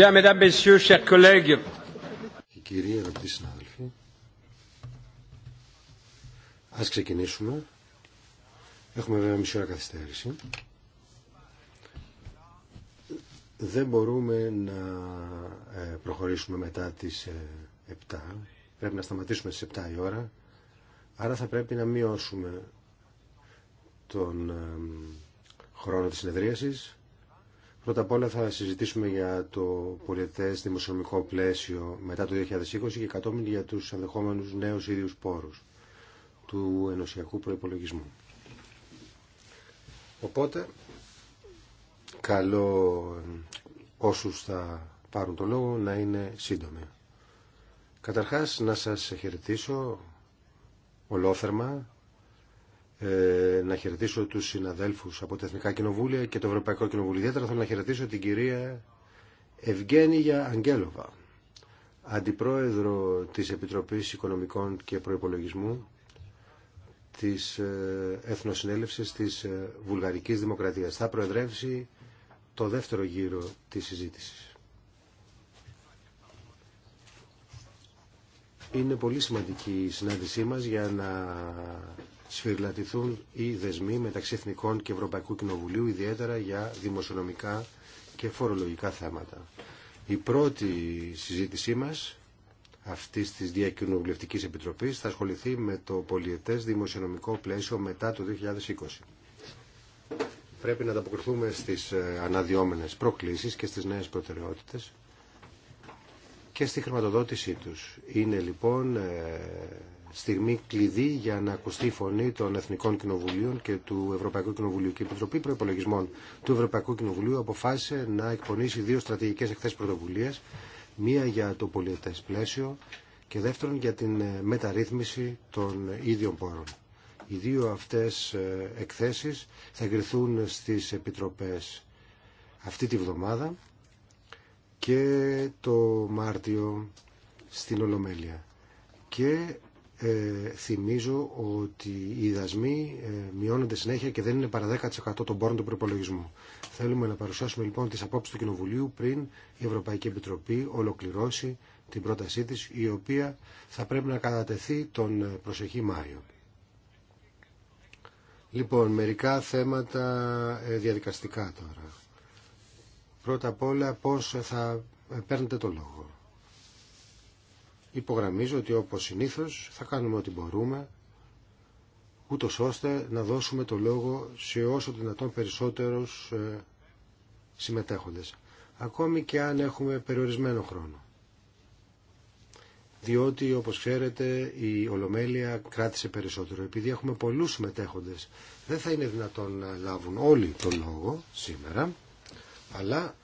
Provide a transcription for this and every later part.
Bien, mesdames, messieurs, αγαπητοί συνάδελφοι, ας ξεκινήσουμε. Έχουμε βέβαια μισή ώρα καθυστέρηση. Δεν μπορούμε να ε, προχωρήσουμε μετά τις 7. Ε, πρέπει να σταματήσουμε στις 7 η ώρα. Άρα θα πρέπει να μειώσουμε τον ε, χρόνο της συνεδρίασης Πρώτα απ' όλα θα συζητήσουμε για το πολιτές δημοσιονομικό πλαίσιο μετά το 2020 και κατόπιν για τους ενδεχόμενου νέους ίδιους πόρους του ενωσιακού προϋπολογισμού. Οπότε, καλό όσους θα πάρουν το λόγο να είναι σύντομοι. Καταρχάς να σας χαιρετήσω ολόθερμα ε, να χαιρετήσω τους συναδέλφους από τα Εθνικά Κοινοβούλια και το Ευρωπαϊκό Κοινοβούλιο. Ιδιαίτερα θέλω να χαιρετήσω την κυρία Ευγένια Αγγέλοβα, αντιπρόεδρο της Επιτροπής Οικονομικών και Προϋπολογισμού της ε, Εθνοσυνέλευσης της ε, Βουλγαρικής Δημοκρατίας. Θα προεδρεύσει το δεύτερο γύρο της συζήτησης. Είναι πολύ σημαντική η συνάντησή μας για να σφυριλατηθούν οι δεσμοί μεταξύ Εθνικών και Ευρωπαϊκού Κοινοβουλίου, ιδιαίτερα για δημοσιονομικά και φορολογικά θέματα. Η πρώτη συζήτησή μας αυτή τη Διακοινοβουλευτική Επιτροπή θα ασχοληθεί με το πολιετέ δημοσιονομικό πλαίσιο μετά το 2020. Πρέπει να ανταποκριθούμε στι ε, αναδυόμενε προκλήσει και στι νέε προτεραιότητε και στη χρηματοδότησή τους. Είναι λοιπόν ε, στιγμή κλειδί για να ακουστεί η φωνή των Εθνικών Κοινοβουλίων και του Ευρωπαϊκού Κοινοβουλίου. Και η Επιτροπή Προπολογισμών του Ευρωπαϊκού Κοινοβουλίου αποφάσισε να εκπονήσει δύο στρατηγικέ εκθέσει πρωτοβουλία. Μία για το πολιτέ πλαίσιο και δεύτερον για την ε, μεταρρύθμιση των ίδιων πόρων. Οι δύο αυτέ ε, εκθέσει θα εγκριθούν στι επιτροπέ αυτή τη βδομάδα και το Μάρτιο στην Ολομέλεια. Και ε, θυμίζω ότι οι δασμοί ε, μειώνονται συνέχεια και δεν είναι παρά 10% των πόρων του προπολογισμού. Θέλουμε να παρουσιάσουμε λοιπόν τις απόψεις του Κοινοβουλίου πριν η Ευρωπαϊκή Επιτροπή ολοκληρώσει την πρότασή της, η οποία θα πρέπει να κατατεθεί τον ε, προσεχή Μάιο. Λοιπόν, μερικά θέματα διαδικαστικά τώρα. Πρώτα απ' όλα πώς θα παίρνετε το λόγο υπογραμμίζω ότι όπως συνήθως θα κάνουμε ό,τι μπορούμε ούτω ώστε να δώσουμε το λόγο σε όσο δυνατόν περισσότερους ε, συμμετέχοντες ακόμη και αν έχουμε περιορισμένο χρόνο διότι όπως ξέρετε η Ολομέλεια κράτησε περισσότερο επειδή έχουμε πολλούς συμμετέχοντες δεν θα είναι δυνατόν να λάβουν όλοι το λόγο σήμερα αλλά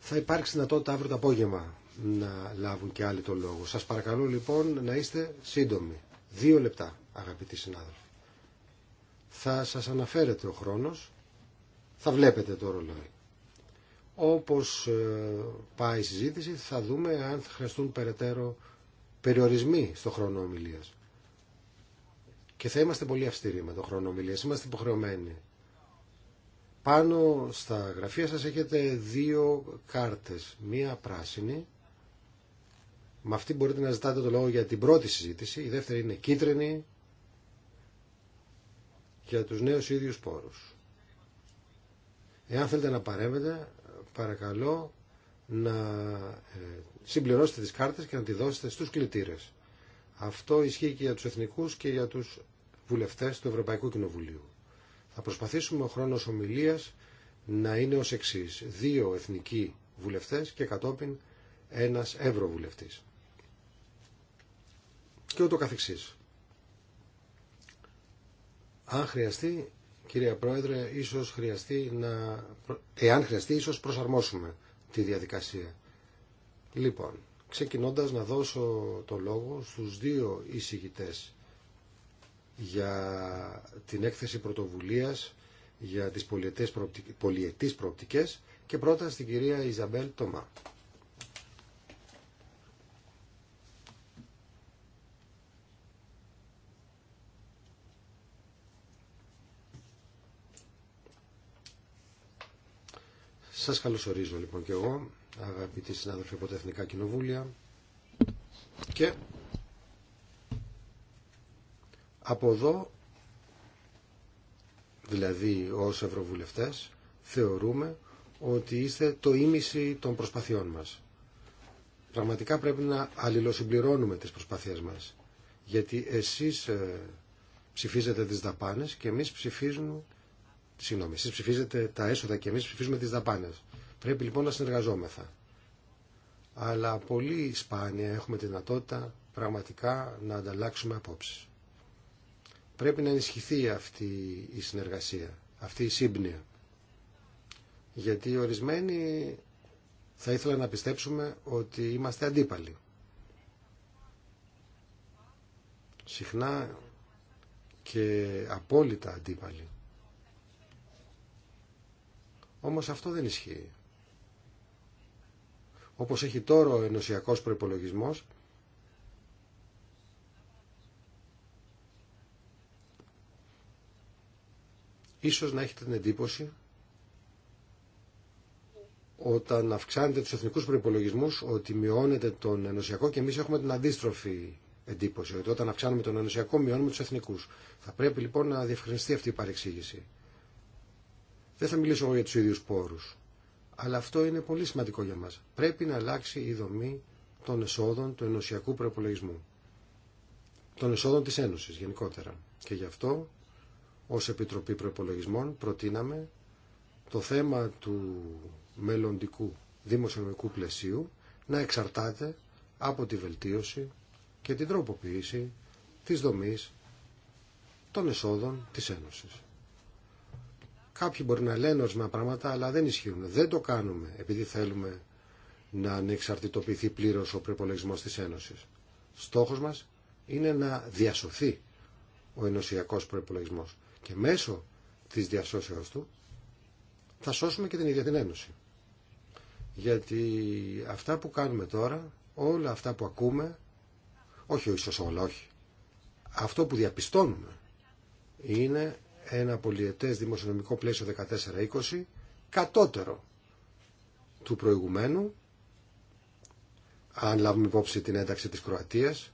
θα υπάρξει δυνατότητα αύριο το απόγευμα να λάβουν και άλλοι το λόγο. Σας παρακαλώ λοιπόν να είστε σύντομοι. Δύο λεπτά αγαπητοί συνάδελφοι. Θα σας αναφέρετε ο χρόνος, θα βλέπετε το ρολόι. Όπως ε, πάει η συζήτηση θα δούμε αν θα χρειαστούν περαιτέρω περιορισμοί στο χρόνο ομιλίας. Και θα είμαστε πολύ αυστηροί με το χρόνο ομιλίας. Είμαστε υποχρεωμένοι. Πάνω στα γραφεία σας έχετε δύο κάρτες. Μία πράσινη με αυτή μπορείτε να ζητάτε το λόγο για την πρώτη συζήτηση. Η δεύτερη είναι κίτρινη για τους νέους ίδιους πόρους. Εάν θέλετε να παρέμβετε, παρακαλώ να ε, συμπληρώσετε τις κάρτες και να τη δώσετε στους κλητήρες. Αυτό ισχύει και για τους εθνικούς και για τους βουλευτές του Ευρωπαϊκού Κοινοβουλίου. Θα προσπαθήσουμε ο χρόνος ομιλίας να είναι ως εξής. Δύο εθνικοί βουλευτές και κατόπιν ένας ευρωβουλευτής και ούτω καθεξής. Αν χρειαστεί, κυρία Πρόεδρε, ίσως χρειαστεί να... Εάν χρειαστεί, ίσως προσαρμόσουμε τη διαδικασία. Λοιπόν, ξεκινώντας να δώσω το λόγο στους δύο εισηγητές για την έκθεση πρωτοβουλίας για τις πολιετές προοπτικές και πρώτα στην κυρία Ιζαμπέλ Τομά. Σας καλωσορίζω λοιπόν και εγώ, αγαπητοί συνάδελφοι από τα Εθνικά Κοινοβούλια και από εδώ, δηλαδή ως Ευρωβουλευτές, θεωρούμε ότι είστε το ίμιση των προσπαθειών μας. Πραγματικά πρέπει να αλληλοσυμπληρώνουμε τις προσπάθειές μας. Γιατί εσείς ε, ψηφίζετε τις δαπάνες και εμείς ψηφίζουμε Συγγνώμη, εσείς ψηφίζετε τα έσοδα και εμεί ψηφίζουμε τις δαπάνες. Πρέπει λοιπόν να συνεργαζόμεθα. Αλλά πολύ σπάνια έχουμε τη δυνατότητα πραγματικά να ανταλλάξουμε απόψεις. Πρέπει να ενισχυθεί αυτή η συνεργασία, αυτή η σύμπνοια. Γιατί ορισμένοι θα ήθελα να πιστέψουμε ότι είμαστε αντίπαλοι. Συχνά και απόλυτα αντίπαλοι. Όμως αυτό δεν ισχύει. Όπως έχει τώρα ο ενωσιακός προϋπολογισμός, ίσως να έχετε την εντύπωση όταν αυξάνετε τους εθνικούς προϋπολογισμούς ότι μειώνεται τον ενωσιακό και εμείς έχουμε την αντίστροφη εντύπωση ότι όταν αυξάνουμε τον ενωσιακό μειώνουμε τους εθνικούς. Θα πρέπει λοιπόν να διευκρινιστεί αυτή η παρεξήγηση. Δεν θα μιλήσω εγώ για τους ίδιους πόρου. Αλλά αυτό είναι πολύ σημαντικό για μα. Πρέπει να αλλάξει η δομή των εσόδων του ενωσιακού προπολογισμού. Των εσόδων της Ένωσης γενικότερα. Και γι' αυτό ως Επιτροπή Προπολογισμών προτείναμε το θέμα του μελλοντικού δημοσιονομικού πλαισίου να εξαρτάται από τη βελτίωση και την τροποποίηση της δομής των εσόδων της Ένωσης. Κάποιοι μπορεί να λένε ορισμένα πράγματα, αλλά δεν ισχύουν. Δεν το κάνουμε επειδή θέλουμε να ανεξαρτητοποιηθεί πλήρω ο προπολογισμό τη Ένωση. Στόχο μα είναι να διασωθεί ο ενωσιακό προπολογισμό. Και μέσω τη διασώσεω του θα σώσουμε και την ίδια την Ένωση. Γιατί αυτά που κάνουμε τώρα, όλα αυτά που ακούμε, όχι ίσω όλα, όχι. Αυτό που διαπιστώνουμε είναι ένα πολιετές δημοσιονομικό πλαίσιο 14-20 κατώτερο του προηγουμένου αν λάβουμε υπόψη την ένταξη της Κροατίας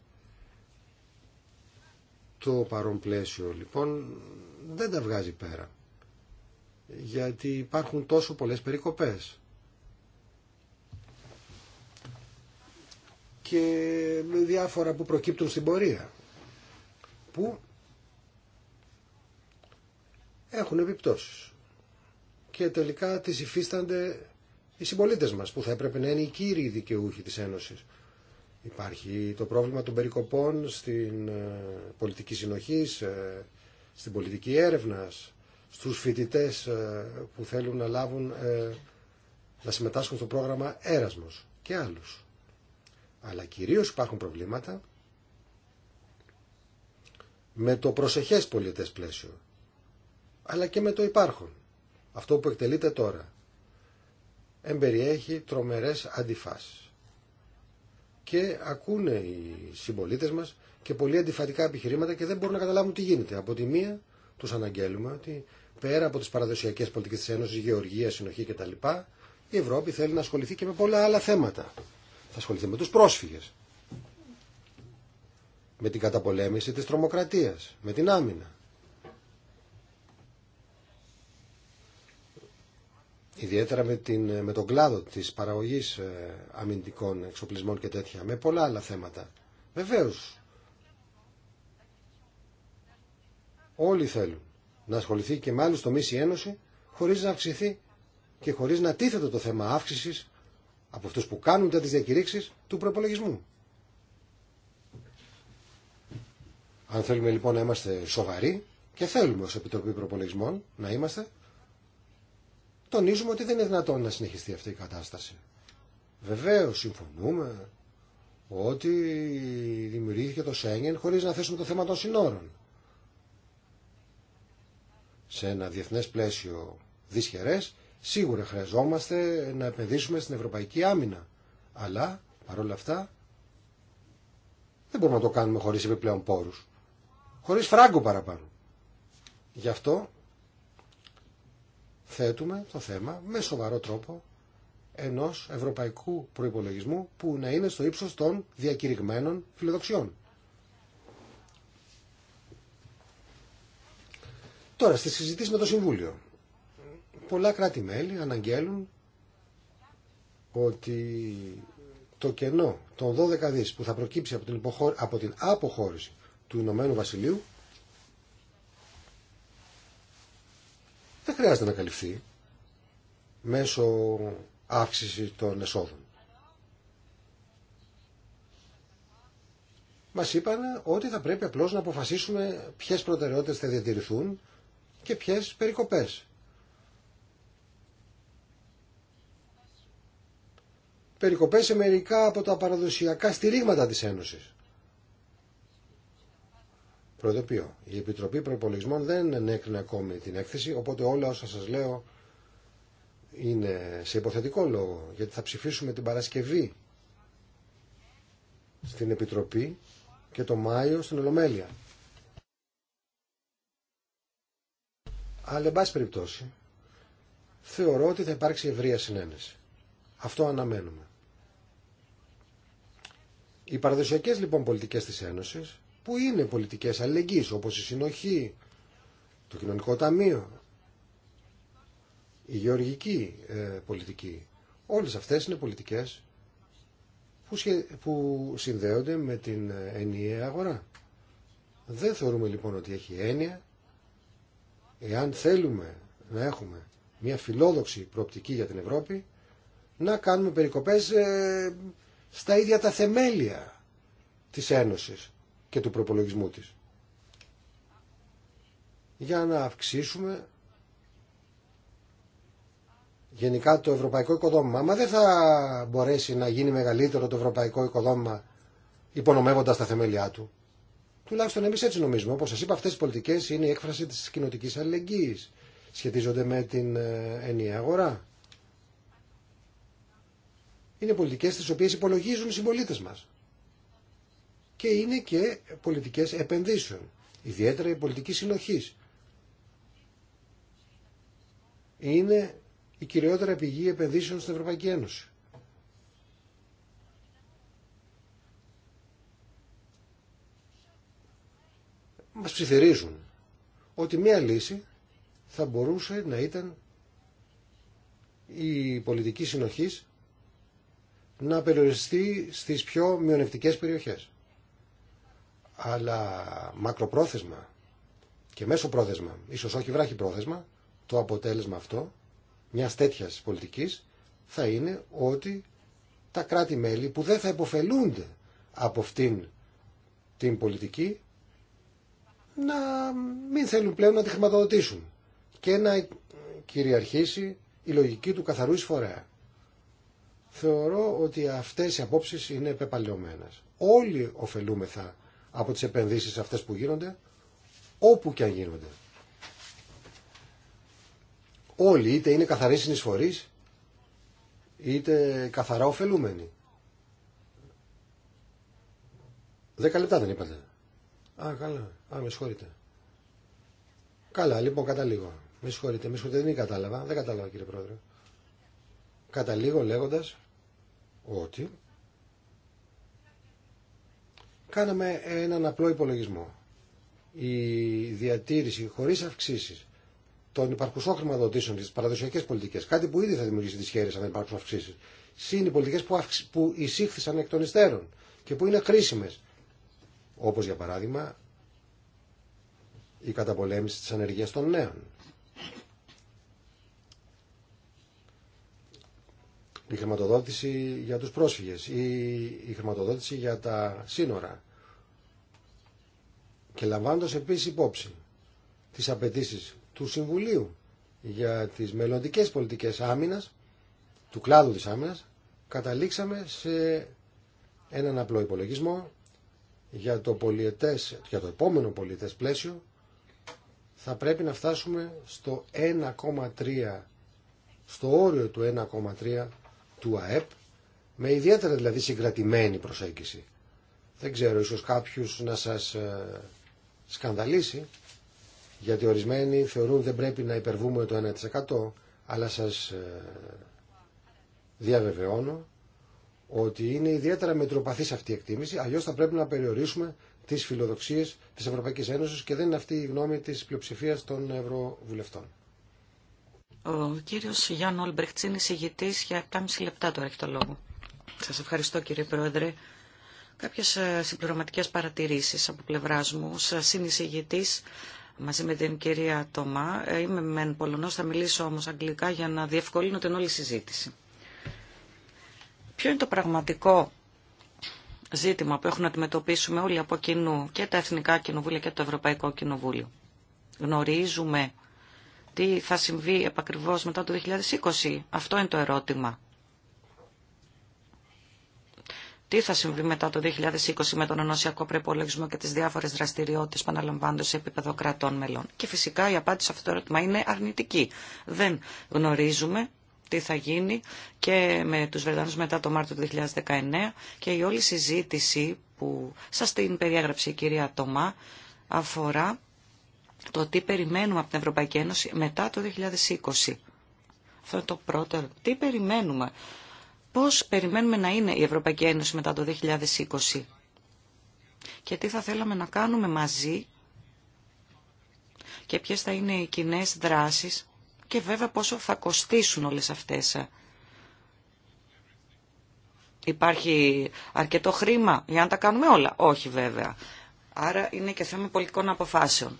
το παρόν πλαίσιο λοιπόν δεν τα βγάζει πέρα γιατί υπάρχουν τόσο πολλές περικοπές και διάφορα που προκύπτουν στην πορεία που έχουν επιπτώσεις. Και τελικά τις υφίστανται οι συμπολίτε μας που θα έπρεπε να είναι οι κύριοι δικαιούχοι της Ένωσης. Υπάρχει το πρόβλημα των περικοπών στην ε, πολιτική συνοχή, ε, στην πολιτική έρευνα, στους φοιτητές ε, που θέλουν να λάβουν να συμμετάσχουν στο πρόγραμμα Έρασμος και άλλους. Αλλά κυρίως υπάρχουν προβλήματα με το προσεχές πολιτές πλαίσιο αλλά και με το υπάρχον. Αυτό που εκτελείται τώρα εμπεριέχει τρομερές αντιφάσεις. Και ακούνε οι συμπολίτε μας και πολύ αντιφατικά επιχειρήματα και δεν μπορούν να καταλάβουν τι γίνεται. Από τη μία τους αναγγέλουμε ότι πέρα από τις παραδοσιακές πολιτικές της Ένωσης, γεωργία, συνοχή κτλ. Η Ευρώπη θέλει να ασχοληθεί και με πολλά άλλα θέματα. Θα ασχοληθεί με τους πρόσφυγες, με την καταπολέμηση της τρομοκρατίας, με την άμυνα, ιδιαίτερα με, την, με τον κλάδο της παραγωγής ε, αμυντικών εξοπλισμών και τέτοια, με πολλά άλλα θέματα. Βεβαίως, όλοι θέλουν να ασχοληθεί και με στο μίση η Ένωση, χωρίς να αυξηθεί και χωρίς να τίθεται το θέμα αύξησης από αυτούς που κάνουν τέτοιες διακηρύξεις του προπολογισμού. Αν θέλουμε λοιπόν να είμαστε σοβαροί, και θέλουμε ως Επιτροπή Προπολογισμών να είμαστε, τονίζουμε ότι δεν είναι δυνατόν να συνεχιστεί αυτή η κατάσταση. Βεβαίω συμφωνούμε ότι δημιουργήθηκε το Σέγγεν χωρίς να θέσουμε το θέμα των συνόρων. Σε ένα διεθνές πλαίσιο δυσχερές, σίγουρα χρειαζόμαστε να επενδύσουμε στην ευρωπαϊκή άμυνα. Αλλά, παρόλα αυτά, δεν μπορούμε να το κάνουμε χωρίς επιπλέον πόρους. Χωρίς φράγκο παραπάνω. Γι' αυτό θέτουμε το θέμα με σοβαρό τρόπο ενός ευρωπαϊκού προπολογισμού που να είναι στο ύψο των διακηρυγμένων φιλοδοξιών. Τώρα, στη συζήτηση με το Συμβούλιο. Πολλά κράτη-μέλη αναγγέλουν ότι το κενό των 12 δις που θα προκύψει από την, αποχώρηση του Ηνωμένου Βασιλείου δεν χρειάζεται να καλυφθεί μέσω αύξηση των εσόδων. Μας είπαν ότι θα πρέπει απλώς να αποφασίσουμε ποιες προτεραιότητες θα διατηρηθούν και ποιες περικοπές. Περικοπές σε μερικά από τα παραδοσιακά στηρίγματα της Ένωσης. Προειδοποιώ. Η Επιτροπή Προπολογισμών δεν ενέκρινε ακόμη την έκθεση, οπότε όλα όσα σας λέω είναι σε υποθετικό λόγο, γιατί θα ψηφίσουμε την Παρασκευή στην Επιτροπή και το Μάιο στην Ολομέλεια. Αλλά, εν πάση περιπτώσει, θεωρώ ότι θα υπάρξει ευρεία συνένεση. Αυτό αναμένουμε. Οι παραδοσιακές λοιπόν πολιτικές της Ένωσης που είναι πολιτικές αλληλεγγύης όπως η συνοχή, το κοινωνικό ταμείο, η γεωργική ε, πολιτική. Όλες αυτές είναι πολιτικές που συνδέονται με την ε, ενιαία αγορά. Δεν θεωρούμε λοιπόν ότι έχει έννοια εάν θέλουμε να έχουμε μια φιλόδοξη προοπτική για την Ευρώπη να κάνουμε περικοπές ε, στα ίδια τα θεμέλια της Ένωσης και του προπολογισμού της. Για να αυξήσουμε γενικά το ευρωπαϊκό οικοδόμημα. Μα δεν θα μπορέσει να γίνει μεγαλύτερο το ευρωπαϊκό οικοδόμημα υπονομεύοντας τα θεμέλια του. Τουλάχιστον εμείς έτσι νομίζουμε. Όπω σας είπα, αυτές οι πολιτικές είναι η έκφραση της κοινοτική αλληλεγγύη. Σχετίζονται με την ε, ενιαία αγορά. Είναι πολιτικές τι οποίες υπολογίζουν οι συμπολίτε μα και είναι και πολιτικές επενδύσεων, ιδιαίτερα η πολιτική συνοχής. Είναι η κυριότερα πηγή επενδύσεων στην Ευρωπαϊκή Ένωση. Μας ψιθυρίζουν ότι μία λύση θα μπορούσε να ήταν η πολιτική συνοχής να περιοριστεί στις πιο μειονευτικές περιοχές αλλά μακροπρόθεσμα και μέσο πρόθεσμα, ίσως όχι βράχη πρόθεσμα, το αποτέλεσμα αυτό μια τέτοια πολιτικής θα είναι ότι τα κράτη-μέλη που δεν θα υποφελούνται από αυτήν την πολιτική να μην θέλουν πλέον να τη χρηματοδοτήσουν και να κυριαρχήσει η λογική του καθαρού εισφορέα. Θεωρώ ότι αυτές οι απόψεις είναι επεπαλαιωμένες. Όλοι ωφελούμεθα από τις επενδύσεις αυτές που γίνονται, όπου και αν γίνονται. Όλοι είτε είναι καθαροί συνεισφορείς, είτε καθαρά ωφελούμενοι. Δέκα λεπτά δεν είπατε. Α, καλά. Α, με συγχωρείτε. Καλά, λοιπόν, καταλήγω. Με συγχωρείτε, με συγχωρείτε, δεν κατάλαβα. Δεν κατάλαβα, κύριε Πρόεδρε. Καταλήγω λέγοντας ότι Κάναμε έναν απλό υπολογισμό. Η διατήρηση χωρίς αυξήσει των υπαρχουσών χρηματοδοτήσεων στις παραδοσιακές πολιτικές, κάτι που ήδη θα δημιουργήσει χέρε αν υπάρξουν αυξήσει συν οι πολιτικές που, αυξ... που εισήχθησαν εκ των υστέρων και που είναι χρήσιμε. όπως για παράδειγμα η καταπολέμηση της ανεργία των νέων η χρηματοδότηση για τους πρόσφυγες ή η χρηματοδότηση για τα σύνορα. Και λαμβάνοντας επίσης υπόψη τις απαιτήσει του Συμβουλίου για τις μελλοντικές πολιτικές άμυνας, του κλάδου της άμυνας, καταλήξαμε σε έναν απλό υπολογισμό για το, πολιετές, για το επόμενο πολιετές πλαίσιο θα πρέπει να φτάσουμε στο 1,3 στο όριο του 1,3 του ΑΕΠ, με ιδιαίτερα δηλαδή συγκρατημένη προσέγγιση. Δεν ξέρω, ίσως κάποιους να σας ε, σκανδαλίσει, γιατί ορισμένοι θεωρούν δεν πρέπει να υπερβούμε το 1%, αλλά σας ε, διαβεβαιώνω ότι είναι ιδιαίτερα μετροπαθής αυτή η εκτίμηση, αλλιώς θα πρέπει να περιορίσουμε τις φιλοδοξίες της Ευρωπαϊκής Ένωσης και δεν είναι αυτή η γνώμη της πλειοψηφίας των Ευρωβουλευτών. Ο κύριος Γιάνν Ολμπρεχτς είναι για 7,5 λεπτά τώρα έχει το λόγο. Σας ευχαριστώ κύριε Πρόεδρε. Κάποιες ε, συμπληρωματικές παρατηρήσεις από πλευράς μου. Σας συνεισηγητής μαζί με την κυρία Τωμά. Ε, είμαι μεν Πολωνός, θα μιλήσω όμως αγγλικά για να διευκολύνω την όλη συζήτηση. Ποιο είναι το πραγματικό ζήτημα που έχουν να αντιμετωπίσουμε όλοι από κοινού και τα Εθνικά Κοινοβούλια και το Ευρωπαϊκό Κοινοβούλιο. Γνωρίζουμε τι θα συμβεί επακριβώς μετά το 2020, αυτό είναι το ερώτημα. Τι θα συμβεί μετά το 2020 με τον ενωσιακό προπολογισμό και τις διάφορες δραστηριότητες που αναλαμβάνονται σε επίπεδο κρατών μελών. Και φυσικά η απάντηση σε αυτό το ερώτημα είναι αρνητική. Δεν γνωρίζουμε τι θα γίνει και με τους Βρετανούς μετά το Μάρτιο του 2019 και η όλη συζήτηση που σας την περιέγραψε η κυρία Τομά αφορά το τι περιμένουμε από την Ευρωπαϊκή Ένωση μετά το 2020. Αυτό είναι το πρώτο. Τι περιμένουμε. Πώς περιμένουμε να είναι η Ευρωπαϊκή Ένωση μετά το 2020. Και τι θα θέλαμε να κάνουμε μαζί και ποιες θα είναι οι κοινέ δράσεις και βέβαια πόσο θα κοστίσουν όλες αυτές. Υπάρχει αρκετό χρήμα για να τα κάνουμε όλα. Όχι βέβαια. Άρα είναι και θέμα πολιτικών αποφάσεων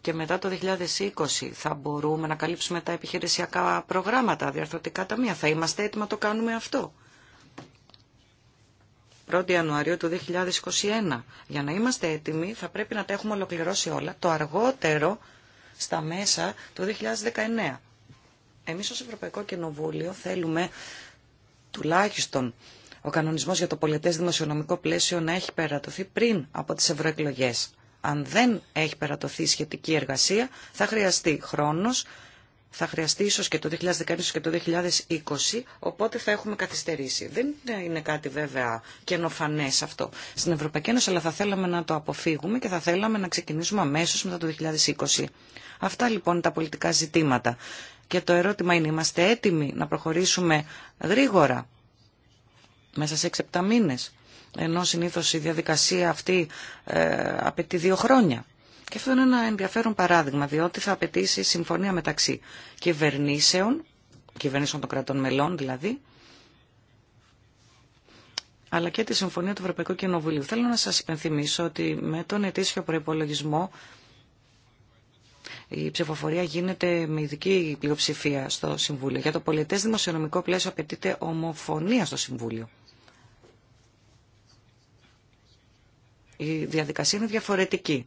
και μετά το 2020 θα μπορούμε να καλύψουμε τα επιχειρησιακά προγράμματα, διαρθρωτικά ταμεία. Θα είμαστε έτοιμοι να το κάνουμε αυτό. 1η Ιανουαρίου του 2021. Για να είμαστε έτοιμοι θα πρέπει να τα έχουμε ολοκληρώσει όλα το αργότερο στα μέσα του 2019. Εμείς ως Ευρωπαϊκό Κοινοβούλιο θέλουμε τουλάχιστον ο κανονισμός για το πολιτές δημοσιονομικό πλαίσιο να έχει περατωθεί πριν από τις ευρωεκλογές αν δεν έχει περατωθεί σχετική εργασία, θα χρειαστεί χρόνος, θα χρειαστεί ίσως και το 2019 και το 2020, οπότε θα έχουμε καθυστερήσει. Δεν είναι κάτι βέβαια καινοφανές αυτό στην Ευρωπαϊκή Ένωση, αλλά θα θέλαμε να το αποφύγουμε και θα θέλαμε να ξεκινήσουμε αμέσω μετά το 2020. Αυτά λοιπόν είναι τα πολιτικά ζητήματα. Και το ερώτημα είναι, είμαστε έτοιμοι να προχωρήσουμε γρήγορα, μέσα σε 6-7 μήνες ενώ συνήθως η διαδικασία αυτή ε, απαιτεί δύο χρόνια. Και αυτό είναι ένα ενδιαφέρον παράδειγμα, διότι θα απαιτήσει συμφωνία μεταξύ κυβερνήσεων, κυβερνήσεων των κρατών μελών δηλαδή, αλλά και τη Συμφωνία του Ευρωπαϊκού Κοινοβουλίου. Θέλω να σας υπενθυμίσω ότι με τον ετήσιο προϋπολογισμό η ψηφοφορία γίνεται με ειδική πλειοψηφία στο Συμβούλιο. Για το πολιτές δημοσιονομικό πλαίσιο απαιτείται ομοφωνία στο Συμβούλιο. Η διαδικασία είναι διαφορετική.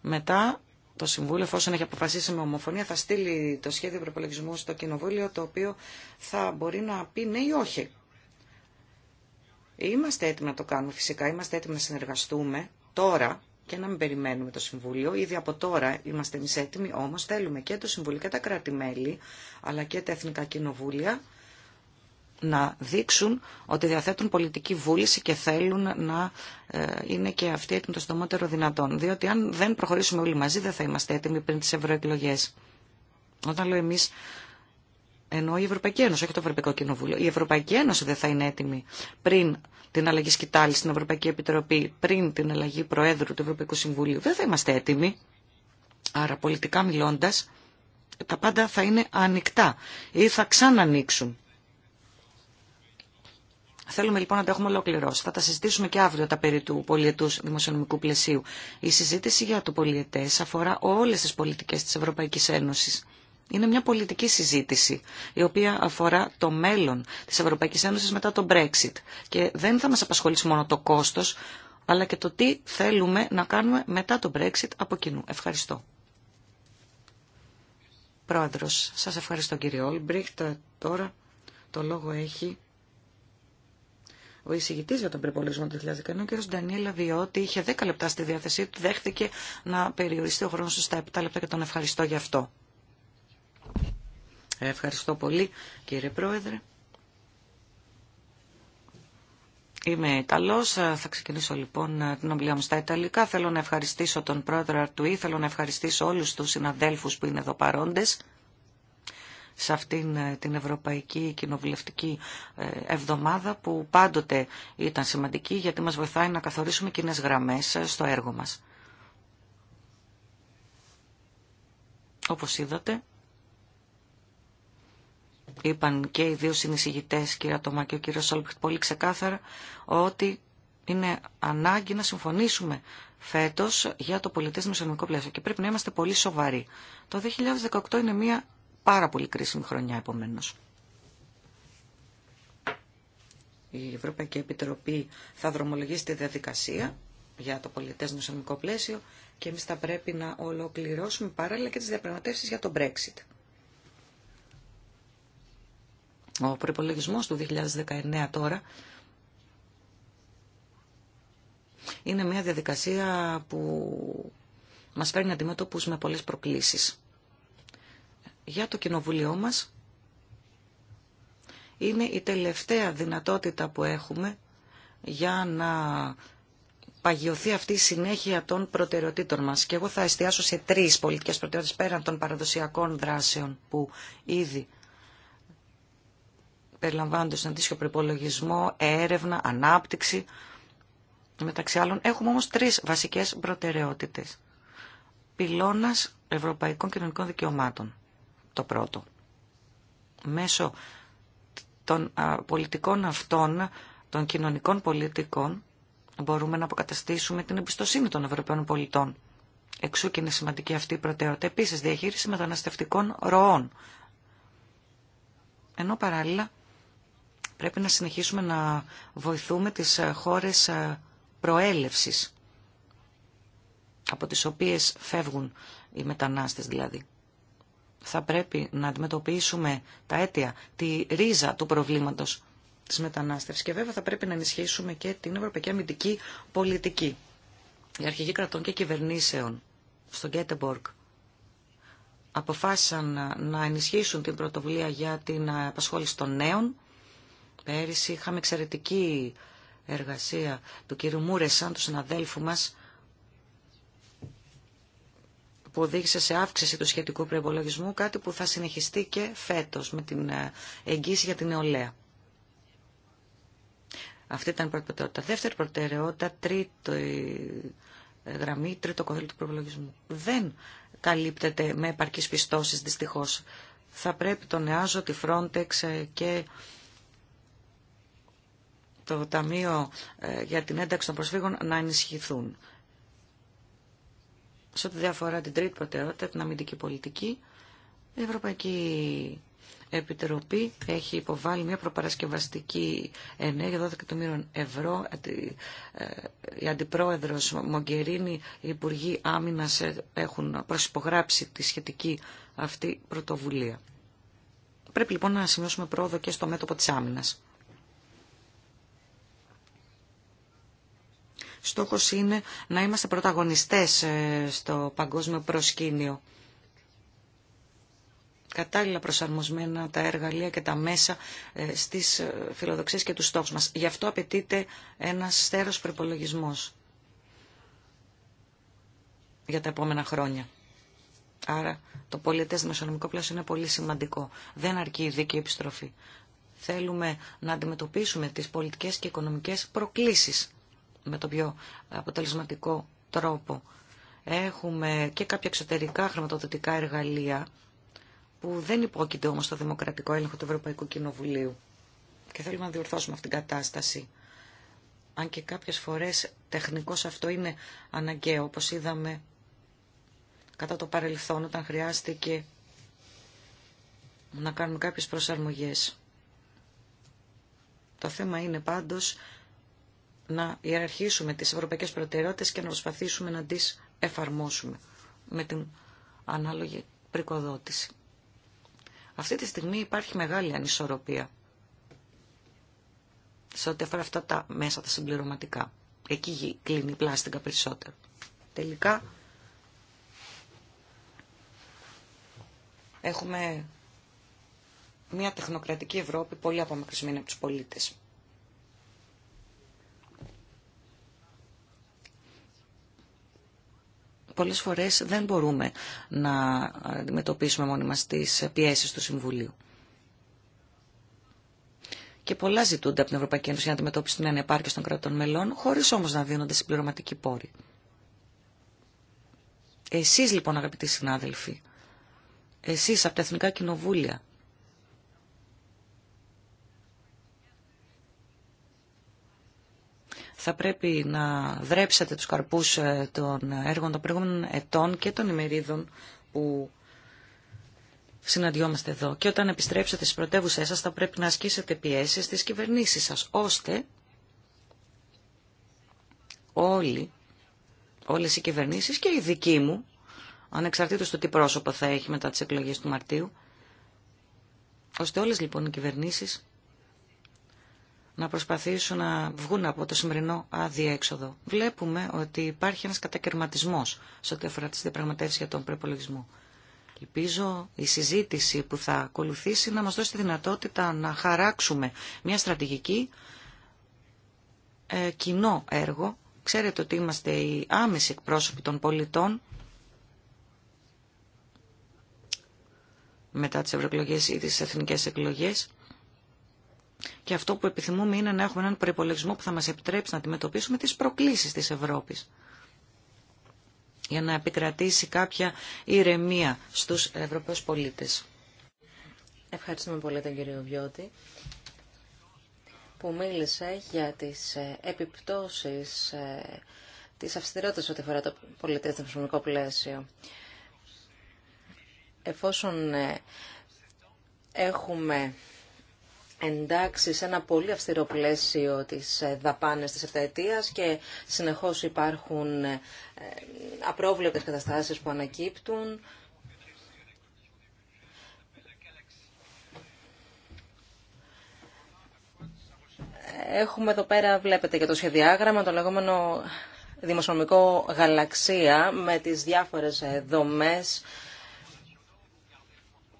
Μετά το Συμβούλιο, εφόσον έχει αποφασίσει με ομοφωνία, θα στείλει το σχέδιο προπολογισμού στο Κοινοβούλιο, το οποίο θα μπορεί να πει ναι ή όχι. Είμαστε έτοιμοι να το κάνουμε φυσικά, είμαστε έτοιμοι να συνεργαστούμε τώρα και να μην περιμένουμε το Συμβούλιο. Ήδη από τώρα είμαστε εμεί έτοιμοι, όμω θέλουμε και το Συμβούλιο και τα κράτη-μέλη, αλλά και τα Εθνικά Κοινοβούλια να δείξουν ότι διαθέτουν πολιτική βούληση και θέλουν να ε, είναι και αυτοί έτοιμοι το στομότερο δυνατόν. Διότι αν δεν προχωρήσουμε όλοι μαζί δεν θα είμαστε έτοιμοι πριν τις ευρωεκλογέ. Όταν λέω εμείς ενώ η Ευρωπαϊκή Ένωση, όχι το Ευρωπαϊκό Κοινοβούλιο. Η Ευρωπαϊκή Ένωση δεν θα είναι έτοιμη πριν την αλλαγή σκητάλη στην Ευρωπαϊκή Επιτροπή, πριν την αλλαγή Προέδρου του Ευρωπαϊκού Συμβουλίου. Δεν θα είμαστε έτοιμοι. Άρα πολιτικά μιλώντας, τα πάντα θα είναι ανοιχτά ή θα ξανανοίξουν. Θέλουμε λοιπόν να τα έχουμε ολοκληρώσει. Θα τα συζητήσουμε και αύριο τα περί του πολιετού δημοσιονομικού πλαισίου. Η συζήτηση για το πολιετέ αφορά όλε τι πολιτικέ τη Ευρωπαϊκή Ένωση. Είναι μια πολιτική συζήτηση, η οποία αφορά το μέλλον τη Ευρωπαϊκή Ένωση μετά το Brexit. Και δεν θα μα απασχολήσει μόνο το κόστο, αλλά και το τι θέλουμε να κάνουμε μετά το Brexit από κοινού. Ευχαριστώ. Πρόεδρος, σας ευχαριστώ κύριε Όλμπριχτ. Τώρα το λόγο έχει ο εισηγητή για τον προπολογισμό του 2019, ο κ. Ντανίλα Βιώτη, είχε 10 λεπτά στη διάθεσή του, δέχτηκε να περιοριστεί ο χρόνο του στα 7 λεπτά και τον ευχαριστώ γι' αυτό. Ευχαριστώ πολύ, κύριε Πρόεδρε. Είμαι Ιταλό. θα ξεκινήσω λοιπόν την ομιλία μου στα Ιταλικά. Θέλω να ευχαριστήσω τον πρόεδρο Αρτουή, θέλω να ευχαριστήσω όλου του συναδέλφους που είναι εδώ παρόντε σε αυτήν ε, την Ευρωπαϊκή Κοινοβουλευτική ε, Εβδομάδα που πάντοτε ήταν σημαντική γιατί μας βοηθάει να καθορίσουμε κοινέ γραμμές ε, στο έργο μας. Όπως είδατε, είπαν και οι δύο συνεισηγητές, κύριε Τωμά και ο κύριος Σόλπιχτ, πολύ ξεκάθαρα ότι είναι ανάγκη να συμφωνήσουμε φέτος για το πολιτισμικό πλαίσιο και πρέπει να είμαστε πολύ σοβαροί. Το 2018 είναι μια πάρα πολύ κρίσιμη χρονιά επομένω. Η Ευρωπαϊκή Επιτροπή θα δρομολογήσει τη διαδικασία για το πολιτές νοσονομικό πλαίσιο και εμείς θα πρέπει να ολοκληρώσουμε παράλληλα και τις διαπραγματεύσεις για το Brexit. Ο προπολογισμό του 2019 τώρα είναι μια διαδικασία που μας φέρνει αντιμέτωπους με πολλές προκλήσεις για το κοινοβουλίο μας είναι η τελευταία δυνατότητα που έχουμε για να παγιωθεί αυτή η συνέχεια των προτεραιοτήτων μας. Και εγώ θα εστιάσω σε τρεις πολιτικές προτεραιότητες πέραν των παραδοσιακών δράσεων που ήδη περιλαμβάνονται στον αντίστοιχο προπολογισμό, έρευνα, ανάπτυξη. Μεταξύ άλλων έχουμε όμως τρεις βασικές προτεραιότητες. Πυλώνας Ευρωπαϊκών Κοινωνικών Δικαιωμάτων το πρώτο. Μέσω των πολιτικών αυτών, των κοινωνικών πολιτικών, μπορούμε να αποκαταστήσουμε την εμπιστοσύνη των Ευρωπαίων πολιτών. Εξού και είναι σημαντική αυτή η προτεραιότητα. Επίσης, διαχείριση μεταναστευτικών ροών. Ενώ παράλληλα πρέπει να συνεχίσουμε να βοηθούμε τις ε, χώρες ε, προέλευσης, από τις οποίες φεύγουν οι μετανάστες δηλαδή θα πρέπει να αντιμετωπίσουμε τα αίτια, τη ρίζα του προβλήματος της μετανάστευσης και βέβαια θα πρέπει να ενισχύσουμε και την ευρωπαϊκή αμυντική πολιτική. Οι αρχηγοί κρατών και κυβερνήσεων στο Γκέτεμπορκ αποφάσισαν να ενισχύσουν την πρωτοβουλία για την απασχόληση των νέων. Πέρυσι είχαμε εξαιρετική εργασία του κ. Μούρεσαν, του συναδέλφου μας, που οδήγησε σε αύξηση του σχετικού προπολογισμού, κάτι που θα συνεχιστεί και φέτος με την ε, εγγύηση για την νεολαία. Αυτή ήταν η πρώτη προτεραιότητα. Δεύτερη προτεραιότητα, τρίτη ε, γραμμή, τρίτο κονδύλι του προπολογισμού. Δεν καλύπτεται με επαρκείς πιστώσεις δυστυχώς. Θα πρέπει τον ΝΕΑΖΟ, τη Frontex ε, και το Ταμείο για την Ένταξη των Προσφύγων να ενισχυθούν σε ό,τι διαφορά την τρίτη προτεραιότητα, την αμυντική πολιτική, η Ευρωπαϊκή Επιτροπή έχει υποβάλει μια προπαρασκευαστική ενέργεια 12 εκατομμύρων ευρώ. Ε, η Αντιπρόεδρος Μογκερίνη, οι Υπουργοί Άμυνας ε, έχουν προσυπογράψει τη σχετική αυτή πρωτοβουλία. Πρέπει λοιπόν να σημειώσουμε πρόοδο και στο μέτωπο της άμυνας. Στόχος είναι να είμαστε πρωταγωνιστές ε, στο παγκόσμιο προσκήνιο. Κατάλληλα προσαρμοσμένα τα εργαλεία και τα μέσα ε, στις ε, φιλοδοξίες και τους στόχους μας. Γι' αυτό απαιτείται ένας στέρος προπολογισμό για τα επόμενα χρόνια. Άρα το πολιτές δημοσιονομικό πλαίσιο είναι πολύ σημαντικό. Δεν αρκεί η δίκαιη επιστροφή. Θέλουμε να αντιμετωπίσουμε τις πολιτικές και οικονομικές προκλήσεις με τον πιο αποτελεσματικό τρόπο. Έχουμε και κάποια εξωτερικά χρηματοδοτικά εργαλεία που δεν υπόκειται όμως στο δημοκρατικό έλεγχο του Ευρωπαϊκού Κοινοβουλίου και θέλουμε να διορθώσουμε αυτήν την κατάσταση. Αν και κάποιες φορές τεχνικώς αυτό είναι αναγκαίο, όπως είδαμε κατά το παρελθόν όταν χρειάστηκε να κάνουμε κάποιες προσαρμογές. Το θέμα είναι πάντως να ιεραρχήσουμε τις ευρωπαϊκές προτεραιότητες και να προσπαθήσουμε να τις εφαρμόσουμε με την ανάλογη πρικοδότηση. Αυτή τη στιγμή υπάρχει μεγάλη ανισορροπία σε ό,τι αφορά αυτά τα μέσα τα συμπληρωματικά. Εκεί κλείνει η πλάστικα περισσότερο. Τελικά έχουμε μια τεχνοκρατική Ευρώπη πολύ απομακρυσμένη από τους πολίτες. πολλές φορές δεν μπορούμε να αντιμετωπίσουμε μόνοι μας τις πιέσεις του Συμβουλίου. Και πολλά ζητούνται από την Ευρωπαϊκή Ένωση για να αντιμετώπιση την ανεπάρκεια των κρατών μελών, χωρίς όμως να δίνονται συμπληρωματικοί πόροι. Εσείς λοιπόν, αγαπητοί συνάδελφοι, εσείς από τα εθνικά κοινοβούλια, θα πρέπει να δρέψετε τους καρπούς ε, των έργων των προηγούμενων ετών και των ημερίδων που συναντιόμαστε εδώ. Και όταν επιστρέψετε στις πρωτεύουσέ σας θα πρέπει να ασκήσετε πιέσεις στις κυβερνήσεις σας, ώστε όλοι, όλες οι κυβερνήσεις και η δική μου, ανεξαρτήτως του τι πρόσωπο θα έχει μετά τις εκλογές του Μαρτίου, ώστε όλες λοιπόν οι κυβερνήσεις να προσπαθήσουν να βγουν από το σημερινό αδιέξοδο. Βλέπουμε ότι υπάρχει ένας κατακαιρματισμός σε ό,τι αφορά τις διαπραγματεύσεις για τον προπολογισμό. Ελπίζω η συζήτηση που θα ακολουθήσει να μας δώσει τη δυνατότητα να χαράξουμε μια στρατηγική ε, κοινό έργο. Ξέρετε ότι είμαστε οι άμεση εκπρόσωποι των πολιτών μετά τις ευρωεκλογές ή τις εθνικές εκλογές και αυτό που επιθυμούμε είναι να έχουμε έναν προπολογισμό που θα μας επιτρέψει να αντιμετωπίσουμε τις προκλήσεις της Ευρώπης για να επικρατήσει κάποια ηρεμία στους Ευρωπαίους πολίτες. Ευχαριστούμε πολύ τον κύριο Βιώτη που μίλησε για τις ε, επιπτώσεις ε, της αυστηρότητας ό,τι αφορά το πολιτικό πλαίσιο. Εφόσον ε, έχουμε εντάξει σε ένα πολύ αυστηρό πλαίσιο τις ε, δαπάνες της επταετίας και συνεχώς υπάρχουν ε, απρόβλεπτες καταστάσεις που ανακύπτουν. Έχουμε εδώ πέρα, βλέπετε και το σχεδιάγραμμα, το λεγόμενο δημοσιονομικό γαλαξία με τις διάφορες ε, δομές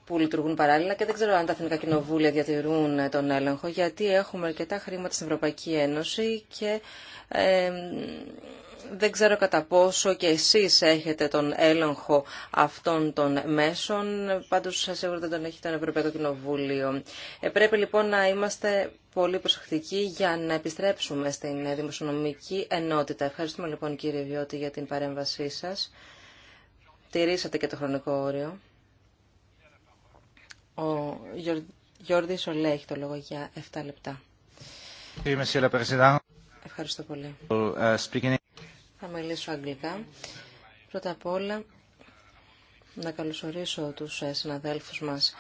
που λειτουργούν παράλληλα και δεν ξέρω αν τα εθνικά κοινοβούλια διατηρούν ε, τον έλεγχο, γιατί έχουμε αρκετά χρήματα στην Ευρωπαϊκή Ένωση και ε, δεν ξέρω κατά πόσο και εσείς έχετε τον έλεγχο αυτών των μέσων, πάντως σας σίγουρα δεν τον έχει το Ευρωπαϊκό Κοινοβούλιο. Ε, πρέπει λοιπόν να είμαστε πολύ προσεκτικοί για να επιστρέψουμε στην δημοσιονομική ενότητα. Ευχαριστούμε λοιπόν κύριε Βιώτη για την παρέμβασή σας. Τηρήσατε και το χρονικό όριο. Ο Γιώργη Ολέ έχει το λόγο για 7 λεπτά. Ευχαριστώ πολύ. Uh, Θα μιλήσω αγγλικά. Πρώτα απ' όλα, να καλωσορίσω τους ε, συναδέλφους μας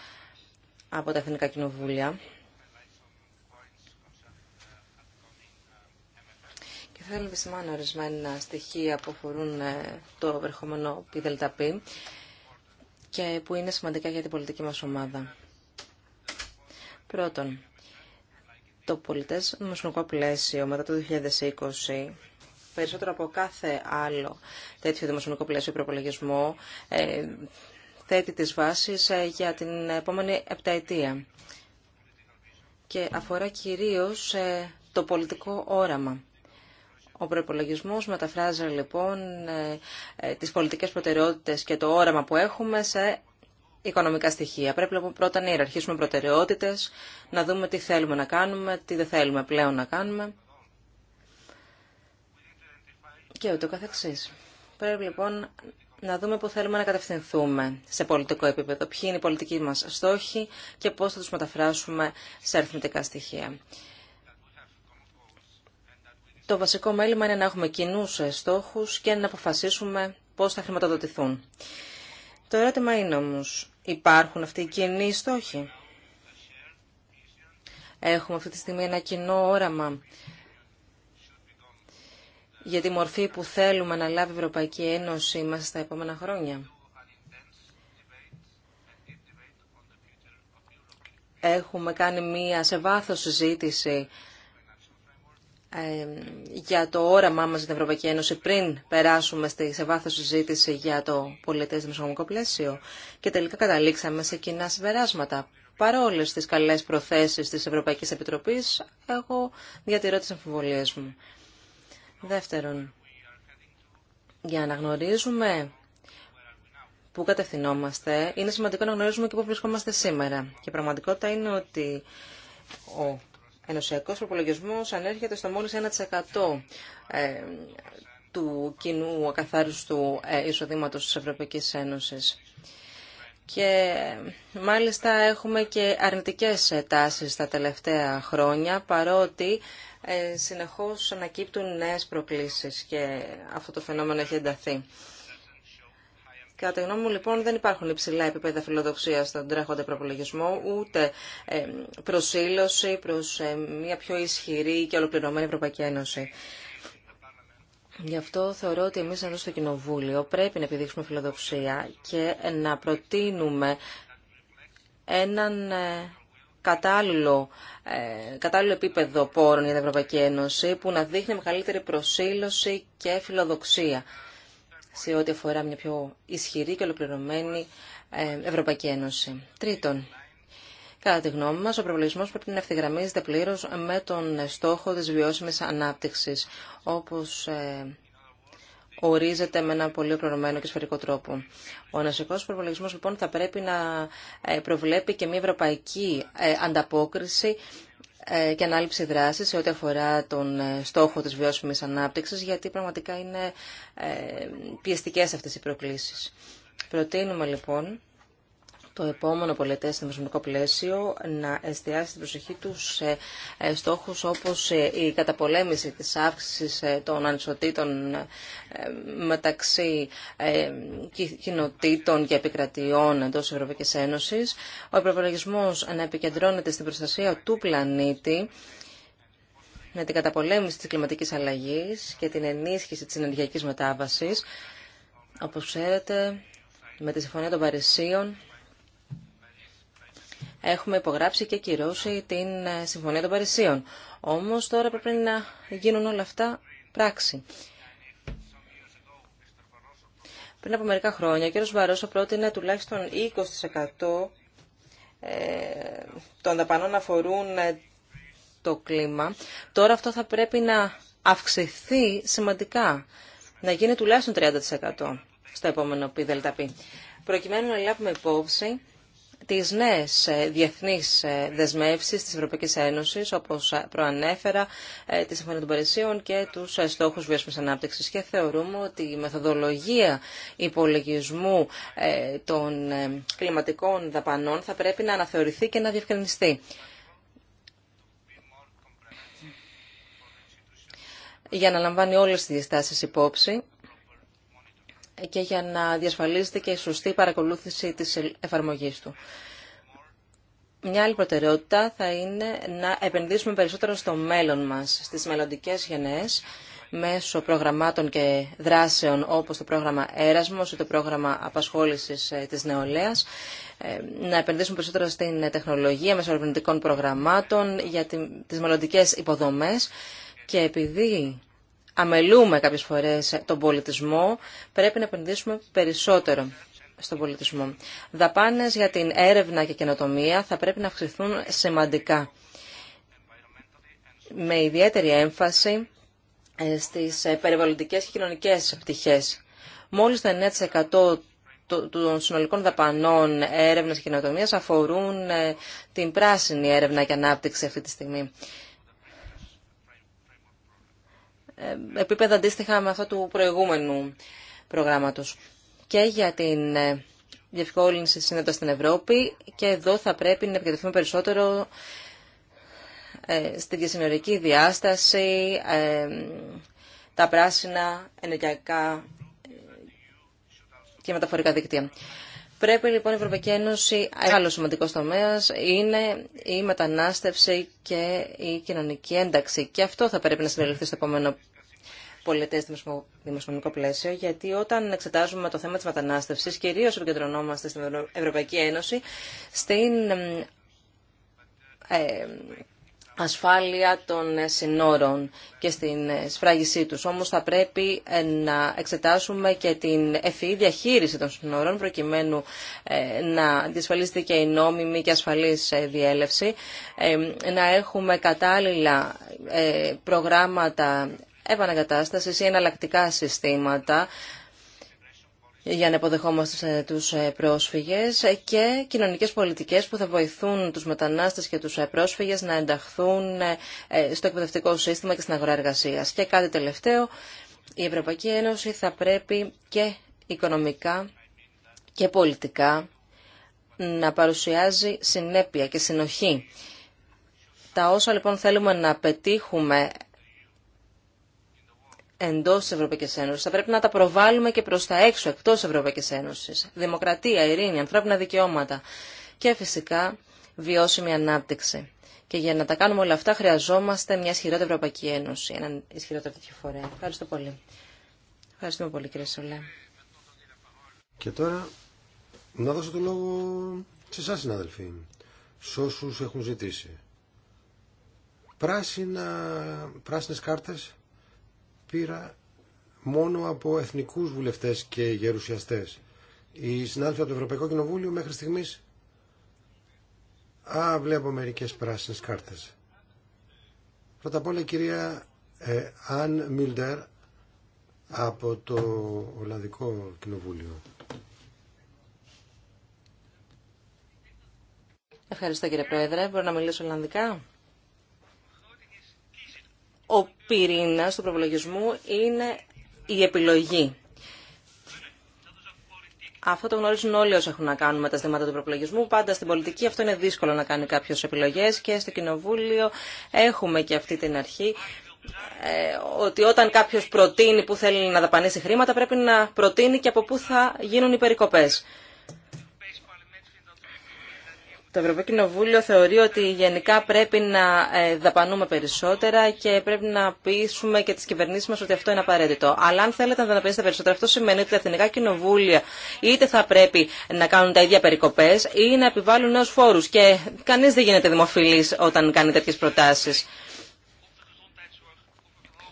από τα Εθνικά Κοινοβούλια. Και θέλω να επισημάνω ορισμένα στοιχεία που αφορούν ε, το ερχόμενο ΠΔΠ και που είναι σημαντικά για την πολιτική μας ομάδα. Πρώτον, το πολιτές δημοσιονομικό πλαίσιο μετά το 2020 περισσότερο από κάθε άλλο τέτοιο δημοσιονομικό πλαίσιο προπολογισμό ε, θέτει τις βάσεις ε, για την επόμενη επταετία και αφορά κυρίως ε, το πολιτικό όραμα. Ο προπολογισμό μεταφράζει λοιπόν ε, ε, τις πολιτικές προτεραιότητες και το όραμα που έχουμε σε οικονομικά στοιχεία. Πρέπει λοιπόν πρώτα να ιεραρχήσουμε προτεραιότητες, να δούμε τι θέλουμε να κάνουμε, τι δεν θέλουμε πλέον να κάνουμε και ούτω καθεξής. Πρέπει λοιπόν να δούμε πού θέλουμε να κατευθυνθούμε σε πολιτικό επίπεδο, ποιοι είναι οι πολιτικοί μας στόχοι και πώς θα τους μεταφράσουμε σε αριθμητικά στοιχεία. Το βασικό μέλημα είναι να έχουμε κοινού στόχους και να αποφασίσουμε πώς θα χρηματοδοτηθούν. Το ερώτημα είναι όμως, υπάρχουν αυτοί οι κοινοί στόχοι. Έχουμε αυτή τη στιγμή ένα κοινό όραμα για τη μορφή που θέλουμε να λάβει η Ευρωπαϊκή Ένωση μέσα στα επόμενα χρόνια. Έχουμε κάνει μία σε βάθος συζήτηση για το όραμά μας για την Ευρωπαϊκή Ένωση πριν περάσουμε στη, σε βάθος συζήτηση για το πολιτές δημοσιογραφικό πλαίσιο και τελικά καταλήξαμε σε κοινά συμπεράσματα. Παρόλε τι καλέ προθέσεις τη Ευρωπαϊκή Επιτροπή, εγώ διατηρώ τι αμφιβολίε μου. Δεύτερον, για να γνωρίζουμε που κατευθυνόμαστε, είναι σημαντικό να γνωρίζουμε και πού βρισκόμαστε σήμερα. Και η πραγματικότητα είναι ότι ο ενωσιακό προπολογισμό ανέρχεται στο μόλι 1% του κοινού ακαθάριστου ε, εισοδήματο τη Ευρωπαϊκή Ένωση. Και μάλιστα έχουμε και αρνητικές ε, τάσεις τα τελευταία χρόνια, παρότι ε, συνεχώς ανακύπτουν νέες προκλήσεις και αυτό το φαινόμενο έχει ενταθεί. Κατά τη γνώμη μου, λοιπόν, δεν υπάρχουν υψηλά επίπεδα φιλοδοξία στον τρέχοντα προπολογισμό, ούτε ε, προσήλωση προ ε, μια πιο ισχυρή και ολοκληρωμένη Ευρωπαϊκή Ένωση. Γι' αυτό θεωρώ ότι εμείς εδώ στο Κοινοβούλιο πρέπει να επιδείξουμε φιλοδοξία και να προτείνουμε έναν ε, κατάλληλο, κατάλληλο επίπεδο πόρων για την Ευρωπαϊκή Ένωση που να δείχνει μεγαλύτερη προσήλωση και φιλοδοξία σε ό,τι αφορά μια πιο ισχυρή και ολοκληρωμένη ε, Ευρωπαϊκή Ένωση. Τρίτον, κατά τη γνώμη μας, ο προβλησμός πρέπει να ευθυγραμμίζεται πλήρως με τον στόχο της βιώσιμης ανάπτυξης, όπως ε, ορίζεται με ένα πολύ οπλωρωμένο και σφαιρικό τρόπο. Ο νοσικός προβληματισμός, λοιπόν θα πρέπει να ε, προβλέπει και μια ευρωπαϊκή ανταπόκριση ε, και ανάληψη δράση σε ό,τι αφορά τον ε, στόχο της βιώσιμης ανάπτυξης, γιατί πραγματικά είναι ε, πιεστικές αυτές οι προκλήσεις. Προτείνουμε λοιπόν το επόμενο πολιτέ δημοσιονομικό πλαίσιο να εστιάσει την προσοχή του σε ε, στόχους όπως ε, η καταπολέμηση της αύξηση ε, των ανισοτήτων μεταξύ κοινοτήτων και επικρατιών εντό Ευρωπαϊκή Ένωσης, ο προπολογισμό να επικεντρώνεται στην προστασία του πλανήτη, με την καταπολέμηση της κλιματικής αλλαγής και την ενίσχυση της ενεργειακής μετάβασης. Όπως ξέρετε, με τη Συμφωνία των Παρισίων έχουμε υπογράψει και κυρώσει την ε, Συμφωνία των Παρισίων. Όμως τώρα πρέπει να γίνουν όλα αυτά πράξη. Πριν από μερικά χρόνια, ο κ. Βαρόσο πρότεινε τουλάχιστον 20% ε, των δαπανών αφορούν ε, το κλίμα. Τώρα αυτό θα πρέπει να αυξηθεί σημαντικά, να γίνει τουλάχιστον 30% στο επόμενο ΠΔΠ. Προκειμένου να λάβουμε υπόψη τις νέες ε, διεθνείς ε, δεσμεύσεις της Ευρωπαϊκής Ένωσης, όπως ε, προανέφερα, τη Συμφωνία των Παρισίων και τους στόχους βιώσιμης ανάπτυξης. Και θεωρούμε ότι η μεθοδολογία υπολογισμού των κλιματικών δαπανών θα πρέπει να αναθεωρηθεί και να διευκρινιστεί. Για να λαμβάνει όλες τις διαστάσεις υπόψη, και για να διασφαλίσετε και σωστή παρακολούθηση της εφαρμογής του. Μια άλλη προτεραιότητα θα είναι να επενδύσουμε περισσότερο στο μέλλον μας, στις μελλοντικές γενναίες, μέσω προγραμμάτων και δράσεων όπως το πρόγραμμα Έρασμος ή το πρόγραμμα απασχόλησης ε, της νεολαίας, ε, να επενδύσουμε περισσότερο στην τεχνολογία μέσω ερευνητικών προγραμμάτων για τις μελλοντικέ υποδομές και επειδή αμελούμε κάποιες φορές τον πολιτισμό, πρέπει να επενδύσουμε περισσότερο στον πολιτισμό. Δαπάνες για την έρευνα και καινοτομία θα πρέπει να αυξηθούν σημαντικά, με ιδιαίτερη έμφαση ε, στις ε, περιβαλλοντικές και κοινωνικές πτυχές. Μόλις το 9% των συνολικών δαπανών έρευνας και καινοτομίας αφορούν ε, την πράσινη έρευνα και ανάπτυξη αυτή τη στιγμή. Ε, επίπεδα αντίστοιχα με αυτό του προηγούμενου προγράμματος. Και για την ε, διευκόλυνση σύνδετο στην Ευρώπη και εδώ θα πρέπει να επικεντρωθούμε περισσότερο ε, στην διασυνορική διάσταση, τα πράσινα ενεργειακά και μεταφορικά δίκτυα. Πρέπει λοιπόν η Ευρωπαϊκή Ένωση, άλλο σημαντικό τομέα είναι η μετανάστευση και η κοινωνική ένταξη. Και αυτό θα πρέπει να συμπεριληφθεί στο επόμενο πολιτέ δημοσιονομικό πλαίσιο, γιατί όταν εξετάζουμε το θέμα τη μετανάστευση, κυρίω επικεντρωνόμαστε στην Ευρωπαϊκή Ένωση, στην ε, ασφάλεια των συνόρων και στην σφράγισή τους. Όμως θα πρέπει ε, να εξετάσουμε και την ευφυή διαχείριση των συνόρων προκειμένου ε, να διασφαλίζεται και η νόμιμη και ασφαλής ε, διέλευση, να έχουμε κατάλληλα προγράμματα επανακατάστασης ή εναλλακτικά συστήματα για να υποδεχόμαστε ε, τους ε, πρόσφυγες και κοινωνικές πολιτικές που θα βοηθούν τους μετανάστες και τους ε, πρόσφυγες να ενταχθούν στο εκπαιδευτικό σύστημα και στην αγορά εργασίας. Και κάτι τελευταίο, η Ευρωπαϊκή Ένωση θα πρέπει και οικονομικά και πολιτικά να παρουσιάζει συνέπεια και συνοχή. Τα όσα λοιπόν θέλουμε να πετύχουμε Εντό τη Ευρωπαϊκή Ένωση. Θα πρέπει να τα προβάλλουμε και προ τα έξω, εκτό της Ευρωπαϊκής Δημοκρατία, ειρήνη, ανθρώπινα δικαιώματα και φυσικά βιώσιμη ανάπτυξη. Και για να τα κάνουμε όλα αυτά χρειαζόμαστε μια ισχυρότερη Ευρωπαϊκή Ένωση, έναν ισχυρότερο τέτοιο φορέα. Ευχαριστώ πολύ. Ευχαριστούμε πολύ κύριε Σολέ. Και τώρα να δώσω το λόγο σε εσάς συναδελφοί, σε όσους έχουν ζητήσει. Πράσινα, πράσινες κάρτες πήρα μόνο από εθνικούς βουλευτές και γερουσιαστές. Η συνάντηση από το Ευρωπαϊκό Κοινοβούλιο μέχρι στιγμής... Α, βλέπω μερικές πράσινες κάρτες. Πρώτα απ' όλα η κυρία ε, Αν Μιλντερ από το Ολλανδικό Κοινοβούλιο. Ευχαριστώ κύριε Πρόεδρε. Μπορώ να μιλήσω Ολλανδικά ο πυρήνας του προπολογισμού είναι η επιλογή. Αυτό το γνωρίζουν όλοι όσοι έχουν να κάνουν με τα ζητήματα του προπολογισμού. Πάντα στην πολιτική αυτό είναι δύσκολο να κάνει κάποιο επιλογέ και στο Κοινοβούλιο έχουμε και αυτή την αρχή ε, ότι όταν κάποιο προτείνει που θέλει να δαπανίσει χρήματα πρέπει να προτείνει και από πού θα γίνουν οι περικοπές. Το Ευρωπαϊκό Κοινοβούλιο θεωρεί ότι γενικά πρέπει να ε, δαπανούμε περισσότερα και πρέπει να πείσουμε και τι κυβερνήσει μα ότι αυτό είναι απαραίτητο. Αλλά αν θέλετε να δαπανίσετε περισσότερα, αυτό σημαίνει ότι τα εθνικά κοινοβούλια είτε θα πρέπει να κάνουν τα ίδια περικοπέ ή να επιβάλλουν νέου φόρου. Και κανεί δεν γίνεται δημοφιλή όταν κάνει τέτοιε προτάσει.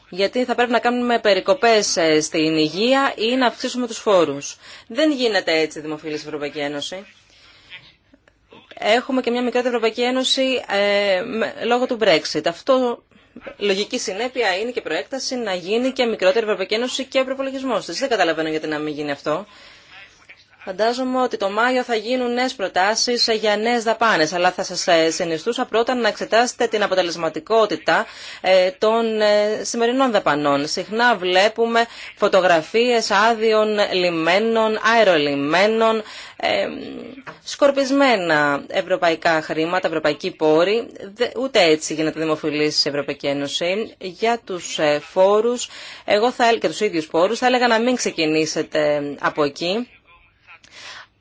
Γιατί θα πρέπει να κάνουμε περικοπέ ε, στην υγεία ή να αυξήσουμε του φόρου. Δεν γίνεται έτσι δημοφιλή η Ευρωπαϊκή κανουμε περικοπε στην υγεια η να αυξησουμε του φορου δεν γινεται ετσι δημοφιλη ευρωπαικη ενωση έχουμε και μια μικρότερη Ευρωπαϊκή Ένωση ε, λόγω του Brexit. Αυτό λογική συνέπεια είναι και προέκταση να γίνει και μικρότερη Ευρωπαϊκή Ένωση και ο προπολογισμό τη. Δεν καταλαβαίνω γιατί να μην γίνει αυτό. Φαντάζομαι ότι το Μάιο θα γίνουν νέε προτάσει για νέε δαπάνε, αλλά θα σα ε, συνιστούσα πρώτα να εξετάσετε την αποτελεσματικότητα ε, των ε, σημερινών δαπανών. Συχνά βλέπουμε φωτογραφίε άδειων λιμένων, αερολιμένων, σκορπισμένα ευρωπαϊκά χρήματα, ευρωπαϊκοί πόροι. Ούτε έτσι γίνεται δημοφιλή η Ευρωπαϊκή Ένωση. Για του φόρου και του ίδιου πόρου θα έλεγα να μην ξεκινήσετε από εκεί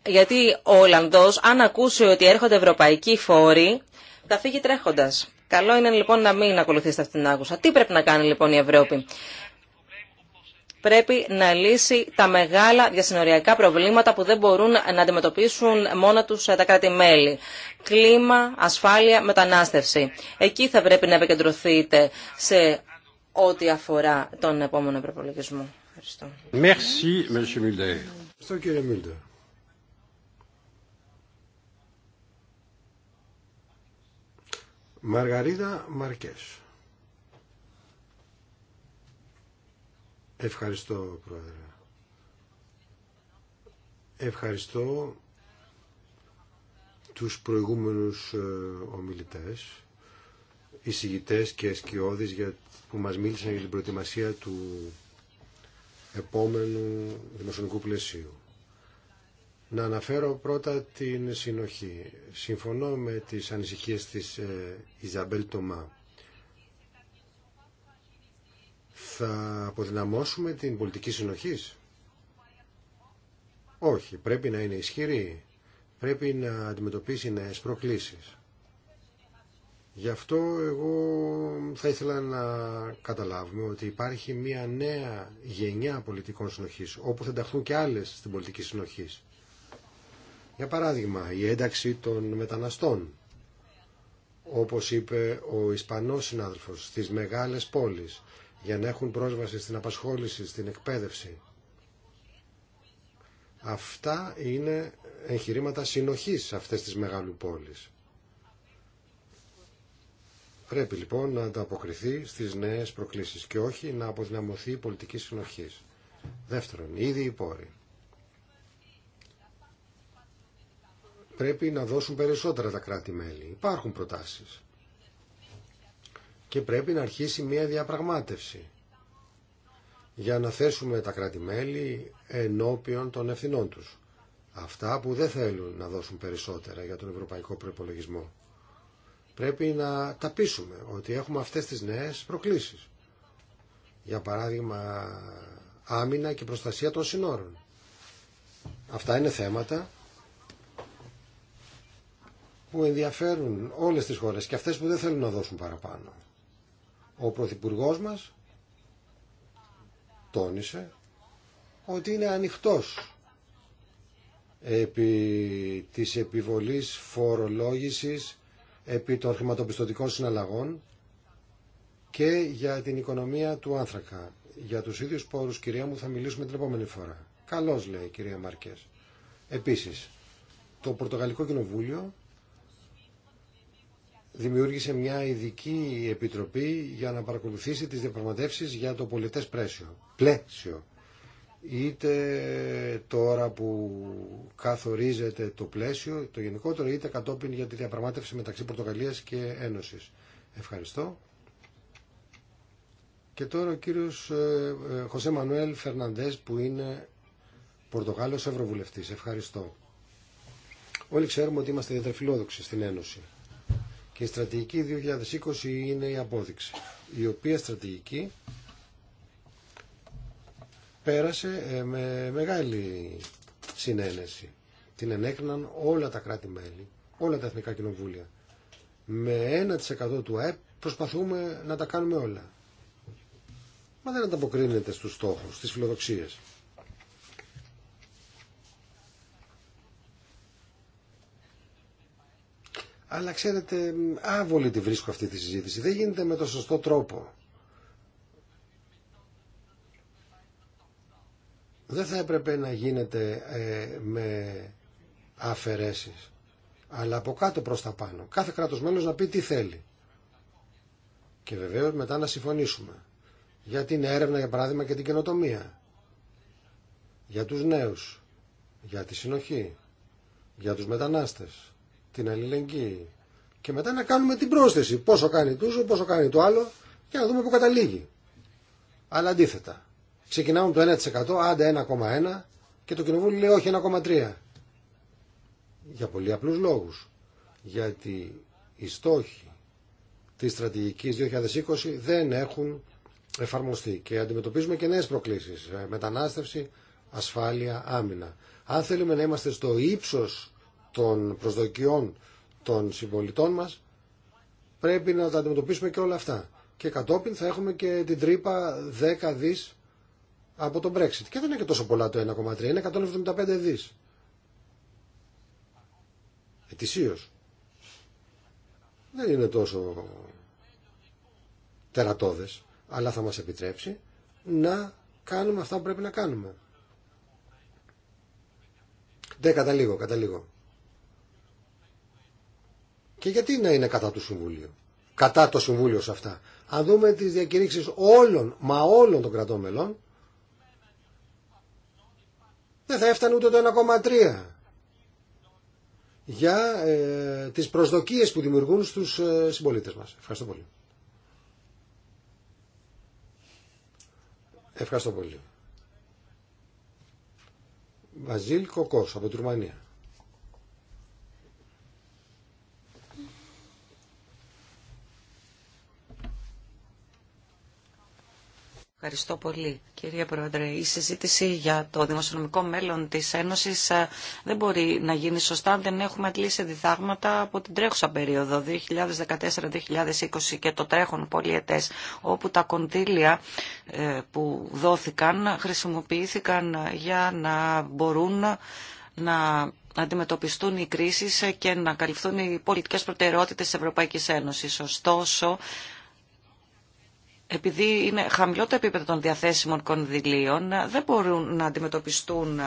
γιατί ο Ολλανδός αν ακούσει ότι έρχονται ευρωπαϊκοί φόροι θα φύγει τρέχοντας. Καλό είναι λοιπόν να μην ακολουθήσετε αυτήν την άκουσα. Τι πρέπει να κάνει λοιπόν η Ευρώπη. Πρέπει να λύσει τα μεγάλα διασυνοριακά προβλήματα που δεν μπορούν να αντιμετωπίσουν μόνα τους ε, τα κράτη-μέλη. Κλίμα, ασφάλεια, μετανάστευση. Εκεί θα πρέπει να επικεντρωθείτε σε ό,τι αφορά τον επόμενο προπολογισμό. Ευχαριστώ. Ευχαριστώ κύριε Mulder. Μαργαρίδα Μαρκές. Ευχαριστώ, Πρόεδρε. Ευχαριστώ τους προηγούμενους ε, ομιλητές, εισηγητές και σκιώδεις για, που μας μίλησαν για την προετοιμασία του επόμενου δημοσιονομικού πλαισίου. Να αναφέρω πρώτα την συνοχή. Συμφωνώ με τις ανησυχίες της ε, Ιζαμπέλ Τομά. Θα αποδυναμώσουμε την πολιτική συνοχής. Όχι, πρέπει να είναι ισχυρή. Πρέπει να αντιμετωπίσει νέες προκλήσεις. Γι' αυτό εγώ θα ήθελα να καταλάβουμε ότι υπάρχει μια νέα γενιά πολιτικών συνοχής, όπου θα ενταχθούν και άλλες στην πολιτική συνοχής. Για παράδειγμα, η ένταξη των μεταναστών, όπως είπε ο Ισπανός συνάδελφος, στις μεγάλες πόλεις, για να έχουν πρόσβαση στην απασχόληση, στην εκπαίδευση. Αυτά είναι εγχειρήματα συνοχής αυτές της μεγάλου πόλεις. Πρέπει λοιπόν να ανταποκριθεί στις νέες προκλήσεις και όχι να αποδυναμωθεί η πολιτική συνοχής. Δεύτερον, ήδη οι πόροι. πρέπει να δώσουν περισσότερα τα κράτη-μέλη. Υπάρχουν προτάσεις. Και πρέπει να αρχίσει μια διαπραγμάτευση για να θέσουμε τα κράτη-μέλη ενώπιον των ευθυνών τους. Αυτά που δεν θέλουν να δώσουν περισσότερα για τον ευρωπαϊκό προπολογισμό. Πρέπει να τα πείσουμε ότι έχουμε αυτές τις νέες προκλήσεις. Για παράδειγμα, άμυνα και προστασία των συνόρων. Αυτά είναι θέματα που ενδιαφέρουν όλες τις χώρες και αυτές που δεν θέλουν να δώσουν παραπάνω. Ο Πρωθυπουργό μας τόνισε ότι είναι ανοιχτός επί της επιβολής φορολόγησης επί των χρηματοπιστωτικών συναλλαγών και για την οικονομία του άνθρακα. Για τους ίδιους πόρους, κυρία μου, θα μιλήσουμε την επόμενη φορά. Καλώς, λέει η κυρία Μαρκές. Επίσης, το Πορτογαλικό Κοινοβούλιο δημιούργησε μια ειδική επιτροπή για να παρακολουθήσει τις διαπραγματεύσεις για το πολιτές πλαίσιο πλαίσιο. Είτε τώρα που καθορίζεται το πλαίσιο, το γενικότερο, είτε κατόπιν για τη διαπραγμάτευση μεταξύ Πορτογαλίας και Ένωσης. Ευχαριστώ. Και τώρα ο κύριος ε, ε, Χωσέ Μανουέλ Φερναντές που είναι Πορτογάλος Ευρωβουλευτής. Ευχαριστώ. Όλοι ξέρουμε ότι είμαστε διατρεφιλόδοξοι στην Ένωση. Και η στρατηγική 2020 είναι η απόδειξη, η οποία στρατηγική πέρασε ε, με μεγάλη συνένεση. Την ενέκριναν όλα τα κράτη-μέλη, όλα τα εθνικά κοινοβούλια. Με 1% του ΑΕΠ προσπαθούμε να τα κάνουμε όλα. Μα δεν ανταποκρίνεται στους στόχους, στις φιλοδοξίες. Αλλά ξέρετε, άβολη τη βρίσκω αυτή τη συζήτηση. Δεν γίνεται με το σωστό τρόπο. Δεν θα έπρεπε να γίνεται ε, με αφαιρέσεις, αλλά από κάτω προς τα πάνω. Κάθε κράτος μέλος να πει τι θέλει. Και βεβαίως μετά να συμφωνήσουμε. Για την έρευνα, για παράδειγμα, και την καινοτομία. Για τους νέους. Για τη συνοχή. Για τους μετανάστες την αλληλεγγύη και μετά να κάνουμε την πρόσθεση πόσο κάνει τούζο, πόσο κάνει το άλλο και να δούμε που καταλήγει. Αλλά αντίθετα, ξεκινάμε το 1%, άντε 1,1 και το κοινοβούλιο λέει όχι 1,3. Για πολύ απλούς λόγους. Γιατί οι στόχοι της στρατηγικής 2020 δεν έχουν εφαρμοστεί και αντιμετωπίζουμε και νέες προκλήσεις. Ε, μετανάστευση, ασφάλεια, άμυνα. Αν θέλουμε να είμαστε στο ύψος των προσδοκιών των συμπολιτών μας, πρέπει να τα αντιμετωπίσουμε και όλα αυτά. Και κατόπιν θα έχουμε και την τρύπα 10 δις από τον Brexit. Και δεν είναι και τόσο πολλά το 1,3, είναι 175 δις. Ετησίως. Δεν είναι τόσο τερατώδες, αλλά θα μας επιτρέψει να κάνουμε αυτά που πρέπει να κάνουμε. Ναι, κατά λίγο, κατά λίγο. Και γιατί να είναι κατά του Συμβουλίου, κατά το Συμβούλιο σε αυτά. Αν δούμε τις διακηρύξεις όλων, μα όλων των κρατών μελών, δεν θα έφτανε ούτε το 1,3 για ε, τις προσδοκίες που δημιουργούν στους ε, συμπολίτες μας. Ευχαριστώ πολύ. Ευχαριστώ πολύ. Βαζίλ Κοκός από τη Ρουμανία. Ευχαριστώ πολύ, κύριε Πρόεδρε. Η συζήτηση για το δημοσιονομικό μέλλον της Ένωσης ε, δεν μπορεί να γίνει σωστά αν δεν έχουμε αντλήσει διδάγματα από την τρέχουσα περίοδο 2014-2020 και το τρέχον πολιετές, όπου τα κοντήλια ε, που δόθηκαν χρησιμοποιήθηκαν για να μπορούν να αντιμετωπιστούν οι κρίσεις και να καλυφθούν οι πολιτικές προτεραιότητες της Ευρωπαϊκής Ένωσης. Ωστόσο, επειδή είναι χαμηλό το επίπεδο των διαθέσιμων κονδυλίων, δεν μπορούν να αντιμετωπιστούν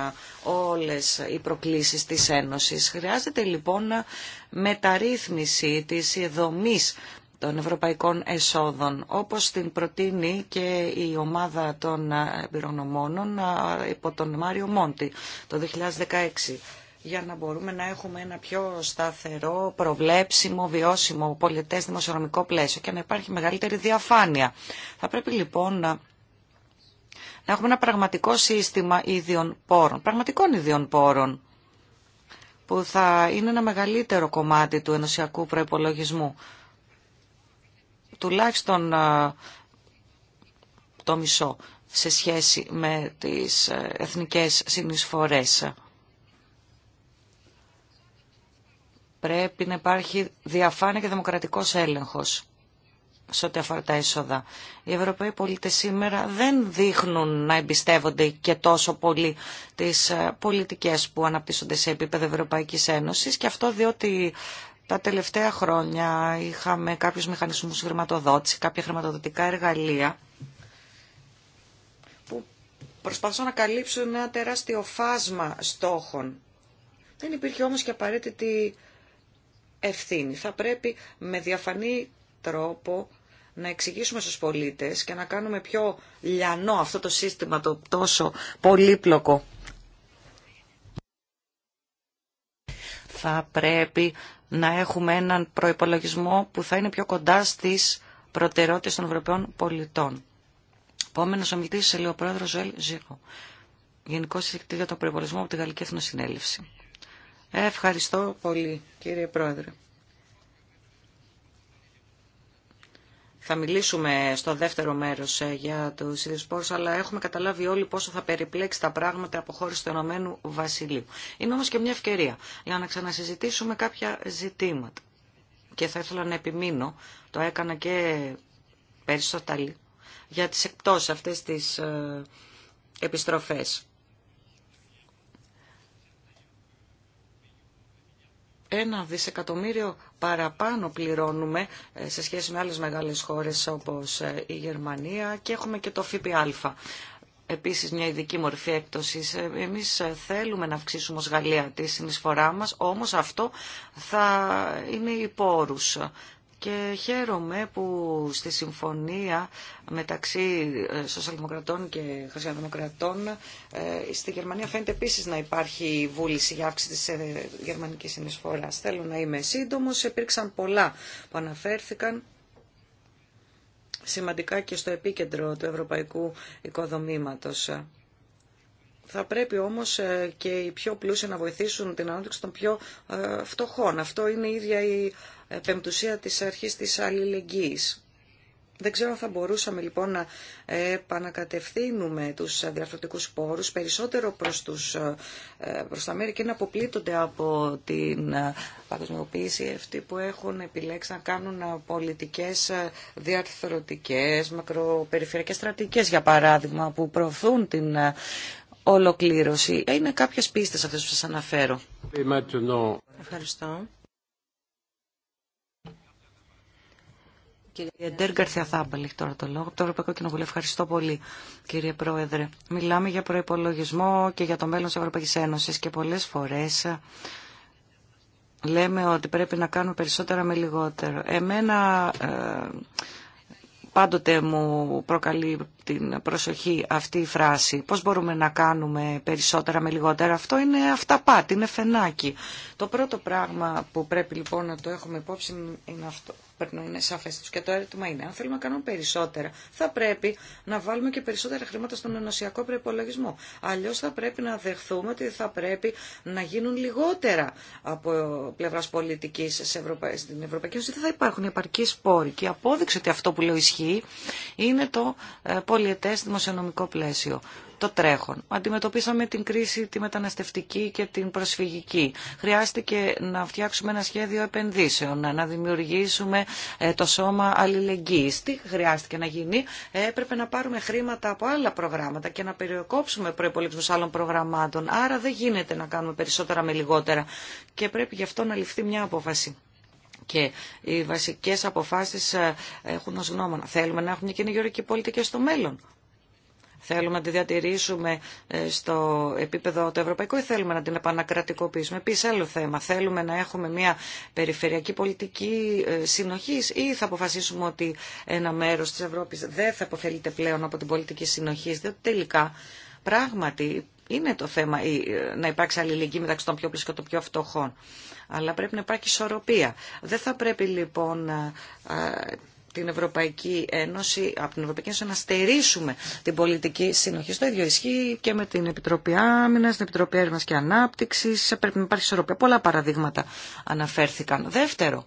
όλες οι προκλήσεις της Ένωσης. Χρειάζεται λοιπόν μεταρρύθμιση της δομής των ευρωπαϊκών εσόδων, όπως την προτείνει και η ομάδα των πυρονομόνων υπό τον Μάριο Μόντι το 2016 για να μπορούμε να έχουμε ένα πιο σταθερό, προβλέψιμο, βιώσιμο πολιτές δημοσιονομικό πλαίσιο και να υπάρχει μεγαλύτερη διαφάνεια. Θα πρέπει λοιπόν να να έχουμε ένα πραγματικό σύστημα ίδιων πόρων, πραγματικών ίδιων πόρων, που θα είναι ένα μεγαλύτερο κομμάτι του ενωσιακού προϋπολογισμού. Τουλάχιστον το μισό σε σχέση με τις ε, εθνικές συνεισφορές. πρέπει να υπάρχει διαφάνεια και δημοκρατικός έλεγχος σε ό,τι αφορά τα έσοδα. Οι Ευρωπαίοι πολίτες σήμερα δεν δείχνουν να εμπιστεύονται και τόσο πολύ τις ε, πολιτικές που αναπτύσσονται σε επίπεδο Ευρωπαϊκής Ένωσης και αυτό διότι τα τελευταία χρόνια είχαμε κάποιους μηχανισμούς χρηματοδότηση, κάποια χρηματοδοτικά εργαλεία που προσπαθούν να καλύψουν ένα τεράστιο φάσμα στόχων. Δεν υπήρχε όμως και απαραίτητη ευθύνη. Θα πρέπει με διαφανή τρόπο να εξηγήσουμε στους πολίτες και να κάνουμε πιο λιανό αυτό το σύστημα το τόσο πολύπλοκο. Θα πρέπει να έχουμε έναν προϋπολογισμό που θα είναι πιο κοντά στις προτεραιότητες των Ευρωπαίων πολιτών. Επόμενος ομιλητής, ο Λεοπρόεδρος Ζωέλ Ζήκο, Γενικός συζητητή για τον Προϋπολογισμό από τη Γαλλική Εθνοσυνέλευση. Ευχαριστώ πολύ κύριε Πρόεδρε. Θα μιλήσουμε στο δεύτερο μέρος ε, για το ίδιους αλλά έχουμε καταλάβει όλοι πόσο θα περιπλέξει τα πράγματα από χώρες του Ενωμένου Βασιλείου. Είναι όμως και μια ευκαιρία για να ξανασυζητήσουμε κάποια ζητήματα. Και θα ήθελα να επιμείνω, το έκανα και περισσότερο για τις εκπτώσεις αυτές τις ε, επιστροφές. ένα δισεκατομμύριο παραπάνω πληρώνουμε ε, σε σχέση με άλλες μεγάλες χώρες όπως ε, η Γερμανία και έχουμε και το ΦΠΑ. Επίσης μια ειδική μορφή έκπτωσης. Ε, εμείς θέλουμε να αυξήσουμε ως Γαλλία τη συνεισφορά μας, όμως αυτό θα είναι υπό και χαίρομαι που στη συμφωνία μεταξύ ε, σοσιαλδημοκρατών και χριστιανοδημοκρατών ε, στη Γερμανία φαίνεται επίσης να υπάρχει βούληση για αύξηση της ε, γερμανικής συνεισφοράς. Θέλω να είμαι σύντομος, υπήρξαν πολλά που αναφέρθηκαν σημαντικά και στο επίκεντρο του ευρωπαϊκού οικοδομήματος. Θα πρέπει όμως ε, και οι πιο πλούσιοι να βοηθήσουν την ανάπτυξη των πιο ε, φτωχών. Αυτό είναι η ίδια η πεμπτουσία της αρχής της αλληλεγγύης. Δεν ξέρω αν θα μπορούσαμε λοιπόν να επανακατευθύνουμε τους διαφορετικούς πόρους περισσότερο προς, τους, ε, προς τα μέρη και να αποπλήττονται από την παγκοσμιοποίηση αυτή που έχουν επιλέξει να κάνουν πολιτικές διαρθρωτικές, μακροπεριφερειακές στρατηγικές για παράδειγμα που προωθούν την ολοκλήρωση. Είναι κάποιες πίστες αυτές που σας αναφέρω. Ευχαριστώ. Κύριε Ντέρ Γκαρθιαθάμπαλ, έχει τώρα το λόγο. Το Ευρωπαϊκό Κοινοβούλιο. Ευχαριστώ πολύ, κύριε Πρόεδρε. Μιλάμε για προπολογισμό και για το μέλλον τη Ευρωπαϊκή Ένωση και πολλέ φορέ λέμε ότι πρέπει να κάνουμε περισσότερα με λιγότερο. Εμένα. Ε, Πάντοτε μου προκαλεί την προσοχή αυτή η φράση. Πώς μπορούμε να κάνουμε περισσότερα με λιγότερα. Αυτό είναι αυταπάτη, είναι φενάκι. Το πρώτο πράγμα που πρέπει λοιπόν να το έχουμε υπόψη είναι αυτό πρέπει είναι σαφέ του. Και το έρετημα είναι, αν θέλουμε να κάνουμε περισσότερα, θα πρέπει να βάλουμε και περισσότερα χρήματα στον ενωσιακό προπολογισμό. Αλλιώ θα πρέπει να δεχθούμε ότι θα πρέπει να γίνουν λιγότερα από πλευρά πολιτική στην Ευρωπαϊκή Ένωση. Δεν θα υπάρχουν επαρκή πόροι. Και η απόδειξη ότι αυτό που λέω ισχύει είναι το ε, πολιετέ δημοσιονομικό πλαίσιο το τρέχον. Αντιμετωπίσαμε την κρίση τη μεταναστευτική και την προσφυγική. Χρειάστηκε να φτιάξουμε ένα σχέδιο επενδύσεων, να δημιουργήσουμε ε, το σώμα αλληλεγγύη. Τι χρειάστηκε να γίνει. Ε, έπρεπε να πάρουμε χρήματα από άλλα προγράμματα και να περιοκόψουμε προπολογισμού άλλων προγραμμάτων. Άρα δεν γίνεται να κάνουμε περισσότερα με λιγότερα. Και πρέπει γι' αυτό να ληφθεί μια απόφαση και οι βασικές αποφάσεις ε, έχουν ως γνώμονα. Θέλουμε να έχουμε και γεωργική πολιτική στο μέλλον. Θέλουμε να τη διατηρήσουμε ε, στο επίπεδο το ευρωπαϊκό ή θέλουμε να την επανακρατικοποιήσουμε. Επίση, άλλο θέμα. Θέλουμε να έχουμε μια περιφερειακή πολιτική ε, συνοχή ή θα αποφασίσουμε ότι ένα μέρο τη Ευρώπη δεν θα αποφελείται πλέον από την πολιτική συνοχή, διότι τελικά πράγματι είναι το θέμα ε, να υπάρξει αλληλεγγύη μεταξύ των πιο πλούσιων και των πιο φτωχών. Αλλά πρέπει να υπάρχει ισορροπία. Δεν θα πρέπει λοιπόν την Ευρωπαϊκή Ένωση, από την Ευρωπαϊκή Ένωση να στερήσουμε την πολιτική συνοχή. Το ίδιο ισχύει και με την Επιτροπή Άμυνα, την Επιτροπή Έρευνα και Ανάπτυξη. Πρέπει να υπάρχει ισορροπία. Πολλά παραδείγματα αναφέρθηκαν. Δεύτερο,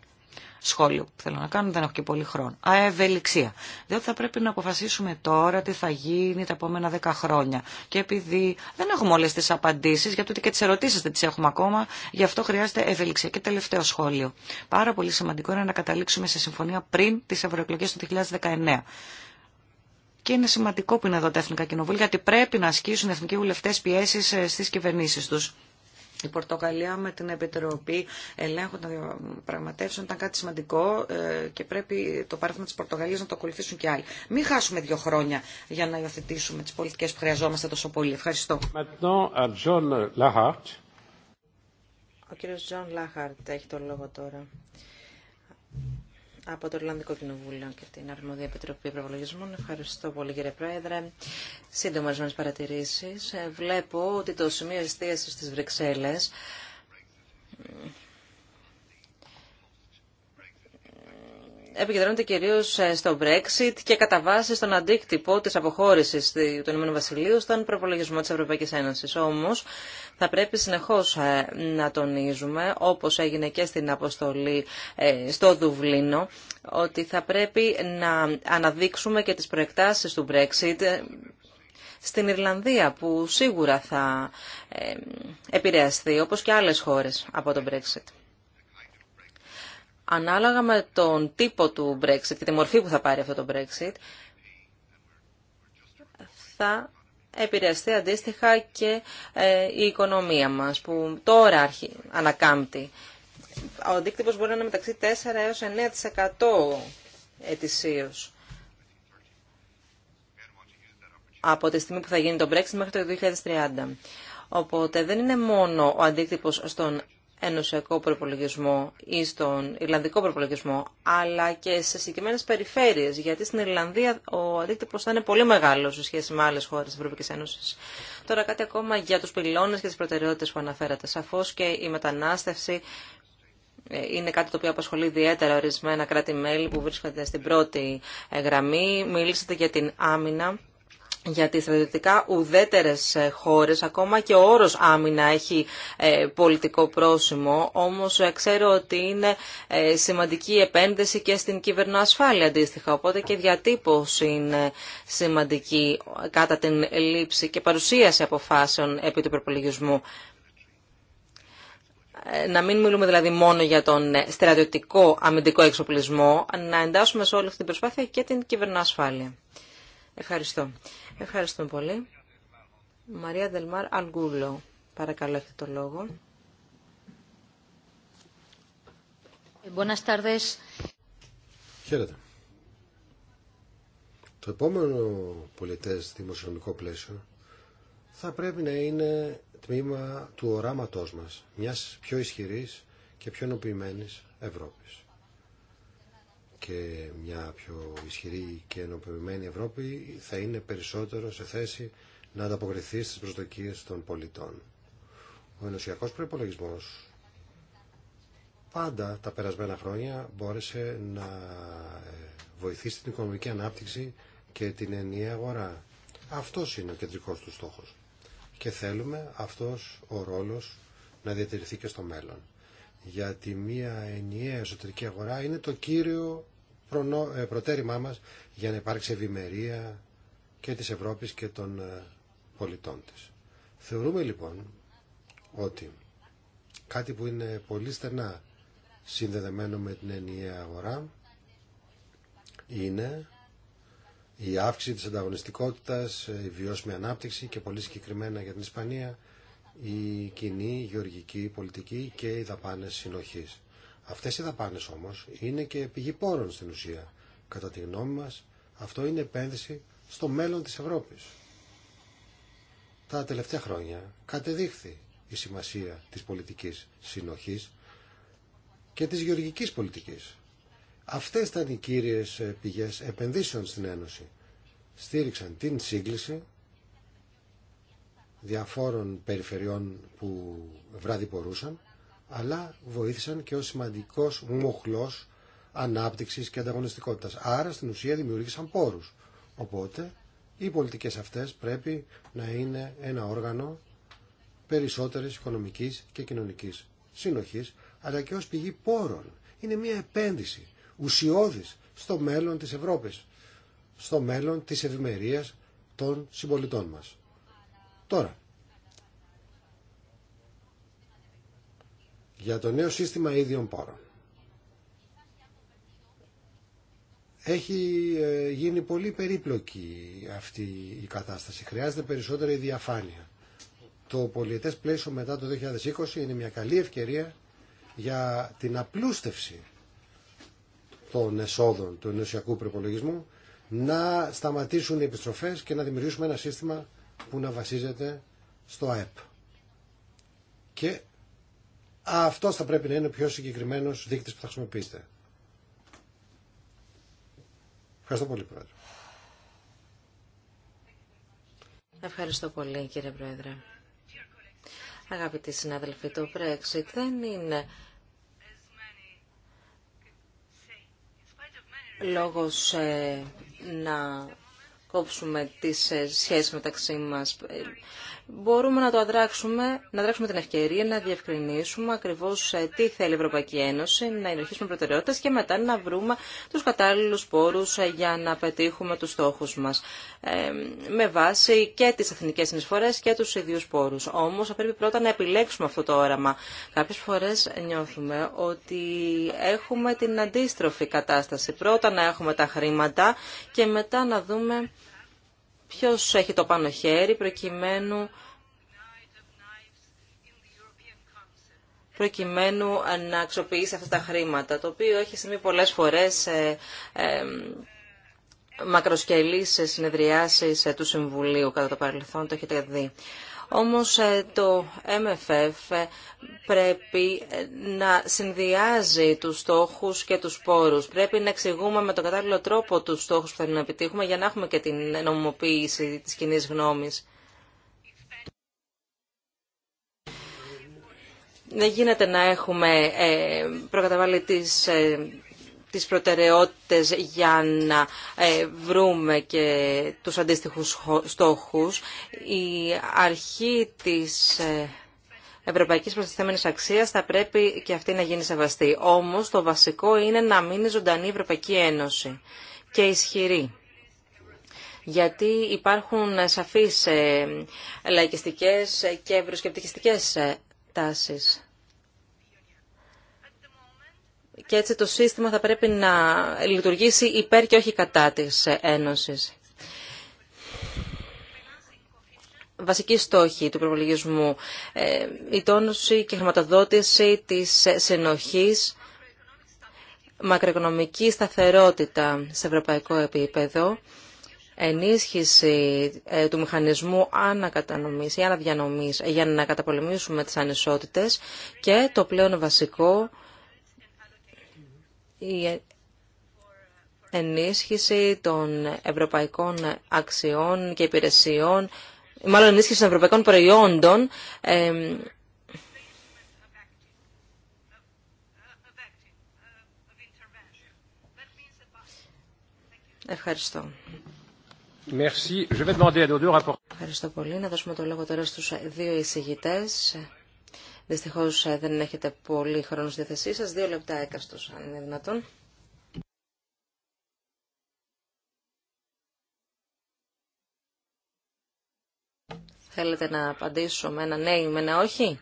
σχόλιο που θέλω να κάνω, δεν έχω και πολύ χρόνο. Αευελιξία. Διότι θα πρέπει να αποφασίσουμε τώρα τι θα γίνει τα επόμενα δέκα χρόνια. Και επειδή δεν έχουμε όλε τι απαντήσει, γιατί ούτε και τι ερωτήσει δεν τι έχουμε ακόμα, γι' αυτό χρειάζεται ευελιξία. Και τελευταίο σχόλιο. Πάρα πολύ σημαντικό είναι να καταλήξουμε σε συμφωνία πριν τι ευρωεκλογέ του 2019. Και είναι σημαντικό που είναι εδώ τα Εθνικά Κοινοβούλια, γιατί πρέπει να ασκήσουν οι εθνικοί βουλευτέ πιέσει ε, στι κυβερνήσει του. Η Πορτογαλία με την Επιτροπή Ελέγχου των διαπραγματεύσεων ήταν κάτι σημαντικό ε, και πρέπει το παράδειγμα τη Πορτογαλία να το ακολουθήσουν και άλλοι. Μην χάσουμε δύο χρόνια για να υιοθετήσουμε τι πολιτικέ που χρειαζόμαστε τόσο πολύ. Ευχαριστώ. Ο κύριος Τζον Λάχαρτ έχει το λόγο τώρα από το Ιρλανδικό Κοινοβούλιο και την Αρμόδια Επιτροπή Προπολογισμών. Ευχαριστώ πολύ κύριε Πρόεδρε. Σύντομα ορισμένε παρατηρήσει. Ε, βλέπω ότι το σημείο εστίαση στι Βρυξέλλε επικεντρώνεται κυρίω ε, στο Brexit και κατά βάση στον αντίκτυπο της αποχώρησης του Ηνωμένου Βασιλείου στον προπολογισμό τη Ευρωπαϊκής Ένωσης. Όμως θα πρέπει συνεχώς ε, να τονίζουμε, όπως έγινε και στην αποστολή ε, στο Δουβλίνο, ότι θα πρέπει να αναδείξουμε και τις προεκτάσεις του Brexit στην Ιρλανδία που σίγουρα θα επηρεαστεί όπως και άλλες χώρες από τον Brexit. Ανάλογα με τον τύπο του Brexit και τη μορφή που θα πάρει αυτό το Brexit, θα επηρεαστεί αντίστοιχα και ε, η οικονομία μας που τώρα ανακάμπτει. Ο αντίκτυπος μπορεί να είναι μεταξύ 4 έως 9% ετησίως. Από τη στιγμή που θα γίνει το Brexit μέχρι το 2030. Οπότε δεν είναι μόνο ο αντίκτυπος στον ενωσιακό προπολογισμό ή στον Ιρλανδικό προπολογισμό, αλλά και σε συγκεκριμένε περιφέρειες, γιατί στην Ιρλανδία ο αντίκτυπο θα είναι πολύ μεγάλο σε σχέση με άλλε χώρε τη Ευρωπαϊκή Ένωση. Τώρα κάτι ακόμα για του πυλώνε και τι προτεραιότητε που αναφέρατε. Σαφώ και η μετανάστευση ε, είναι κάτι το οποίο απασχολεί ιδιαίτερα ορισμένα κράτη-μέλη που βρίσκονται στην πρώτη ε, γραμμή. Μιλήσατε για την άμυνα για τις στρατιωτικά ουδέτερες ε, χώρες, ακόμα και ο όρος άμυνα έχει ε, πολιτικό πρόσημο, όμως ε, ξέρω ότι είναι σημαντική επένδυση και στην κυβερνοασφάλεια αντίστοιχα, οπότε και διατύπωση είναι σημαντική κατά την λήψη και παρουσίαση αποφάσεων επί του προπολογισμού. Να μην μιλούμε δηλαδή μόνο για τον στρατιωτικό αμυντικό εξοπλισμό, να εντάσσουμε σε όλη αυτή την προσπάθεια και την κυβερνοασφάλεια. Ευχαριστώ. Ευχαριστούμε πολύ. Μαρία Δελμάρ Αλγούλο, Παρακαλώ, έχετε το λόγο. Ε, Χαίρετε. Το επόμενο πολιτές δημοσιονομικό πλαίσιο θα πρέπει να είναι τμήμα του οράματός μας, μιας πιο ισχυρής και πιο ενοποιημένης Ευρώπης και μια πιο ισχυρή και ενωπημένη Ευρώπη θα είναι περισσότερο σε θέση να ανταποκριθεί στις προσδοκίες των πολιτών. Ο ενωσιακός προπολογισμό πάντα τα περασμένα χρόνια μπόρεσε να ε, βοηθήσει την οικονομική ανάπτυξη και την ενιαία αγορά. Αυτός είναι ο κεντρικός του στόχος. Και θέλουμε αυτός ο ρόλος να διατηρηθεί και στο μέλλον γιατί μια ενιαία εσωτερική αγορά είναι το κύριο ε, προτέρημά μας για να υπάρξει ευημερία και της Ευρώπης και των ε, πολιτών της. Θεωρούμε λοιπόν ότι κάτι που είναι πολύ στενά συνδεδεμένο με την ενιαία αγορά είναι η αύξηση της ανταγωνιστικότητας, ε, η βιώσιμη ανάπτυξη και πολύ συγκεκριμένα για την Ισπανία η κοινή γεωργική πολιτική και οι δαπάνες συνοχής. Αυτές οι δαπάνες όμως είναι και πηγή πόρων στην ουσία. Κατά τη γνώμη μας αυτό είναι επένδυση στο μέλλον της Ευρώπης. Τα τελευταία χρόνια κατεδείχθη η σημασία της πολιτικής συνοχής και της γεωργικής πολιτικής. Αυτές ήταν οι κύριες πηγές επενδύσεων στην Ένωση. Στήριξαν την σύγκληση διαφόρων περιφερειών που βράδυ πορούσαν αλλά βοήθησαν και ως σημαντικός μοχλός ανάπτυξης και ανταγωνιστικότητας. Άρα στην ουσία δημιούργησαν πόρους. Οπότε οι πολιτικές αυτές πρέπει να είναι ένα όργανο περισσότερης οικονομικής και κοινωνικής συνοχής, αλλά και ως πηγή πόρων. Είναι μια επένδυση ουσιώδης στο μέλλον της Ευρώπης, στο μέλλον της ευημερίας των συμπολιτών μας. Τώρα, για το νέο σύστημα ίδιων πόρων. Έχει ε, γίνει πολύ περίπλοκη αυτή η κατάσταση. Χρειάζεται περισσότερη διαφάνεια. Το πολιετές πλαίσιο μετά το 2020 είναι μια καλή ευκαιρία για την απλούστευση των εσόδων του ενωσιακού προπολογισμού να σταματήσουν οι επιστροφές και να δημιουργήσουμε ένα σύστημα που να βασίζεται στο ΑΕΠ. Και αυτό θα πρέπει να είναι ο πιο συγκεκριμένος δείκτης που θα χρησιμοποιήσετε. Ευχαριστώ πολύ, Πρόεδρε. Ευχαριστώ πολύ, κύριε Πρόεδρε. Αγαπητοί συνάδελφοι, το Brexit δεν είναι λόγος ε, να κόψουμε τις ε, σχέσεις μεταξύ μας. Ε, μπορούμε να το αδράξουμε, να δράξουμε την ευκαιρία να διευκρινίσουμε ακριβώς ε, τι θέλει η Ευρωπαϊκή Ένωση, να ενοχίσουμε προτεραιότητες και μετά να βρούμε τους κατάλληλους πόρους ε, για να πετύχουμε τους στόχους μας. Ε, με βάση και τις εθνικές συνεισφορές και τους ιδίους πόρους. Όμως θα πρέπει πρώτα να επιλέξουμε αυτό το όραμα. Κάποιες φορές νιώθουμε ότι έχουμε την αντίστροφη κατάσταση. Πρώτα να έχουμε τα χρήματα και μετά να δούμε ποιος έχει το πάνω χέρι προκειμένου, προκειμένου να αξιοποιήσει αυτά τα χρήματα, το οποίο έχει συμβεί πολλές φορές ε, ε, σε συνεδριάσεις του Συμβουλίου κατά το παρελθόν, το έχετε δει. Όμως ε, το MFF ε, πρέπει ε, να συνδυάζει τους στόχους και τους πόρους. Πρέπει να εξηγούμε με τον κατάλληλο τρόπο τους στόχους που θέλουμε να επιτύχουμε για να έχουμε και την νομιμοποίηση της κοινή γνώμης. Δεν γίνεται να έχουμε προκαταβάλει τις τις προτεραιότητες για να ε, βρούμε και τους αντίστοιχους στόχους. Η αρχή της ε, ευρωπαϊκής προστιθέμενης αξίας θα πρέπει και αυτή να γίνει σεβαστή. Όμως το βασικό είναι να μείνει ζωντανή η Ευρωπαϊκή Ένωση και ισχυρή. Γιατί υπάρχουν σαφείς ε, λαϊκιστικές και ευρωσκεπτικιστικές τάσεις και έτσι το σύστημα θα πρέπει να λειτουργήσει υπέρ και όχι κατά της Ένωσης. Βασική στόχη του προπολογισμού, ε, η τόνωση και χρηματοδότηση της συνοχής, μακροοικονομική σταθερότητα σε ευρωπαϊκό επίπεδο, ενίσχυση ε, του μηχανισμού ανακατανομής ή αναδιανομής για να καταπολεμήσουμε τις ανισότητες και το πλέον βασικό η ενίσχυση των ευρωπαϊκών αξιών και υπηρεσιών, μάλλον ενίσχυση των ευρωπαϊκών προϊόντων, Ευχαριστώ. Merci. Je vais demander à Ευχαριστώ πολύ. Να δώσουμε το λόγο τώρα στους δύο εισηγητές. Δυστυχώ ε, δεν έχετε πολύ χρόνο στη θέση σας. Δύο λεπτά έκαστο, αν είναι δυνατόν. Θέλετε να απαντήσω με ένα ναι ή με ένα όχι.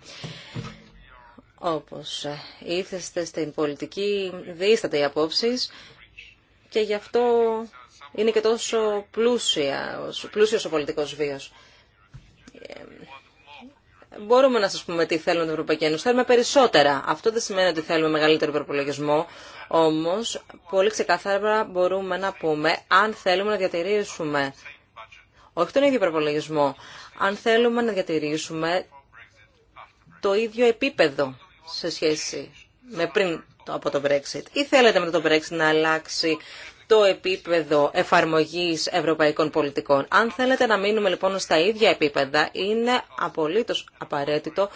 Όπως ε, ήρθεστε στην πολιτική, δίσταται οι απόψεις και γι' αυτό είναι και τόσο πλούσια, πλούσιος ο πολιτικός βίος. Ε, μπορούμε να σας πούμε τι θέλουμε την Ευρωπαϊκή Ένωση. Θέλουμε περισσότερα. Αυτό δεν σημαίνει ότι θέλουμε μεγαλύτερο προπολογισμό. Όμως, πολύ ξεκάθαρα μπορούμε να πούμε αν θέλουμε να διατηρήσουμε όχι τον ίδιο προπολογισμό, αν θέλουμε να διατηρήσουμε το ίδιο επίπεδο σε σχέση με πριν από το Brexit. Ή θέλετε μετά το Brexit να αλλάξει το επίπεδο εφαρμογής ευρωπαϊκών πολιτικών. Αν θέλετε να μείνουμε λοιπόν στα ίδια επίπεδα, είναι απολύτως απαραίτητο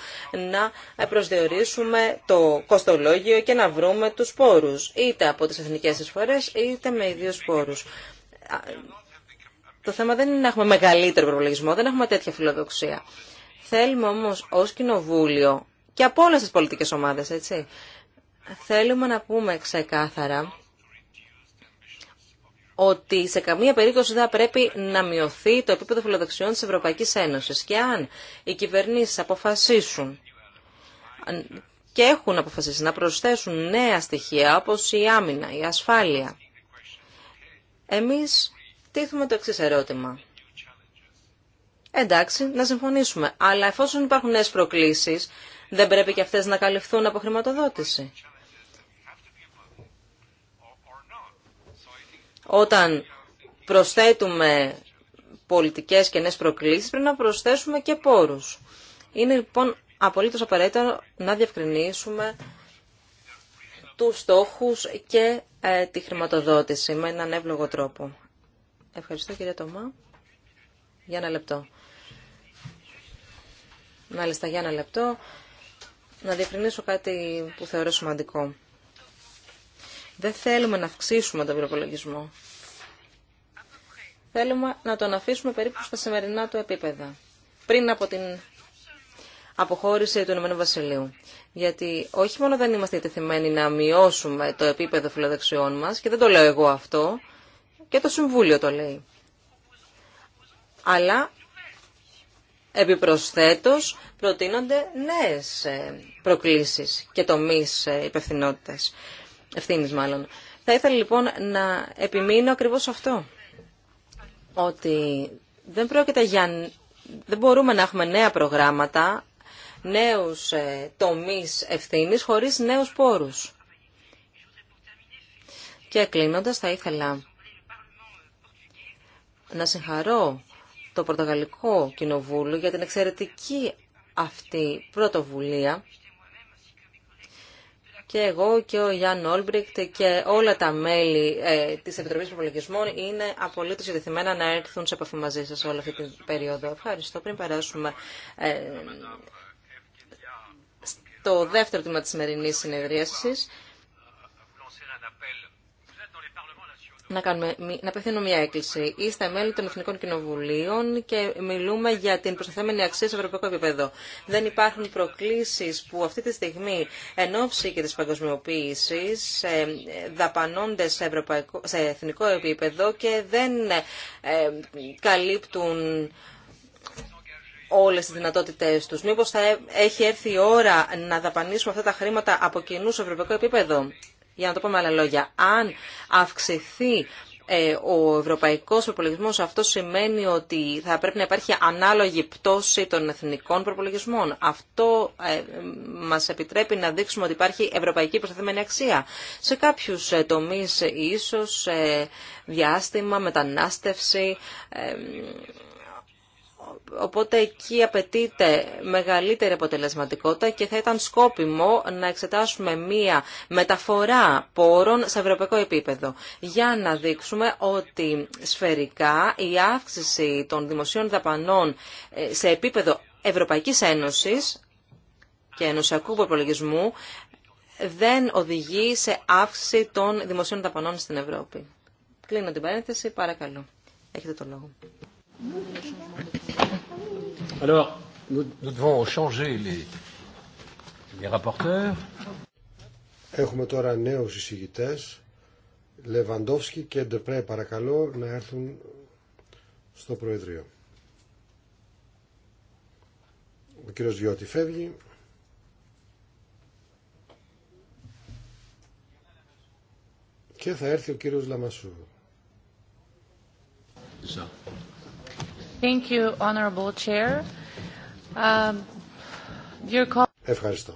να προσδιορίσουμε το κοστολόγιο και να βρούμε τους πόρους, είτε από τις εθνικές εισφορές, είτε με ιδίους πόρους. Το θέμα δεν είναι να έχουμε μεγαλύτερο προπολογισμό, δεν έχουμε τέτοια φιλοδοξία. Θέλουμε όμως ως κοινοβούλιο και από όλες τις πολιτικές ομάδες, έτσι, θέλουμε να πούμε ξεκάθαρα ότι σε καμία περίπτωση δεν θα πρέπει να μειωθεί το επίπεδο φιλοδοξιών της Ευρωπαϊκής Ένωσης. Και αν οι κυβερνήσεις αποφασίσουν και έχουν αποφασίσει να προσθέσουν νέα στοιχεία όπως η άμυνα, η ασφάλεια, εμείς τίθουμε το εξής ερώτημα. Εντάξει, να συμφωνήσουμε. Αλλά εφόσον υπάρχουν νέες προκλήσεις, δεν πρέπει και αυτές να καλυφθούν από χρηματοδότηση. Όταν προσθέτουμε πολιτικές και νέες προκλήσεις, πρέπει να προσθέσουμε και πόρους. Είναι λοιπόν απολύτως απαραίτητο να διευκρινίσουμε τους στόχους και ε, τη χρηματοδότηση με έναν εύλογο τρόπο. Ευχαριστώ κύριε Τωμά. Για ένα λεπτό. Μάλιστα, για ένα λεπτό. Να διευκρινίσω κάτι που θεωρώ σημαντικό. Δεν θέλουμε να αυξήσουμε τον προπολογισμό. Θέλουμε να τον αφήσουμε περίπου στα σημερινά του επίπεδα. Πριν από την αποχώρηση του Ηνωμένου Βασιλείου. Γιατί όχι μόνο δεν είμαστε ετεθειμένοι να μειώσουμε το επίπεδο φιλοδεξιών μας, και δεν το λέω εγώ αυτό, και το Συμβούλιο το λέει. Αλλά επιπροσθέτως προτείνονται νέες ε, προκλήσεις και τομείς ε, υπευθυνότητας ευθύνης μάλλον. Θα ήθελα λοιπόν να επιμείνω ακριβώς αυτό. Ότι δεν πρόκειται για... Δεν μπορούμε να έχουμε νέα προγράμματα, νέους ε, τομεί ευθύνης χωρίς νέους πόρους. Και κλείνοντας θα ήθελα να συγχαρώ το Πορτογαλικό Κοινοβούλιο για την εξαιρετική αυτή πρωτοβουλία και εγώ και ο Γιάνν Όλμπρικτ και όλα τα μέλη ε, της Επιτροπής Προπολογισμών είναι απολύτως ειδηθημένα να έρθουν σε επαφή μαζί σας όλη αυτή την περίοδο. Ευχαριστώ. Πριν περάσουμε ε, στο δεύτερο τμήμα της σημερινής συνεδρίασης, να, κάνουμε, να απευθύνω μια έκκληση. Είστε μέλη των Εθνικών Κοινοβουλίων και μιλούμε για την προσταθέμενη αξία σε ευρωπαϊκό επίπεδο. Δεν υπάρχουν προκλήσεις που αυτή τη στιγμή εν και της παγκοσμιοποίησης ε, δαπανώνται σε, ευρωπαϊκό, σε εθνικό επίπεδο και δεν ε, καλύπτουν όλες τις δυνατότητες τους. Μήπως θα έχει έρθει η ώρα να δαπανίσουμε αυτά τα χρήματα από κοινού σε ευρωπαϊκό επίπεδο. Για να το πω με άλλα λόγια, αν αυξηθεί ε, ο ευρωπαϊκός προπολογισμός αυτό σημαίνει ότι θα πρέπει να υπάρχει ανάλογη πτώση των εθνικών προπολογισμών. Αυτό ε, μας επιτρέπει να δείξουμε ότι υπάρχει ευρωπαϊκή προσθέμενη αξία. Σε κάποιους ε, τομείς ίσως διάστημα, μετανάστευση, Οπότε εκεί απαιτείται μεγαλύτερη αποτελεσματικότητα και θα ήταν σκόπιμο να εξετάσουμε μία μεταφορά πόρων σε ευρωπαϊκό επίπεδο για να δείξουμε ότι σφαιρικά η αύξηση των δημοσίων δαπανών ε, σε επίπεδο Ευρωπαϊκής Ένωσης και ενωσιακού προπολογισμού δεν οδηγεί σε αύξηση των δημοσίων δαπανών στην Ευρώπη. Κλείνω την παρένθεση, παρακαλώ. Έχετε το λόγο. Alors, nous, nous devons changer les, les rapporteurs. Έχουμε τώρα νέους εισηγητές. Λεβαντόφσκι και Ντεπρέ παρακαλώ να έρθουν στο Προεδρείο. Ο κύριος Διώτη φεύγει. Και θα έρθει ο κύριος Λαμασού. Thank you, Honorable Chair. Um, Ευχαριστώ.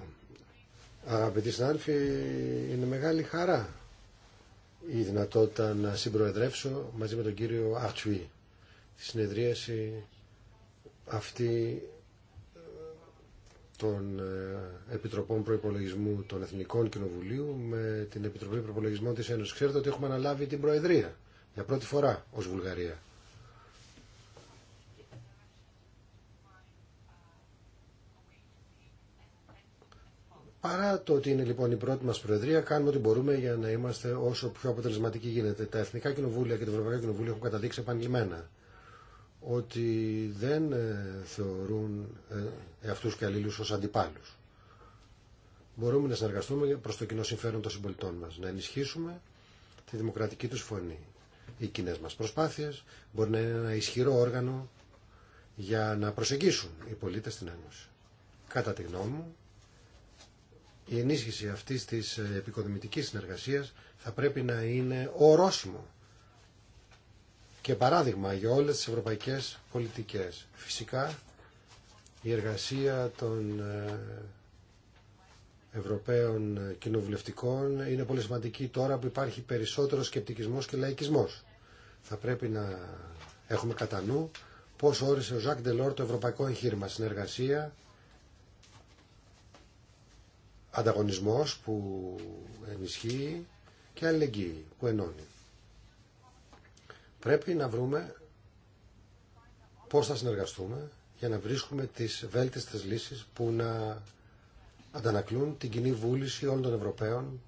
Αγαπητοί συνάδελφοι, είναι μεγάλη χαρά η δυνατότητα να συμπροεδρεύσω μαζί με τον κύριο Αχτσουή τη συνεδρίαση αυτή ε, των ε, Επιτροπών Προπολογισμού των Εθνικών Κοινοβουλίου με την Επιτροπή Προπολογισμών της Ένωσης. Ξέρετε ότι έχουμε αναλάβει την Προεδρία για πρώτη φορά ως Βουλγαρία. Παρά το ότι είναι λοιπόν η πρώτη μας Προεδρία, κάνουμε ό,τι μπορούμε για να είμαστε όσο πιο αποτελεσματικοί γίνεται. Τα Εθνικά Κοινοβούλια και το Ευρωπαϊκό Κοινοβούλιο έχουν καταδείξει επανειλημμένα ότι δεν ε, θεωρούν ε, αυτού και αλλήλου ως αντιπάλους. Μπορούμε να συνεργαστούμε προ το κοινό συμφέρον των συμπολιτών μα. να ενισχύσουμε τη δημοκρατική του φωνή. Οι κοινέ μα προσπάθειε, μπορεί να είναι ένα ισχυρό όργανο για να προσεγγίσουν οι πολίτε στην Ένωση. Κατά τη γνώμη μου, η ενίσχυση αυτής της ε, επικοδημητικής συνεργασίας θα πρέπει να είναι ορόσημο και παράδειγμα για όλες τις ευρωπαϊκές πολιτικές. Φυσικά η εργασία των ε, Ευρωπαίων κοινοβουλευτικών είναι πολύ σημαντική τώρα που υπάρχει περισσότερο σκεπτικισμός και λαϊκισμός. Θα πρέπει να έχουμε κατά νου πώς όρισε ο Ζακ Ντελόρ το ευρωπαϊκό εγχείρημα συνεργασία ανταγωνισμός που ενισχύει και αλληλεγγύη που ενώνει. Πρέπει να βρούμε πώς θα συνεργαστούμε για να βρίσκουμε τις βέλτιστες λύσεις που να αντανακλούν την κοινή βούληση όλων των Ευρωπαίων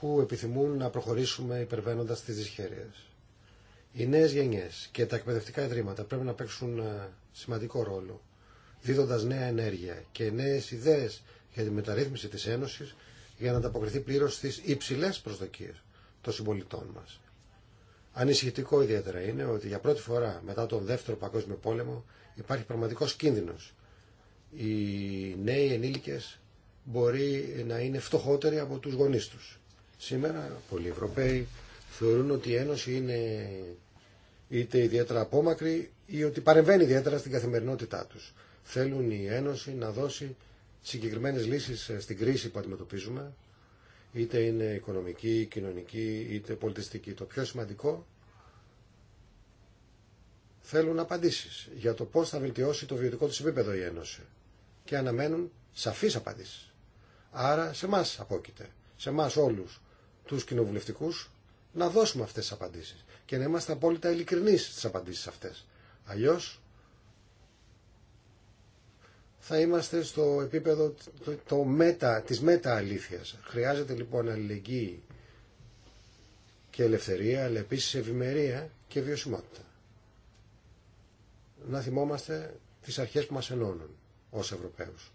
που επιθυμούν να προχωρήσουμε υπερβαίνοντας τις δυσχέρειες. Οι νέες γενιές και τα εκπαιδευτικά ιδρύματα πρέπει να παίξουν ε, σημαντικό ρόλο δίδοντας νέα ενέργεια και νέες ιδέες για τη μεταρρύθμιση της Ένωσης για να ανταποκριθεί πλήρως στις υψηλές προσδοκίες των συμπολιτών μας. Ανησυχητικό ιδιαίτερα είναι ότι για πρώτη φορά μετά τον Δεύτερο Παγκόσμιο Πόλεμο υπάρχει πραγματικός κίνδυνος. Οι νέοι ενήλικες μπορεί να είναι φτωχότεροι από τους γονείς τους. Σήμερα πολλοί Ευρωπαίοι θεωρούν ότι η Ένωση είναι είτε ιδιαίτερα απόμακρη ή ότι παρεμβαίνει ιδιαίτερα στην καθημερινότητά τους. Θέλουν η Ένωση να δώσει συγκεκριμένες λύσεις ε, στην κρίση που αντιμετωπίζουμε, είτε είναι οικονομική, κοινωνική, είτε πολιτιστική. Το πιο σημαντικό θέλουν απαντήσεις για το πώς θα βελτιώσει το βιωτικό του επίπεδο η Ένωση και αναμένουν σαφείς απαντήσεις. Άρα σε εμά απόκειται, σε εμά όλους τους κοινοβουλευτικούς να δώσουμε αυτές τις απαντήσεις και να είμαστε απόλυτα ειλικρινείς στις απαντήσεις αυτές. Αλλιώς θα είμαστε στο επίπεδο το, το μετα, της μετα-αλήθειας. Χρειάζεται λοιπόν αλληλεγγύη και ελευθερία, αλλά επίσης ευημερία και βιωσιμότητα. Να θυμόμαστε τις αρχές που μας ενώνουν ως Ευρωπαίους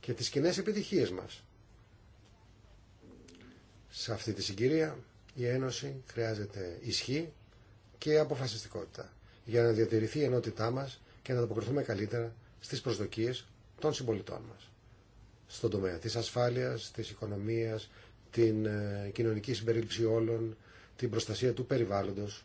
και τις κοινέ επιτυχίες μας. Σε αυτή τη συγκυρία η Ένωση χρειάζεται ισχύ και αποφασιστικότητα για να διατηρηθεί η ενότητά μας και να ανταποκριθούμε καλύτερα στις προσδοκίες των συμπολιτών μας. Στον τομέα της ασφάλειας, της οικονομίας, την ε, κοινωνική συμπερίληψη όλων, την προστασία του περιβάλλοντος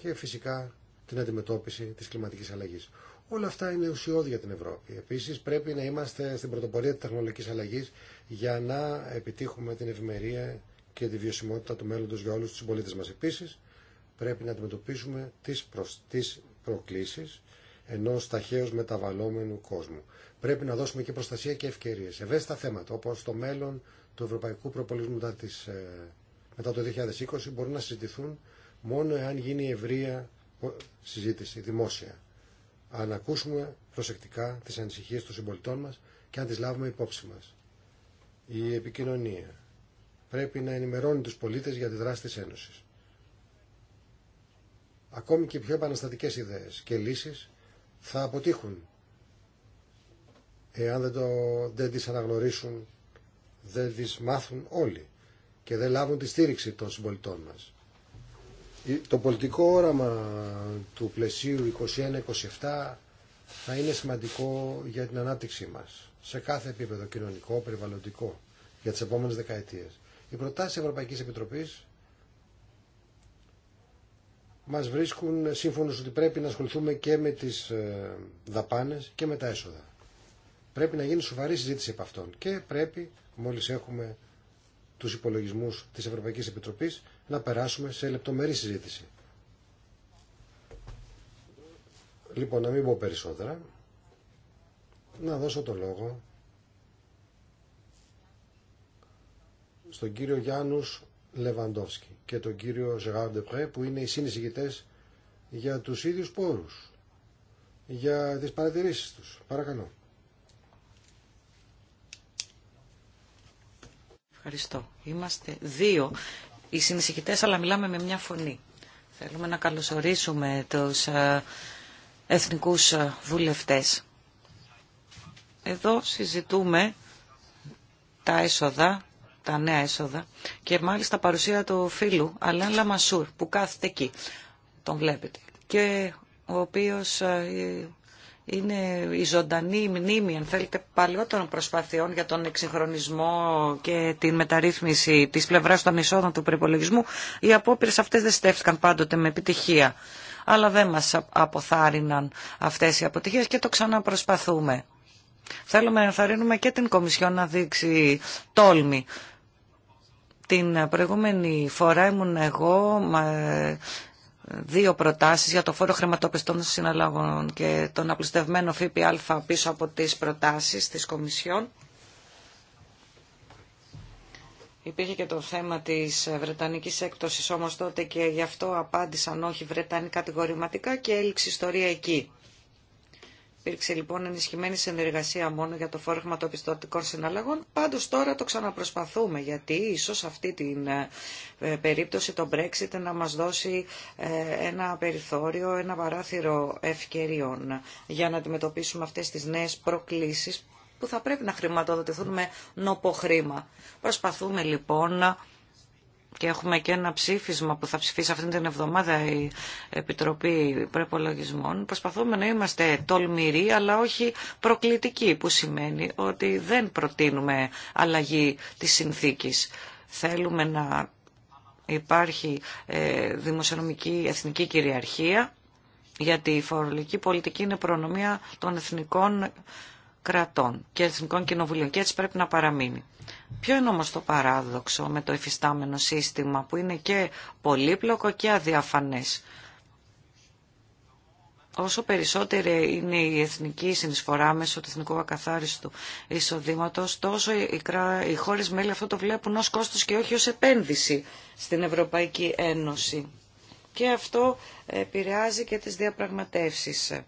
και φυσικά την αντιμετώπιση της κλιματικής αλλαγής. Όλα αυτά είναι ουσιώδη για την Ευρώπη. Επίσης πρέπει να είμαστε στην πρωτοπορία της τεχνολογικής αλλαγής για να επιτύχουμε την ευημερία και τη βιωσιμότητα του μέλλοντος για όλους τους συμπολίτες μας. Επίσης πρέπει να αντιμετωπίσουμε τις, προ τις προκλήσεις ενό ταχαίω μεταβαλλόμενου κόσμου. Πρέπει να δώσουμε και προστασία και ευκαιρίες. Ευαίσθητα θέματα, Όπω το μέλλον του ευρωπαϊκού προπολισμού μετά, ε, μετά το 2020, μπορούν να συζητηθούν μόνο εάν γίνει ευρεία συζήτηση, δημόσια. Αν ακούσουμε προσεκτικά τι ανησυχίε των συμπολιτών μα και αν τι λάβουμε υπόψη μα. Η επικοινωνία πρέπει να ενημερώνει του πολίτε για τη δράση τη Ένωση. Ακόμη και πιο επαναστατικέ ιδέε και λύσει θα αποτύχουν εάν δεν, το, δεν τις αναγνωρίσουν, δεν τις μάθουν όλοι και δεν λάβουν τη στήριξη των συμπολιτών μας. Το πολιτικό όραμα του πλαισίου 21-27 θα είναι σημαντικό για την ανάπτυξή μας σε κάθε επίπεδο, κοινωνικό, περιβαλλοντικό, για τις επόμενες δεκαετίες. Οι προτάσεις Ευρωπαϊκής Επιτροπής μας βρίσκουν σύμφωνος ότι πρέπει να ασχοληθούμε και με τις ε, δαπάνες και με τα έσοδα. Πρέπει να γίνει σοβαρή συζήτηση από αυτόν και πρέπει μόλις έχουμε τους υπολογισμούς της Ευρωπαϊκής Επιτροπής να περάσουμε σε λεπτομερή συζήτηση. Λοιπόν, να μην πω περισσότερα, να δώσω το λόγο στον κύριο Γιάννους Λεβαντόφσκι και τον κύριο Ζεγάρ που είναι οι συνεισηγητές για τους ίδιους πόρους, για τις παρατηρήσεις τους. Παρακαλώ. Ευχαριστώ. Είμαστε δύο οι συνεισηγητές αλλά μιλάμε με μια φωνή. Θέλουμε να καλωσορίσουμε τους ε, εθνικούς ε, βουλευτές. Εδώ συζητούμε τα έσοδα τα νέα έσοδα και μάλιστα παρουσία του φίλου Αλέν Λαμασούρ που κάθεται εκεί, τον βλέπετε, και ο οποίος ε, είναι η ζωντανή μνήμη, αν θέλετε, παλιότερων προσπαθειών για τον εξυγχρονισμό και την μεταρρύθμιση της πλευράς των εισόδων του προπολογισμού. Οι απόπειρες αυτές δεν στέφτηκαν πάντοτε με επιτυχία. Αλλά δεν μας αποθάρρυναν αυτές οι αποτυχίες και το ξαναπροσπαθούμε. Θέλουμε να ενθαρρύνουμε και την Κομισιόν να δείξει τόλμη την προηγούμενη φορά ήμουν εγώ με δύο προτάσεις για το φόρο χρηματοπιστών συναλλαγών και τον απλουστευμένο ΦΠΑ πίσω από τις προτάσεις της Κομισιόν. Υπήρχε και το θέμα της Βρετανικής έκπτωσης όμως τότε και γι' αυτό απάντησαν όχι βρετανικά κατηγορηματικά και έληξε ιστορία εκεί. Υπήρξε λοιπόν ενισχυμένη συνεργασία μόνο για το των πιστοτικών συναλλαγών. Πάντως τώρα το ξαναπροσπαθούμε γιατί ίσως αυτή την ε, περίπτωση το Brexit να μας δώσει ε, ένα περιθώριο, ένα παράθυρο ευκαιριών για να αντιμετωπίσουμε αυτές τις νέες προκλήσεις που θα πρέπει να χρηματοδοτηθούν με νοπό Προσπαθούμε λοιπόν να και έχουμε και ένα ψήφισμα που θα ψηφίσει αυτήν την εβδομάδα η Επιτροπή Προπολογισμών. Προσπαθούμε να είμαστε τολμηροί αλλά όχι προκλητικοί που σημαίνει ότι δεν προτείνουμε αλλαγή της συνθήκης. Θέλουμε να υπάρχει ε, δημοσιονομική εθνική κυριαρχία γιατί η φορολογική πολιτική είναι προνομία των εθνικών κρατών και εθνικών κοινοβουλίων και έτσι πρέπει να παραμείνει. Ποιο είναι όμως το παράδοξο με το εφιστάμενο σύστημα που είναι και πολύπλοκο και αδιαφανές. Όσο περισσότερη είναι η εθνική συνεισφορά μέσω του εθνικού ακαθάριστου εισοδήματο, τόσο οι χώρε μέλη αυτό το βλέπουν ω κόστο και όχι ω επένδυση στην Ευρωπαϊκή Ένωση. Και αυτό επηρεάζει και τι διαπραγματεύσει.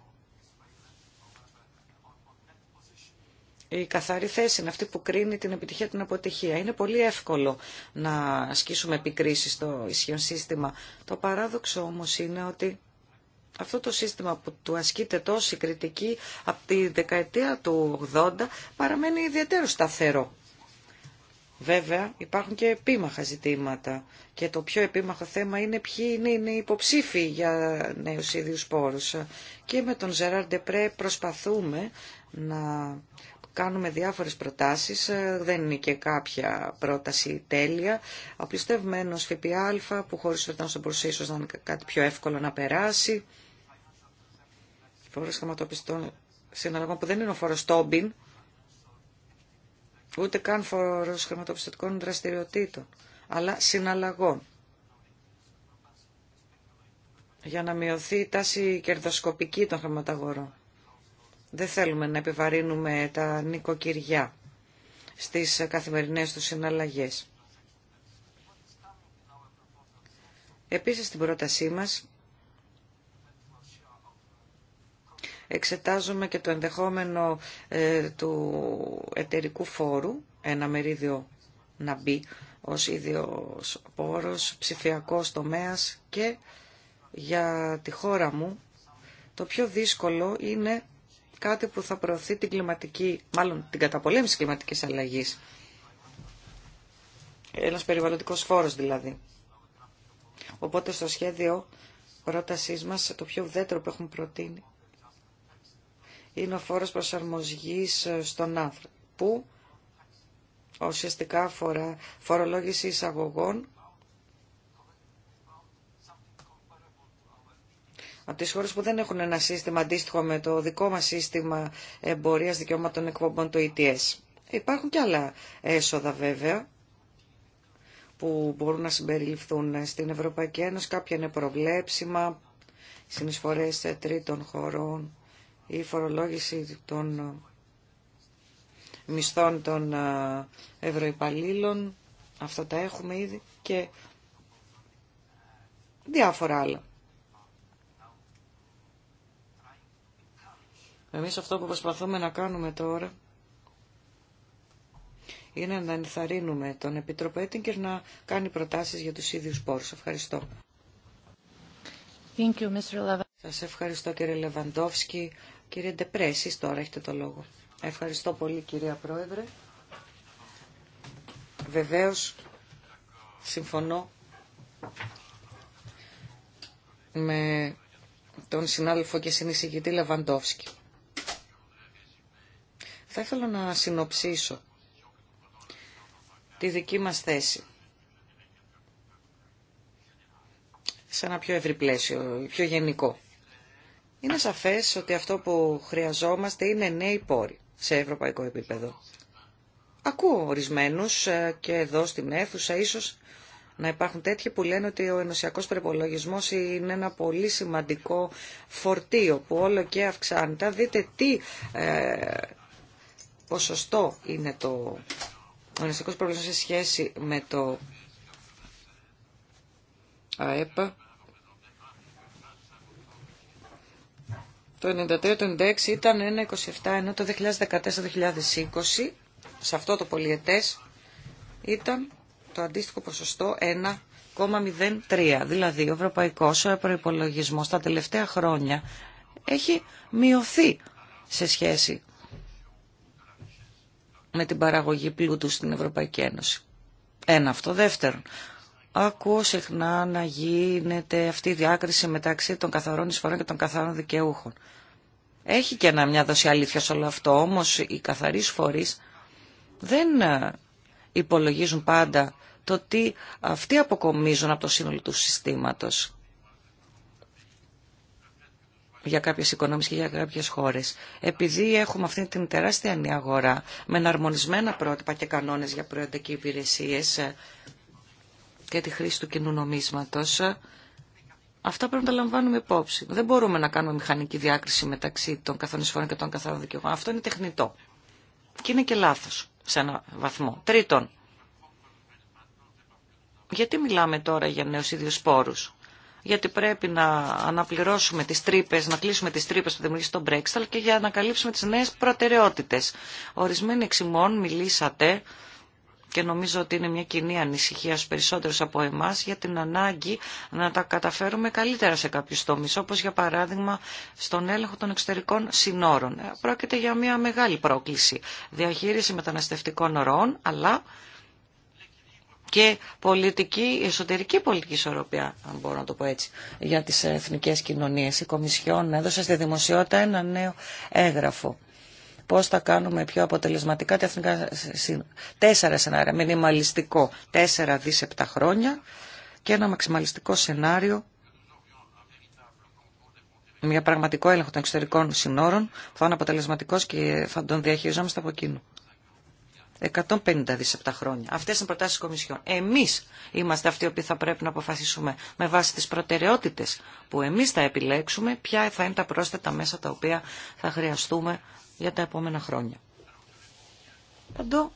Η καθαρή θέση είναι αυτή που κρίνει την επιτυχία την αποτυχία. Είναι πολύ εύκολο να ασκήσουμε επικρίσεις στο ισχυον σύστημα. Το παράδοξο όμως είναι ότι αυτό το σύστημα που του ασκείται τόση κριτική από τη δεκαετία του 80 παραμένει ιδιαίτερο σταθερό. Βέβαια υπάρχουν και επίμαχα ζητήματα και το πιο επίμαχο θέμα είναι ποιοι είναι, είναι οι υποψήφοι για νέους ίδιους πόρους. Και με τον Ζεράρ Ντεπρέ προσπαθούμε να κάνουμε διάφορες προτάσεις, ε, δεν είναι και κάποια πρόταση τέλεια. πιστευμένος ΦΠΑ που χωρίς φερτάν στον Πουρσέ ίσως να είναι κάτι πιο εύκολο να περάσει. Φόρος χρηματοπιστών συναλλαγών που δεν είναι ο φόρος Τόμπιν, ούτε καν φόρος χρηματοπιστωτικών δραστηριοτήτων, αλλά συναλλαγών για να μειωθεί η τάση κερδοσκοπική των χρηματαγορών. Δεν θέλουμε να επιβαρύνουμε τα νοικοκυριά στις καθημερινές τους συναλλαγές. Επίσης στην πρότασή μας εξετάζουμε και το ενδεχόμενο ε, του εταιρικού φόρου, ένα μερίδιο να μπει ως ίδιος πόρος, ψηφιακός τομέας και για τη χώρα μου το πιο δύσκολο είναι κάτι που θα προωθεί την κλιματική, μάλλον την καταπολέμηση κλιματικής αλλαγής. Ένας περιβαλλοντικός φόρος δηλαδή. Οπότε στο σχέδιο πρότασής μας, το πιο ουδέτερο που έχουμε προτείνει, είναι ο φόρος προσαρμοσγής ε, στον άνθρωπο που ουσιαστικά αφορά φορολόγηση εισαγωγών από τις χώρες που δεν έχουν ένα σύστημα αντίστοιχο με το δικό μας σύστημα εμπορίας δικαιώματων εκπομπών το ETS. Υπάρχουν και άλλα έσοδα βέβαια που μπορούν να συμπεριληφθούν στην Ευρωπαϊκή Ένωση. Κάποια είναι προβλέψιμα, συνεισφορές τρίτων χωρών ή φορολόγηση των μισθών των ευρωυπαλλήλων. Αυτά τα έχουμε ήδη και διάφορα άλλα. Εμείς αυτό που προσπαθούμε να κάνουμε τώρα είναι να ενθαρρύνουμε τον Επίτροπο Έτιγκερ να κάνει προτάσεις για τους ίδιους πόρους. Ευχαριστώ. Thank you, Mr. Σας ευχαριστώ κύριε Λεβαντόφσκι. Κύριε Ντεπρέ, εσείς τώρα έχετε το λόγο. Ευχαριστώ πολύ κυρία Πρόεδρε. Βεβαίως, συμφωνώ με τον συνάδελφο και συνεισηγητή Λεβαντόφσκι. Θα ήθελα να συνοψίσω τη δική μας θέση. Σε ένα πιο ευρύ πλαίσιο, πιο γενικό. Είναι σαφές ότι αυτό που χρειαζόμαστε είναι νέοι πόροι σε ευρωπαϊκό επίπεδο. Ακούω ορισμένους ε, και εδώ στην αίθουσα ίσως να υπάρχουν τέτοιοι που λένε ότι ο ενωσιακός προπολογισμό είναι ένα πολύ σημαντικό φορτίο που όλο και αυξάνεται. Δείτε τι ε, ποσοστό είναι το αγωνιστικό πρόβλημα σε σχέση με το ΑΕΠ. Το 93-96 ήταν 1,27 ενώ το 2014-2020 σε αυτό το πολιετές ήταν το αντίστοιχο ποσοστό 1,03. Δηλαδή ο ευρωπαϊκός προϋπολογισμός τα τελευταία χρόνια έχει μειωθεί σε σχέση με την παραγωγή πλούτου στην Ευρωπαϊκή Ένωση. Ένα αυτό. Δεύτερον, ακούω συχνά να γίνεται αυτή η διάκριση μεταξύ των καθαρών εισφορών και των καθαρών δικαιούχων. Έχει και ένα μια δόση αλήθεια σε όλο αυτό, όμως οι καθαροί εισφορείς δεν ε, υπολογίζουν πάντα το τι αυτοί αποκομίζουν από το σύνολο του συστήματος για κάποιες οικονομίες και για κάποιες χώρες. Επειδή έχουμε αυτή την τεράστια νέα αγορά με εναρμονισμένα πρότυπα και κανόνες για προϊόντα και ε, και τη χρήση του κοινού νομίσματος, ε, αυτά πρέπει να τα λαμβάνουμε υπόψη. Δεν μπορούμε να κάνουμε μηχανική διάκριση μεταξύ των καθών και των καθαρών δικαιωμάτων. Αυτό είναι τεχνητό. Και είναι και λάθος σε ένα βαθμό. Τρίτον, γιατί μιλάμε τώρα για νέους ίδιους γιατί πρέπει να αναπληρώσουμε τις τρύπες, να κλείσουμε τις τρύπες που δημιουργεί το Brexit, και για να καλύψουμε τις νέες προτεραιότητες. Ορισμένοι εξημών μιλήσατε και νομίζω ότι είναι μια κοινή ανησυχία στους περισσότερους από εμάς για την ανάγκη να τα καταφέρουμε καλύτερα σε κάποιους τομείς, όπως για παράδειγμα στον έλεγχο των εξωτερικών συνόρων. Πρόκειται για μια μεγάλη πρόκληση διαχείριση μεταναστευτικών ροών, αλλά και πολιτική, εσωτερική πολιτική ισορροπία, αν μπορώ να το πω έτσι, για τις εθνικές κοινωνίες. Η Κομισιόν έδωσε στη δημοσιότητα ένα νέο έγγραφο. Πώς θα κάνουμε πιο αποτελεσματικά τα εθνικά τέσσερα σενάρια, μινιμαλιστικό, τέσσερα δις επτά χρόνια και ένα μαξιμαλιστικό σενάριο μια πραγματικό έλεγχο των εξωτερικών συνόρων, θα είναι αποτελεσματικός και θα τον διαχειριζόμαστε από εκείνο. 150 δις από τα χρόνια. Αυτές είναι προτάσεις Κομισιόν. Εμείς είμαστε αυτοί που θα πρέπει να αποφασίσουμε με βάση τις προτεραιότητες που εμείς θα επιλέξουμε ποια θα είναι τα πρόσθετα μέσα τα οποία θα χρειαστούμε για τα επόμενα χρόνια. Παντού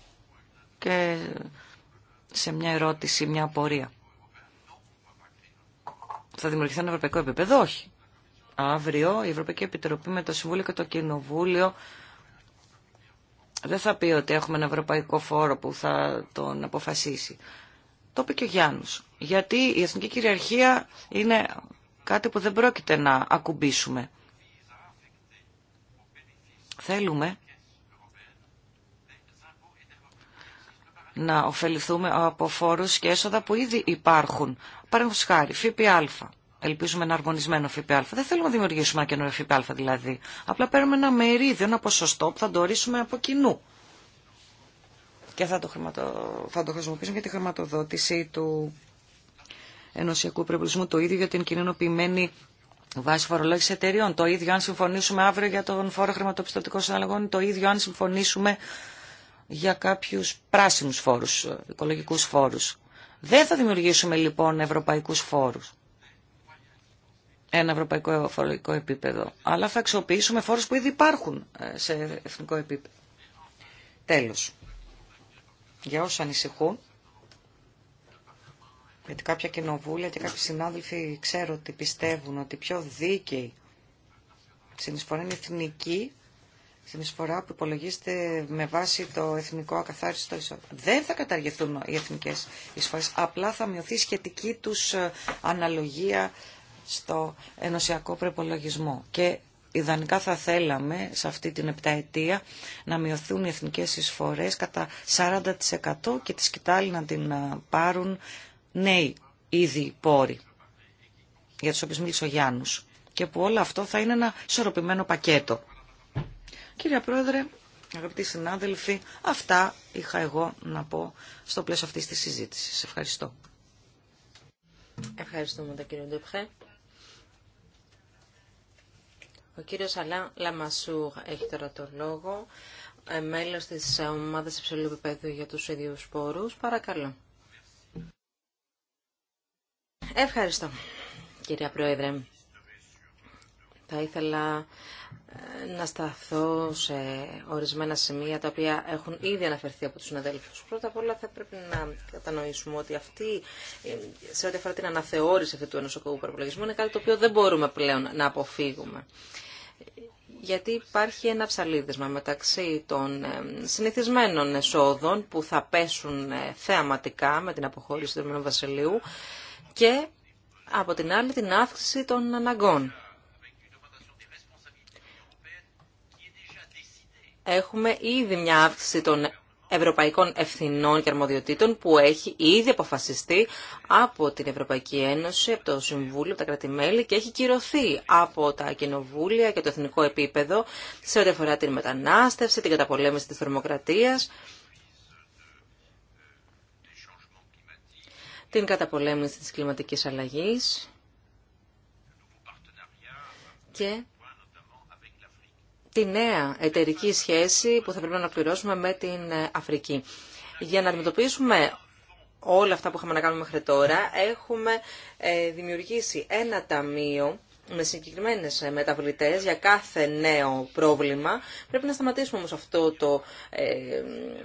και σε μια ερώτηση, μια απορία. Θα δημιουργηθεί ένα ευρωπαϊκό επίπεδο, όχι. Αύριο η Ευρωπαϊκή Επιτροπή με το Συμβούλιο και το Κοινοβούλιο δεν θα πει ότι έχουμε ένα ευρωπαϊκό φόρο που θα τον αποφασίσει. Το είπε και ο Γιάννους. Γιατί η εθνική κυριαρχία είναι κάτι που δεν πρόκειται να ακουμπήσουμε. Θέλουμε να ωφεληθούμε από φόρους και έσοδα που ήδη υπάρχουν. Παραδείγματος χάρη, ΦΠΑ ελπίζουμε ένα αρμονισμένο ΦΠΑ. Δεν θέλουμε να δημιουργήσουμε ένα καινούριο ΦΠΑ δηλαδή. Απλά παίρνουμε ένα μερίδιο, ένα ποσοστό που θα το ορίσουμε από κοινού. Και θα το, χρηματο... θα το χρησιμοποιήσουμε για τη χρηματοδότηση του ενωσιακού προπολογισμού. Το ίδιο για την κοινωνοποιημένη βάση φορολόγηση εταιριών. Το ίδιο αν συμφωνήσουμε αύριο για τον φόρο χρηματοπιστωτικών συναλλαγών. Το ίδιο αν συμφωνήσουμε για κάποιου πράσινου φόρου, οικολογικού φόρου. Δεν θα δημιουργήσουμε λοιπόν ευρωπαϊκού φόρου ένα ευρωπαϊκό φορολογικό επίπεδο, αλλά θα αξιοποιήσουμε φόρους που ήδη υπάρχουν ε, σε εθνικό επίπεδο. Τέλος, για όσους ανησυχούν, γιατί κάποια κοινοβούλια και κάποιοι συνάδελφοι ξέρω ότι πιστεύουν ότι πιο δίκαιη συνεισφορά είναι εθνική, συνεισφορά που υπολογίζεται με βάση το εθνικό ακαθάριστο εισόδημα. Δεν θα καταργηθούν οι εθνικές εισφορές, απλά θα μειωθεί σχετική τους ε, αναλογία στο ενωσιακό προπολογισμό. Και ιδανικά θα θέλαμε σε αυτή την επταετία να μειωθούν οι εθνικές εισφορές κατά 40% και τη σκητάλη να την πάρουν νέοι ήδη πόροι για τους οποίους μίλησε ο Γιάννους και που όλο αυτό θα είναι ένα ισορροπημένο πακέτο. Κύριε Πρόεδρε, αγαπητοί συνάδελφοι, αυτά είχα εγώ να πω στο πλαίσιο αυτής της συζήτησης. Ευχαριστώ. Ευχαριστούμε τον κύριο Ντεπχέ. Ο κύριος Αλάν Λαμασούγ έχει τώρα το λόγο, ε, μέλος της ομάδας υψηλού επίπεδου για τους ίδιους πόρους. Παρακαλώ. Ευχαριστώ, κυρία Πρόεδρε. Θα ήθελα ε, να σταθώ σε ορισμένα σημεία τα οποία έχουν ήδη αναφερθεί από τους συναδέλφους. Πρώτα απ' όλα θα πρέπει να κατανοήσουμε ότι αυτή, ε, σε ό,τι αφορά την αναθεώρηση αυτού του ενωσοκοπού προπολογισμού, είναι κάτι το οποίο δεν μπορούμε πλέον να αποφύγουμε γιατί υπάρχει ένα ψαλίδισμα μεταξύ των ε, συνηθισμένων εσόδων που θα πέσουν ε, θεαματικά με την αποχώρηση του Ηνωμένου Βασιλείου και από την άλλη την αύξηση των αναγκών. Έχουμε ήδη μια αύξηση των ευρωπαϊκών ευθυνών και αρμοδιοτήτων που έχει ήδη αποφασιστεί από την Ευρωπαϊκή Ένωση, από το Συμβούλιο, από τα κράτη-μέλη και έχει κυρωθεί από τα κοινοβούλια και το εθνικό επίπεδο σε ό,τι αφορά την μετανάστευση, την καταπολέμηση της θερμοκρατίας, την καταπολέμηση της κλιματικής αλλαγής και τη νέα εταιρική σχέση που θα πρέπει να αναπληρώσουμε με την Αφρική. Για να αντιμετωπίσουμε όλα αυτά που είχαμε να κάνουμε μέχρι τώρα, έχουμε ε, δημιουργήσει ένα ταμείο με συγκεκριμένε ε, μεταβλητέ για κάθε νέο πρόβλημα. Πρέπει να σταματήσουμε όμω αυτό το ε,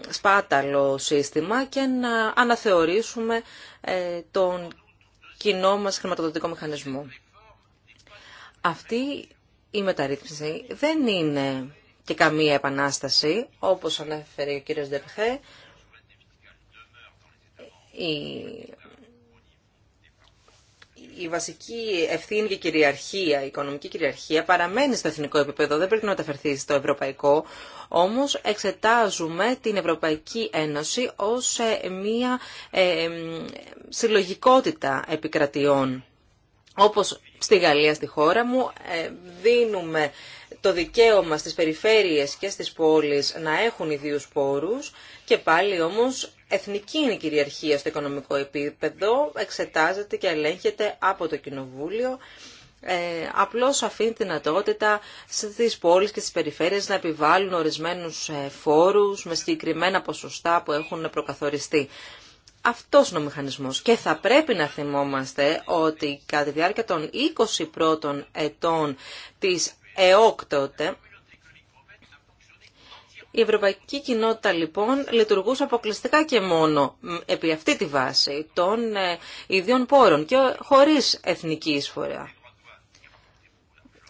σπάταλο σύστημα και να αναθεωρήσουμε τον κοινό μας χρηματοδοτικό μηχανισμό. Αυτή η μεταρρύθμιση δεν είναι και καμία επανάσταση, όπως ανέφερε ο κύριος Δεπχέ. Η... η βασική ευθύνη και κυριαρχία, η οικονομική κυριαρχία παραμένει στο εθνικό επίπεδο, δεν πρέπει να μεταφερθεί στο ευρωπαϊκό, όμως εξετάζουμε την Ευρωπαϊκή Ένωση ως ε, μία ε, συλλογικότητα επικρατιών, όπως στη Γαλλία, στη χώρα μου, ε, δίνουμε το δικαίωμα στις περιφέρειες και στις πόλεις να έχουν ιδίους πόρους και πάλι όμως εθνική είναι η κυριαρχία στο οικονομικό επίπεδο, εξετάζεται και ελέγχεται από το Κοινοβούλιο. Ε, απλώς αφήνει τη δυνατότητα στις πόλεις και στις περιφέρειες να επιβάλλουν ορισμένους ε, φόρους με συγκεκριμένα ποσοστά που έχουν προκαθοριστεί αυτός είναι ο μηχανισμός. Και θα πρέπει να θυμόμαστε ότι κατά τη διάρκεια των 21 ετών της ΕΟΚ τότε, η ευρωπαϊκή κοινότητα λοιπόν λειτουργούσε αποκλειστικά και μόνο επί αυτή τη βάση των ε, ιδιών πόρων και χωρίς εθνική εισφορά.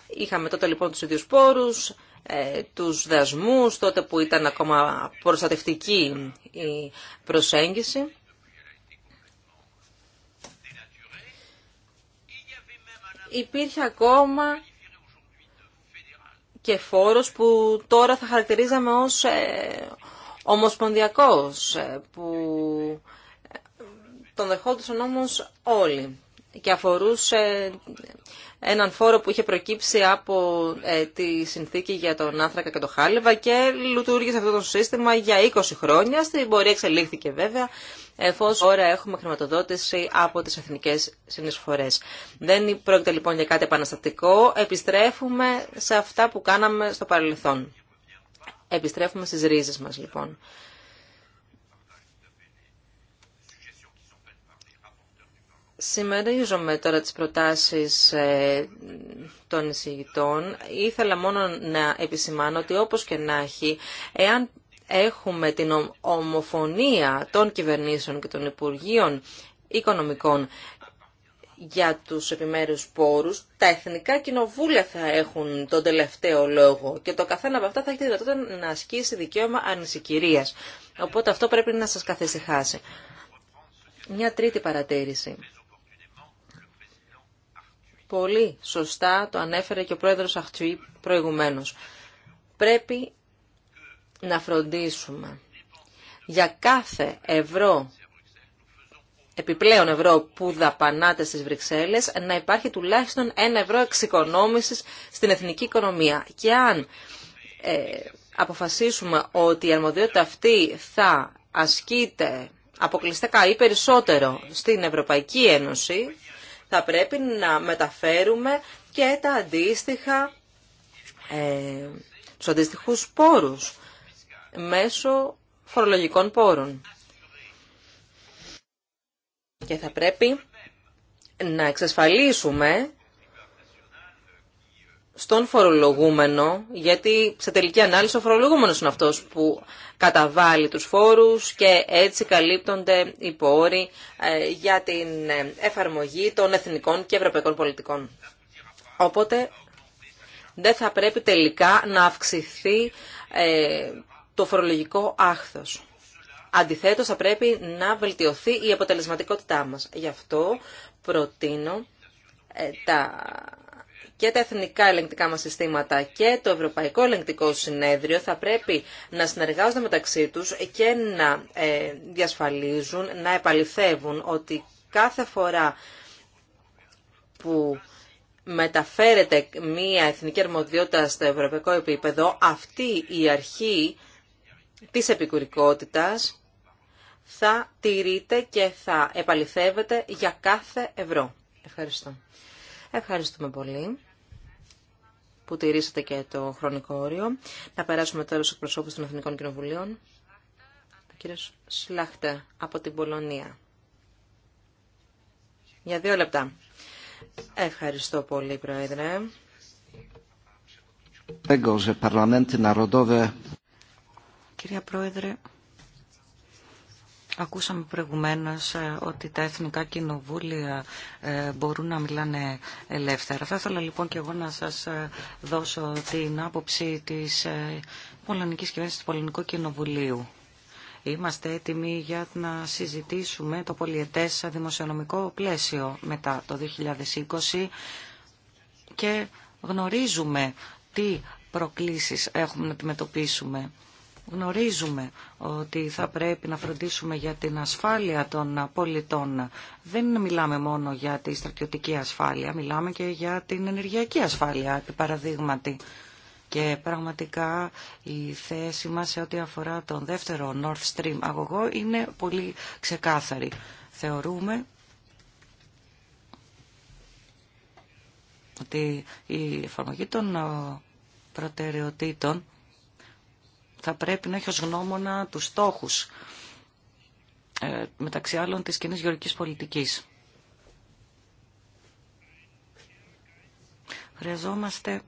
Είχαμε τότε λοιπόν τους ίδιους πόρους, ε, τους δασμούς, τότε που ήταν ακόμα προστατευτική η προσέγγιση. υπήρχε ακόμα και φόρος που τώρα θα χαρακτηρίζαμε ως ε, ομοσπονδιακός, ε, που ε, τον δεχόντουσαν όμως όλοι και αφορούσε έναν φόρο που είχε προκύψει από τη συνθήκη για τον άνθρακα και το χάλεβα και λειτουργήσε αυτό το σύστημα για 20 χρόνια. Στην πορεία εξελίχθηκε βέβαια εφόσον τώρα έχουμε χρηματοδότηση από τις εθνικές συνεισφορές. Δεν πρόκειται λοιπόν για κάτι επαναστατικό, επιστρέφουμε σε αυτά που κάναμε στο παρελθόν. Επιστρέφουμε στις ρίζες μας λοιπόν. Συμμερίζομαι τώρα τις προτάσεις ε, των εισηγητών. Ήθελα μόνο να επισημάνω ότι όπως και να έχει, εάν έχουμε την ομοφωνία των κυβερνήσεων και των Υπουργείων Οικονομικών για τους επιμέρους πόρους, τα εθνικά κοινοβούλια θα έχουν τον τελευταίο λόγο και το καθένα από αυτά θα έχει τη δυνατότητα να ασκήσει δικαίωμα ανησυχηρίας. Οπότε αυτό πρέπει να σας καθεσυχάσει. Μια τρίτη παρατήρηση. Πολύ σωστά το ανέφερε και ο πρόεδρος Αχτσουή προηγουμένως. Πρέπει να φροντίσουμε για κάθε ευρώ, επιπλέον ευρώ που δαπανάτε στις Βρυξέλλες, να υπάρχει τουλάχιστον ένα ευρώ εξοικονόμησης στην εθνική οικονομία. Και αν ε, αποφασίσουμε ότι η αρμοδιότητα αυτή θα ασκείται αποκλειστικά ή περισσότερο στην Ευρωπαϊκή Ένωση, θα πρέπει να μεταφέρουμε και τα αντίστοιχα, ε, τους αντίστοιχους πόρους μέσω φορολογικών πόρων. Και θα πρέπει να εξασφαλίσουμε στον φορολογούμενο, γιατί σε τελική ανάλυση ο φορολογούμενος είναι αυτός που καταβάλει τους φόρους και έτσι καλύπτονται οι πόροι ε, για την ε, εφαρμογή των εθνικών και ευρωπαϊκών πολιτικών. Οπότε δεν θα πρέπει τελικά να αυξηθεί ε, το φορολογικό άχθος. Αντιθέτως, θα πρέπει να βελτιωθεί η αποτελεσματικότητά μας. Γι' αυτό προτείνω ε, και τα εθνικά ελεγκτικά μας συστήματα και το Ευρωπαϊκό Ελεγκτικό Συνέδριο θα πρέπει να συνεργάζονται μεταξύ τους και να ε, διασφαλίζουν, να επαληθεύουν ότι κάθε φορά που μεταφέρεται μία εθνική αρμοδιότητα στο ευρωπαϊκό επίπεδο, αυτή η αρχή της επικουρικότητας θα τηρείτε και θα επαληθεύεται για κάθε ευρώ. Ευχαριστώ. Ευχαριστούμε πολύ που τηρήσατε και το χρονικό όριο. Να περάσουμε τώρα στους προσώπους των Εθνικών Κοινοβουλίων. Ο Σλάχτε, από την Πολωνία. Για δύο λεπτά. Ευχαριστώ πολύ, Πρόεδρε. Κυρία Πρόεδρε, ακούσαμε προηγουμένως ε, ότι τα εθνικά κοινοβούλια ε, μπορούν να μιλάνε ελεύθερα. Θα ήθελα λοιπόν και εγώ να σας ε, δώσω την άποψη της πολωνικής κυβέρνησης του Πολωνικού Κοινοβουλίου. Είμαστε έτοιμοι για να συζητήσουμε το πολιετές δημοσιονομικό πλαίσιο μετά το 2020 και γνωρίζουμε τι προκλήσεις έχουμε να αντιμετωπίσουμε. Γνωρίζουμε ότι θα πρέπει να φροντίσουμε για την ασφάλεια των πολιτών. Δεν μιλάμε μόνο για τη στρατιωτική ασφάλεια, μιλάμε και για την ενεργειακή ασφάλεια, επί παραδείγματι. Και πραγματικά η θέση μας σε ό,τι αφορά τον δεύτερο North Stream αγωγό είναι πολύ ξεκάθαρη. Θεωρούμε ότι η εφαρμογή των προτεραιοτήτων θα πρέπει να έχει ως γνώμονα τους στόχους ε, μεταξύ άλλων της κοινή γεωργικής πολιτικής. Χρειαζόμαστε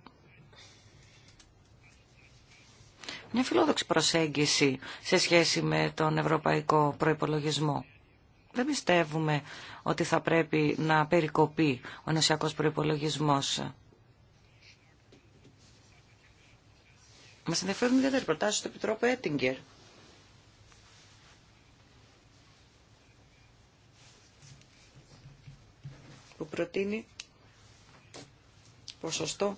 μια φιλόδοξη προσέγγιση σε σχέση με τον ευρωπαϊκό προϋπολογισμό. Δεν πιστεύουμε ότι θα πρέπει να περικοπεί ο νοσιακός προϋπολογισμός. Μας ενδιαφέρουν ιδιαίτερα οι προτάσεις του Επιτρόπου Έτιγκερ. Που προτείνει ποσοστό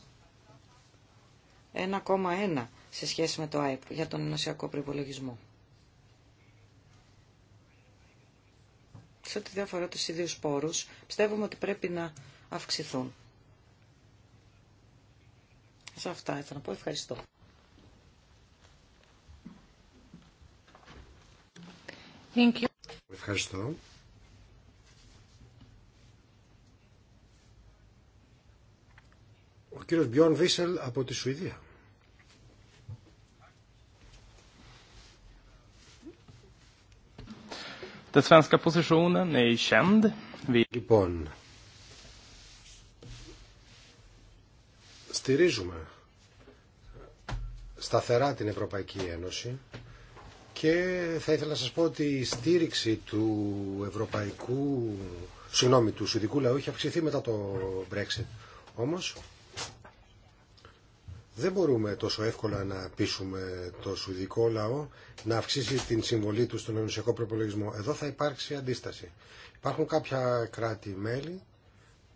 1,1 σε σχέση με το ΑΕΠ για τον ενωσιακό προπολογισμό. Σε ό,τι διαφορά τους ίδιους πόρους, πιστεύουμε ότι πρέπει να αυξηθούν. Σε αυτά ήθελα να πω. Ευχαριστώ. Ευχαριστώ. Ο κύριος Μπιόν Βίσελ από τη Σουηδία. Den svenska positionen är känd. Λοιπόν, στηρίζουμε σταθερά την Ευρωπαϊκή Ένωση και θα ήθελα να σας πω ότι η στήριξη του ευρωπαϊκού, συγγνώμη, του σουδικού λαού έχει αυξηθεί μετά το Brexit. Όμως δεν μπορούμε τόσο εύκολα να πείσουμε το σουδικό λαό να αυξήσει την συμβολή του στον ενωσιακό προπολογισμό. Εδώ θα υπάρξει αντίσταση. Υπάρχουν κάποια κράτη-μέλη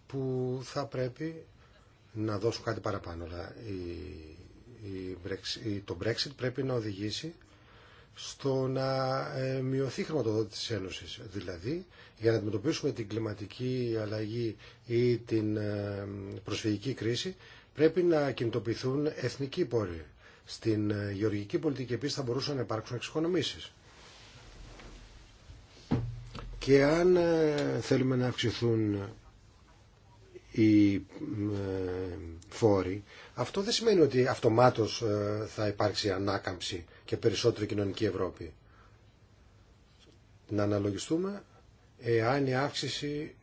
που θα πρέπει να δώσουν κάτι παραπάνω. Αλλά η, το Brexit πρέπει να οδηγήσει στο να ε, μειωθεί η χρηματοδότηση της Ένωσης. Δηλαδή, για να αντιμετωπίσουμε την κλιματική αλλαγή ή την ε, προσφυγική κρίση, πρέπει να κινητοποιηθούν εθνικοί πόροι. Στην ε, γεωργική πολιτική επίσης θα μπορούσαν να υπάρξουν εξοικονομήσεις. Και αν θέλουμε να αυξηθούν οι ε, φόροι, αυτό δεν σημαίνει ότι αυτομάτως ε, θα υπάρξει ανάκαμψη και περισσότερη κοινωνική Ευρώπη. Να αναλογιστούμε εάν η αύξηση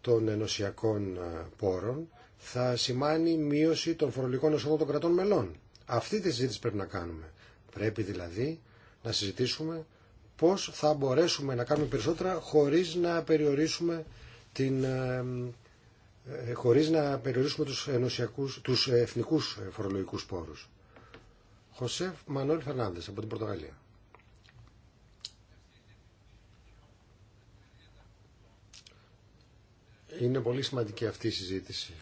των ενωσιακών ε, πόρων θα σημάνει μείωση των φορολογικών εσόδων των κρατών μελών. Αυτή τη συζήτηση πρέπει να κάνουμε. Πρέπει δηλαδή να συζητήσουμε πώς θα μπορέσουμε να κάνουμε περισσότερα χωρίς να περιορίσουμε την, ε, χωρίς να περιορίσουμε τους, ενωσιακούς, τους εθνικούς φορολογικούς πόρους. Χωσέφ Μανώλη Φερνάνδες από την Πορτογαλία. Είναι πολύ σημαντική αυτή η συζήτηση.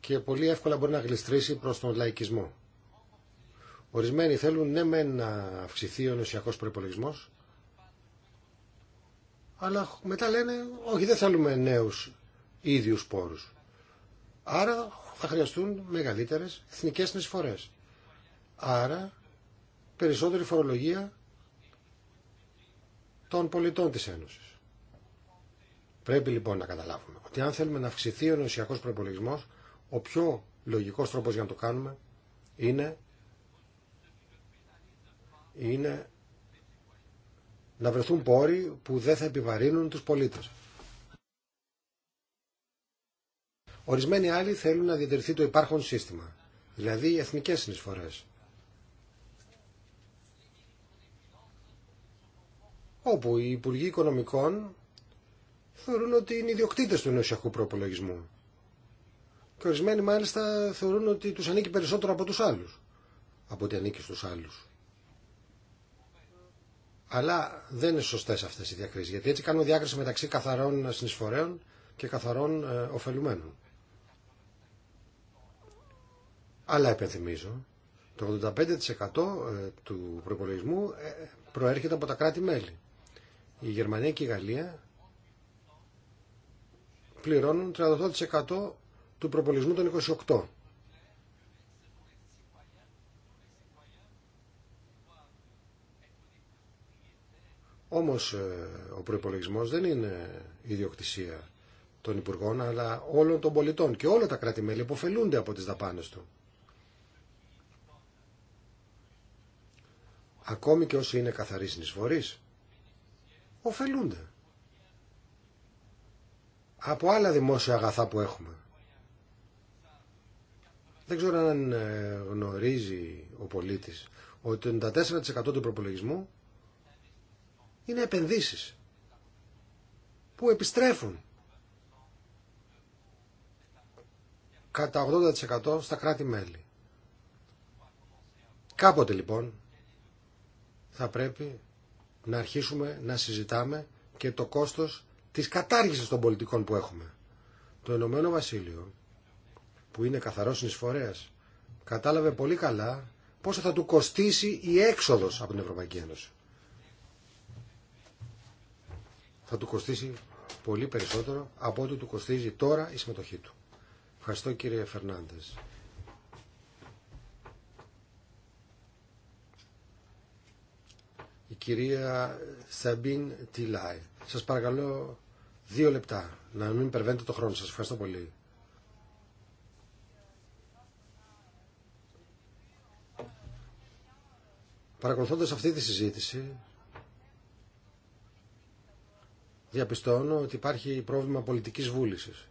Και πολύ εύκολα μπορεί να γλιστρήσει προς τον λαϊκισμό. Ορισμένοι θέλουν ναι μεν να αυξηθεί ο νοσιακός προϋπολογισμός αλλά μετά λένε όχι δεν θέλουμε νέους ίδιους πόρους. Άρα θα χρειαστούν μεγαλύτερες εθνικές συνεισφορές. Άρα περισσότερη φορολογία των πολιτών της Ένωσης. Πρέπει λοιπόν να καταλάβουμε ότι αν θέλουμε να αυξηθεί ο ενωσιακός προπολογισμό, ο πιο λογικός τρόπος για να το κάνουμε είναι, είναι να βρεθούν πόροι που δεν θα επιβαρύνουν τους πολίτες. Ορισμένοι άλλοι θέλουν να διατηρηθεί το υπάρχον σύστημα, δηλαδή οι εθνικές συνεισφορές. Όπου οι Υπουργοί Οικονομικών θεωρούν ότι είναι ιδιοκτήτες του ενωσιακού προπολογισμού. Και ορισμένοι μάλιστα θεωρούν ότι τους ανήκει περισσότερο από τους άλλους, από ότι ανήκει στους άλλους. Αλλά δεν είναι σωστέ αυτέ οι διακρίσει, γιατί έτσι κάνουν διάκριση μεταξύ καθαρών συνεισφορέων και καθαρών ε, ωφελουμένων. Αλλά επενθυμίζω, το 85% ε, του προπολογισμού ε, προέρχεται από τα κράτη-μέλη. Η Γερμανία και η Γαλλία πληρώνουν 38% του προπολογισμού των 28. Όμως ε, ο προπολογισμό δεν είναι ιδιοκτησία των Υπουργών, αλλά όλων των πολιτών και όλα τα κράτη-μέλη υποφελούνται από τις δαπάνες του. Ακόμη και όσοι είναι καθαροί συνεισφορείς, ωφελούνται από άλλα δημόσια αγαθά που έχουμε. Δεν ξέρω αν ε, γνωρίζει ο πολίτης ότι το 94% του προπολογισμού είναι επενδύσεις που επιστρέφουν κατά 80% στα κράτη-μέλη. Κάποτε λοιπόν θα πρέπει να αρχίσουμε να συζητάμε και το κόστος της κατάργησης των πολιτικών που έχουμε. Το Ηνωμένο Βασίλειο, που είναι καθαρός συνεισφορέας, κατάλαβε πολύ καλά πόσο θα του κοστίσει η έξοδος από την Ευρωπαϊκή Ένωση. θα του κοστίσει πολύ περισσότερο από ό,τι του κοστίζει τώρα η συμμετοχή του. Ευχαριστώ κύριε Φερνάντες. Η κυρία Σαμπίν Τιλάι. Σας παρακαλώ δύο λεπτά να μην υπερβαίνετε το χρόνο σας. Ευχαριστώ πολύ. Παρακολουθώντας αυτή τη συζήτηση διαπιστώνω ότι υπάρχει πρόβλημα πολιτικής βούλησης.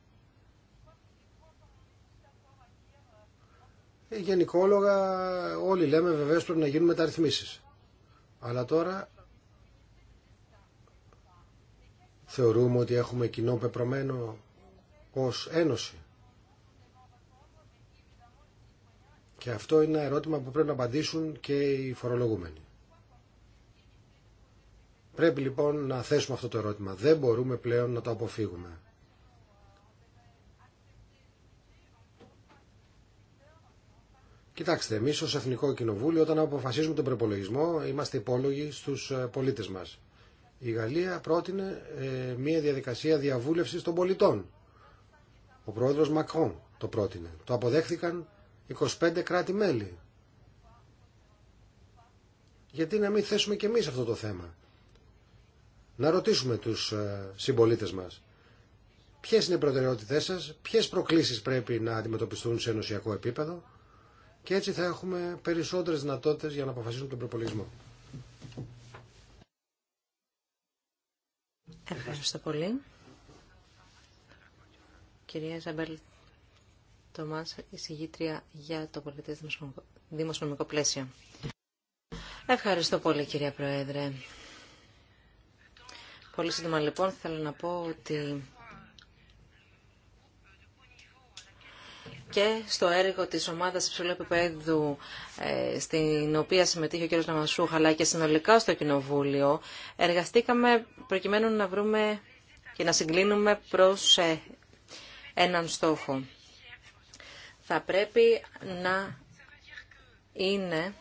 Ε, γενικόλογα όλοι λέμε βεβαίως πρέπει να γίνουν μεταρρυθμίσεις. Αλλά τώρα θεωρούμε ότι έχουμε κοινό πεπρωμένο ως ένωση. Και αυτό είναι ένα ερώτημα που πρέπει να απαντήσουν και οι φορολογούμενοι. Πρέπει λοιπόν να θέσουμε αυτό το ερώτημα. Δεν μπορούμε πλέον να το αποφύγουμε. Κοιτάξτε, εμεί ω Εθνικό Κοινοβούλιο, όταν αποφασίζουμε τον προπολογισμό, είμαστε υπόλογοι στους ε, πολίτες μας. Η Γαλλία πρότεινε ε, μια διαδικασία διαβούλευσης των πολιτών. Ο πρόεδρος Μακρόν το πρότεινε. Το αποδέχθηκαν 25 κράτη-μέλη. Γιατί να μην θέσουμε και εμείς αυτό το θέμα να ρωτήσουμε τους ε, συμπολίτε μας ποιες είναι οι προτεραιότητές σας, ποιες προκλήσεις πρέπει να αντιμετωπιστούν σε ενωσιακό επίπεδο και έτσι θα έχουμε περισσότερες δυνατότητες για να αποφασίσουμε τον προπολογισμό. Ευχαριστώ πολύ. Κυρία Ζαμπέλ Τομάς, εισηγήτρια για το πολιτές δημοσιονομικό πλαίσιο. Ευχαριστώ πολύ κυρία Πρόεδρε. Πολύ σύντομα λοιπόν θέλω να πω ότι και στο έργο της ομάδας υψηλού επίπεδου ε, στην οποία συμμετείχε ο κ. Ναμασούχα αλλά και συνολικά στο Κοινοβούλιο εργαστήκαμε προκειμένου να βρούμε και να συγκλίνουμε προς ε, έναν στόχο. Θα πρέπει να είναι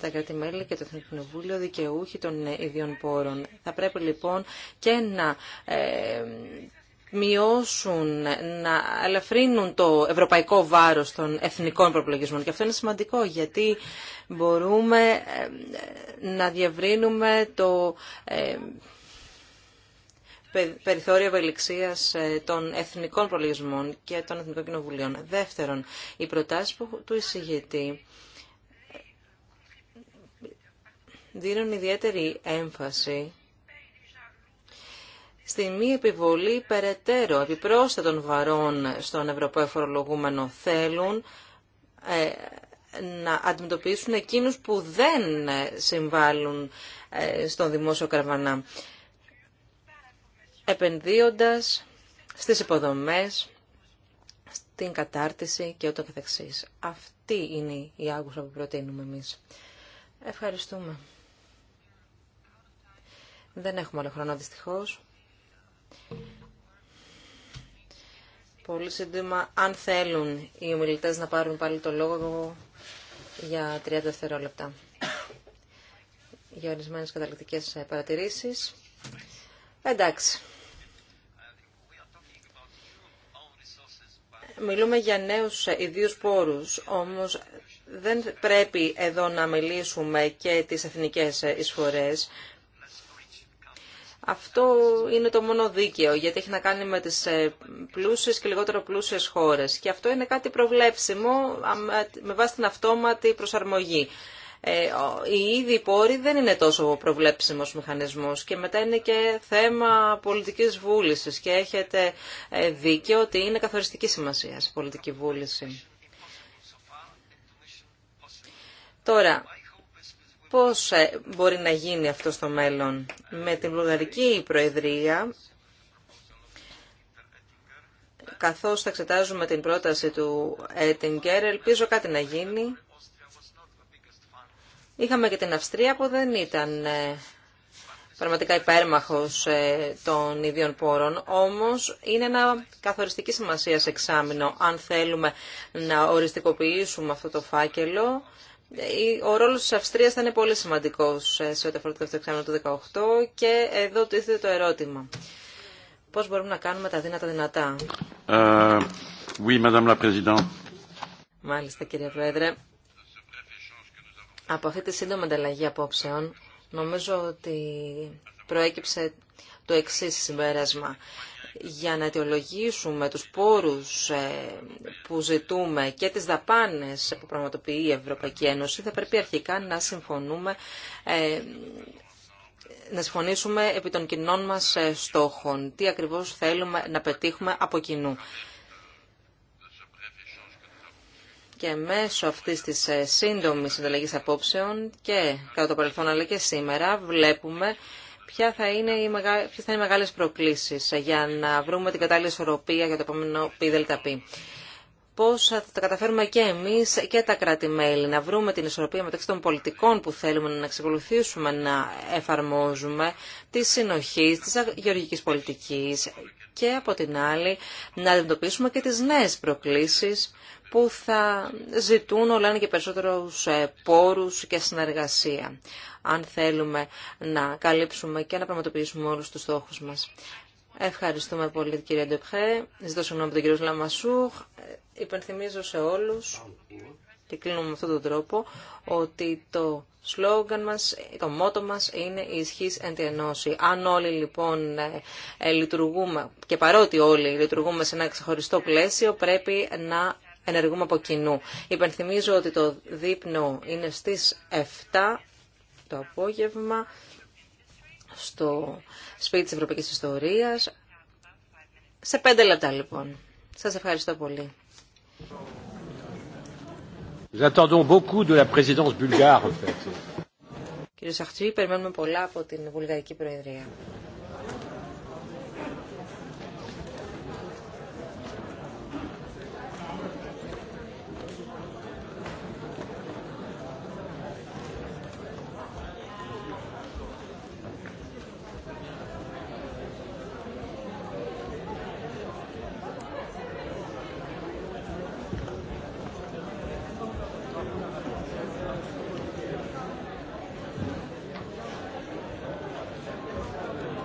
τα κρατημέλη και το Εθνικό Κοινοβούλιο δικαιούχοι των ίδιων πόρων. Θα πρέπει λοιπόν και να ε, μειώσουν, να ελαφρύνουν το ευρωπαϊκό βάρος των εθνικών προπολογισμών. Και αυτό είναι σημαντικό γιατί μπορούμε ε, να διευρύνουμε το ε, περιθώριο ευελιξίας των εθνικών προλογισμών και των εθνικών κοινοβουλίων. Δεύτερον, οι προτάσεις του εισηγητή δίνουν ιδιαίτερη έμφαση στη μη επιβολή περαιτέρω επιπρόσθετων βαρών στον Ευρωπαίο Φορολογούμενο θέλουν ε, να αντιμετωπίσουν εκείνους που δεν συμβάλλουν ε, στον δημόσιο καρβανά, επενδύοντας στις υποδομές, στην κατάρτιση και ούτω καθεξής. Αυτή είναι η άγουσα που προτείνουμε εμείς. Ευχαριστούμε. Δεν έχουμε άλλο χρόνο δυστυχώς. Πολύ σύντομα, αν θέλουν οι ομιλητές να πάρουν πάλι το λόγο για 30 δευτερόλεπτα. Για ορισμένε καταληκτικέ παρατηρήσει. Εντάξει. Μιλούμε για νέους ιδίους πόρους, όμως δεν πρέπει εδώ να μιλήσουμε και τις εθνικές εισφορές. Αυτό είναι το μόνο δίκαιο, γιατί έχει να κάνει με τις ε, πλούσιες και λιγότερο πλούσιες χώρες. Και αυτό είναι κάτι προβλέψιμο με βάση την αυτόματη προσαρμογή. Η ήδη πόρη δεν είναι τόσο προβλέψιμος μηχανισμός και μετά είναι και θέμα πολιτικής βούλησης και έχετε ε, δίκαιο ότι είναι καθοριστική σημασία η πολιτική βούληση. Τώρα, Πώς ε, μπορεί να γίνει αυτό στο μέλλον με την Βουλγαρική Προεδρία, καθώς θα εξετάζουμε την πρόταση του Ettinger, ελπίζω κάτι να γίνει. Είχαμε και την Αυστρία που δεν ήταν ε, πραγματικά υπέρμαχος ε, των ίδιων πόρων, όμως είναι ένα καθοριστική σημασία σε εξάμεινο, αν θέλουμε να οριστικοποιήσουμε αυτό το φάκελο ο ρόλο τη Αυστρία θα είναι πολύ σημαντικό ε, σε ό,τι αφορά το εξάμεινο του 2018 και εδώ τίθεται το ερώτημα. Πώ μπορούμε να κάνουμε τα δύνατα δυνατά. Ε, oui, Μάλιστα κύριε Πρόεδρε. Από αυτή τη σύντομη ανταλλαγή απόψεων νομίζω ότι προέκυψε το εξή συμπέρασμα. Για να αιτιολογήσουμε τους πόρους ε, που ζητούμε και τις δαπάνες που πραγματοποιεί η Ευρωπαϊκή Ένωση, θα πρέπει αρχικά να συμφωνούμε ε, να συμφωνήσουμε επί των κοινών μας ε, στόχων. Τι ακριβώς θέλουμε να πετύχουμε από κοινού. Και μέσω αυτής της σύντομης συνταλλαγής απόψεων και κατά το παρελθόν αλλά και σήμερα βλέπουμε ποια θα είναι οι, μεγα... ποιες θα είναι οι μεγάλες προκλήσεις για να βρούμε την κατάλληλη ισορροπία για το επόμενο ΠΔΠ. Πώς θα τα καταφέρουμε και εμείς και τα κράτη-μέλη να βρούμε την ισορροπία μεταξύ των πολιτικών που θέλουμε να εξακολουθήσουμε να εφαρμόζουμε, τη συνοχή της γεωργικής πολιτικής και από την άλλη να αντιμετωπίσουμε και τις νέες προκλήσεις που θα ζητούν όλα και περισσότερους πόρους και συνεργασία αν θέλουμε να καλύψουμε και να πραγματοποιήσουμε όλους τους στόχους μας. Ευχαριστούμε πολύ την κυρία Ντεπχέ. Ζητώ συγγνώμη τον κύριο Λαμασούχ. Ε, υπενθυμίζω σε όλους και κλείνουμε με αυτόν τον τρόπο ότι το σλόγγαν μας, το μότο μας είναι η ισχύς εν τη ενώση. Αν όλοι λοιπόν ε, ε, λειτουργούμε και παρότι όλοι λειτουργούμε σε ένα ξεχωριστό πλαίσιο πρέπει να ενεργούμε από κοινού. Υπενθυμίζω ότι το δείπνο είναι στις 7 το απόγευμα στο σπίτι της Ευρωπαϊκής Ιστορίας. Σε πέντε λεπτά λοιπόν. Σας ευχαριστώ πολύ. Κύριε Σαχτσί, περιμένουμε πολλά από την Βουλγαρική Προεδρία.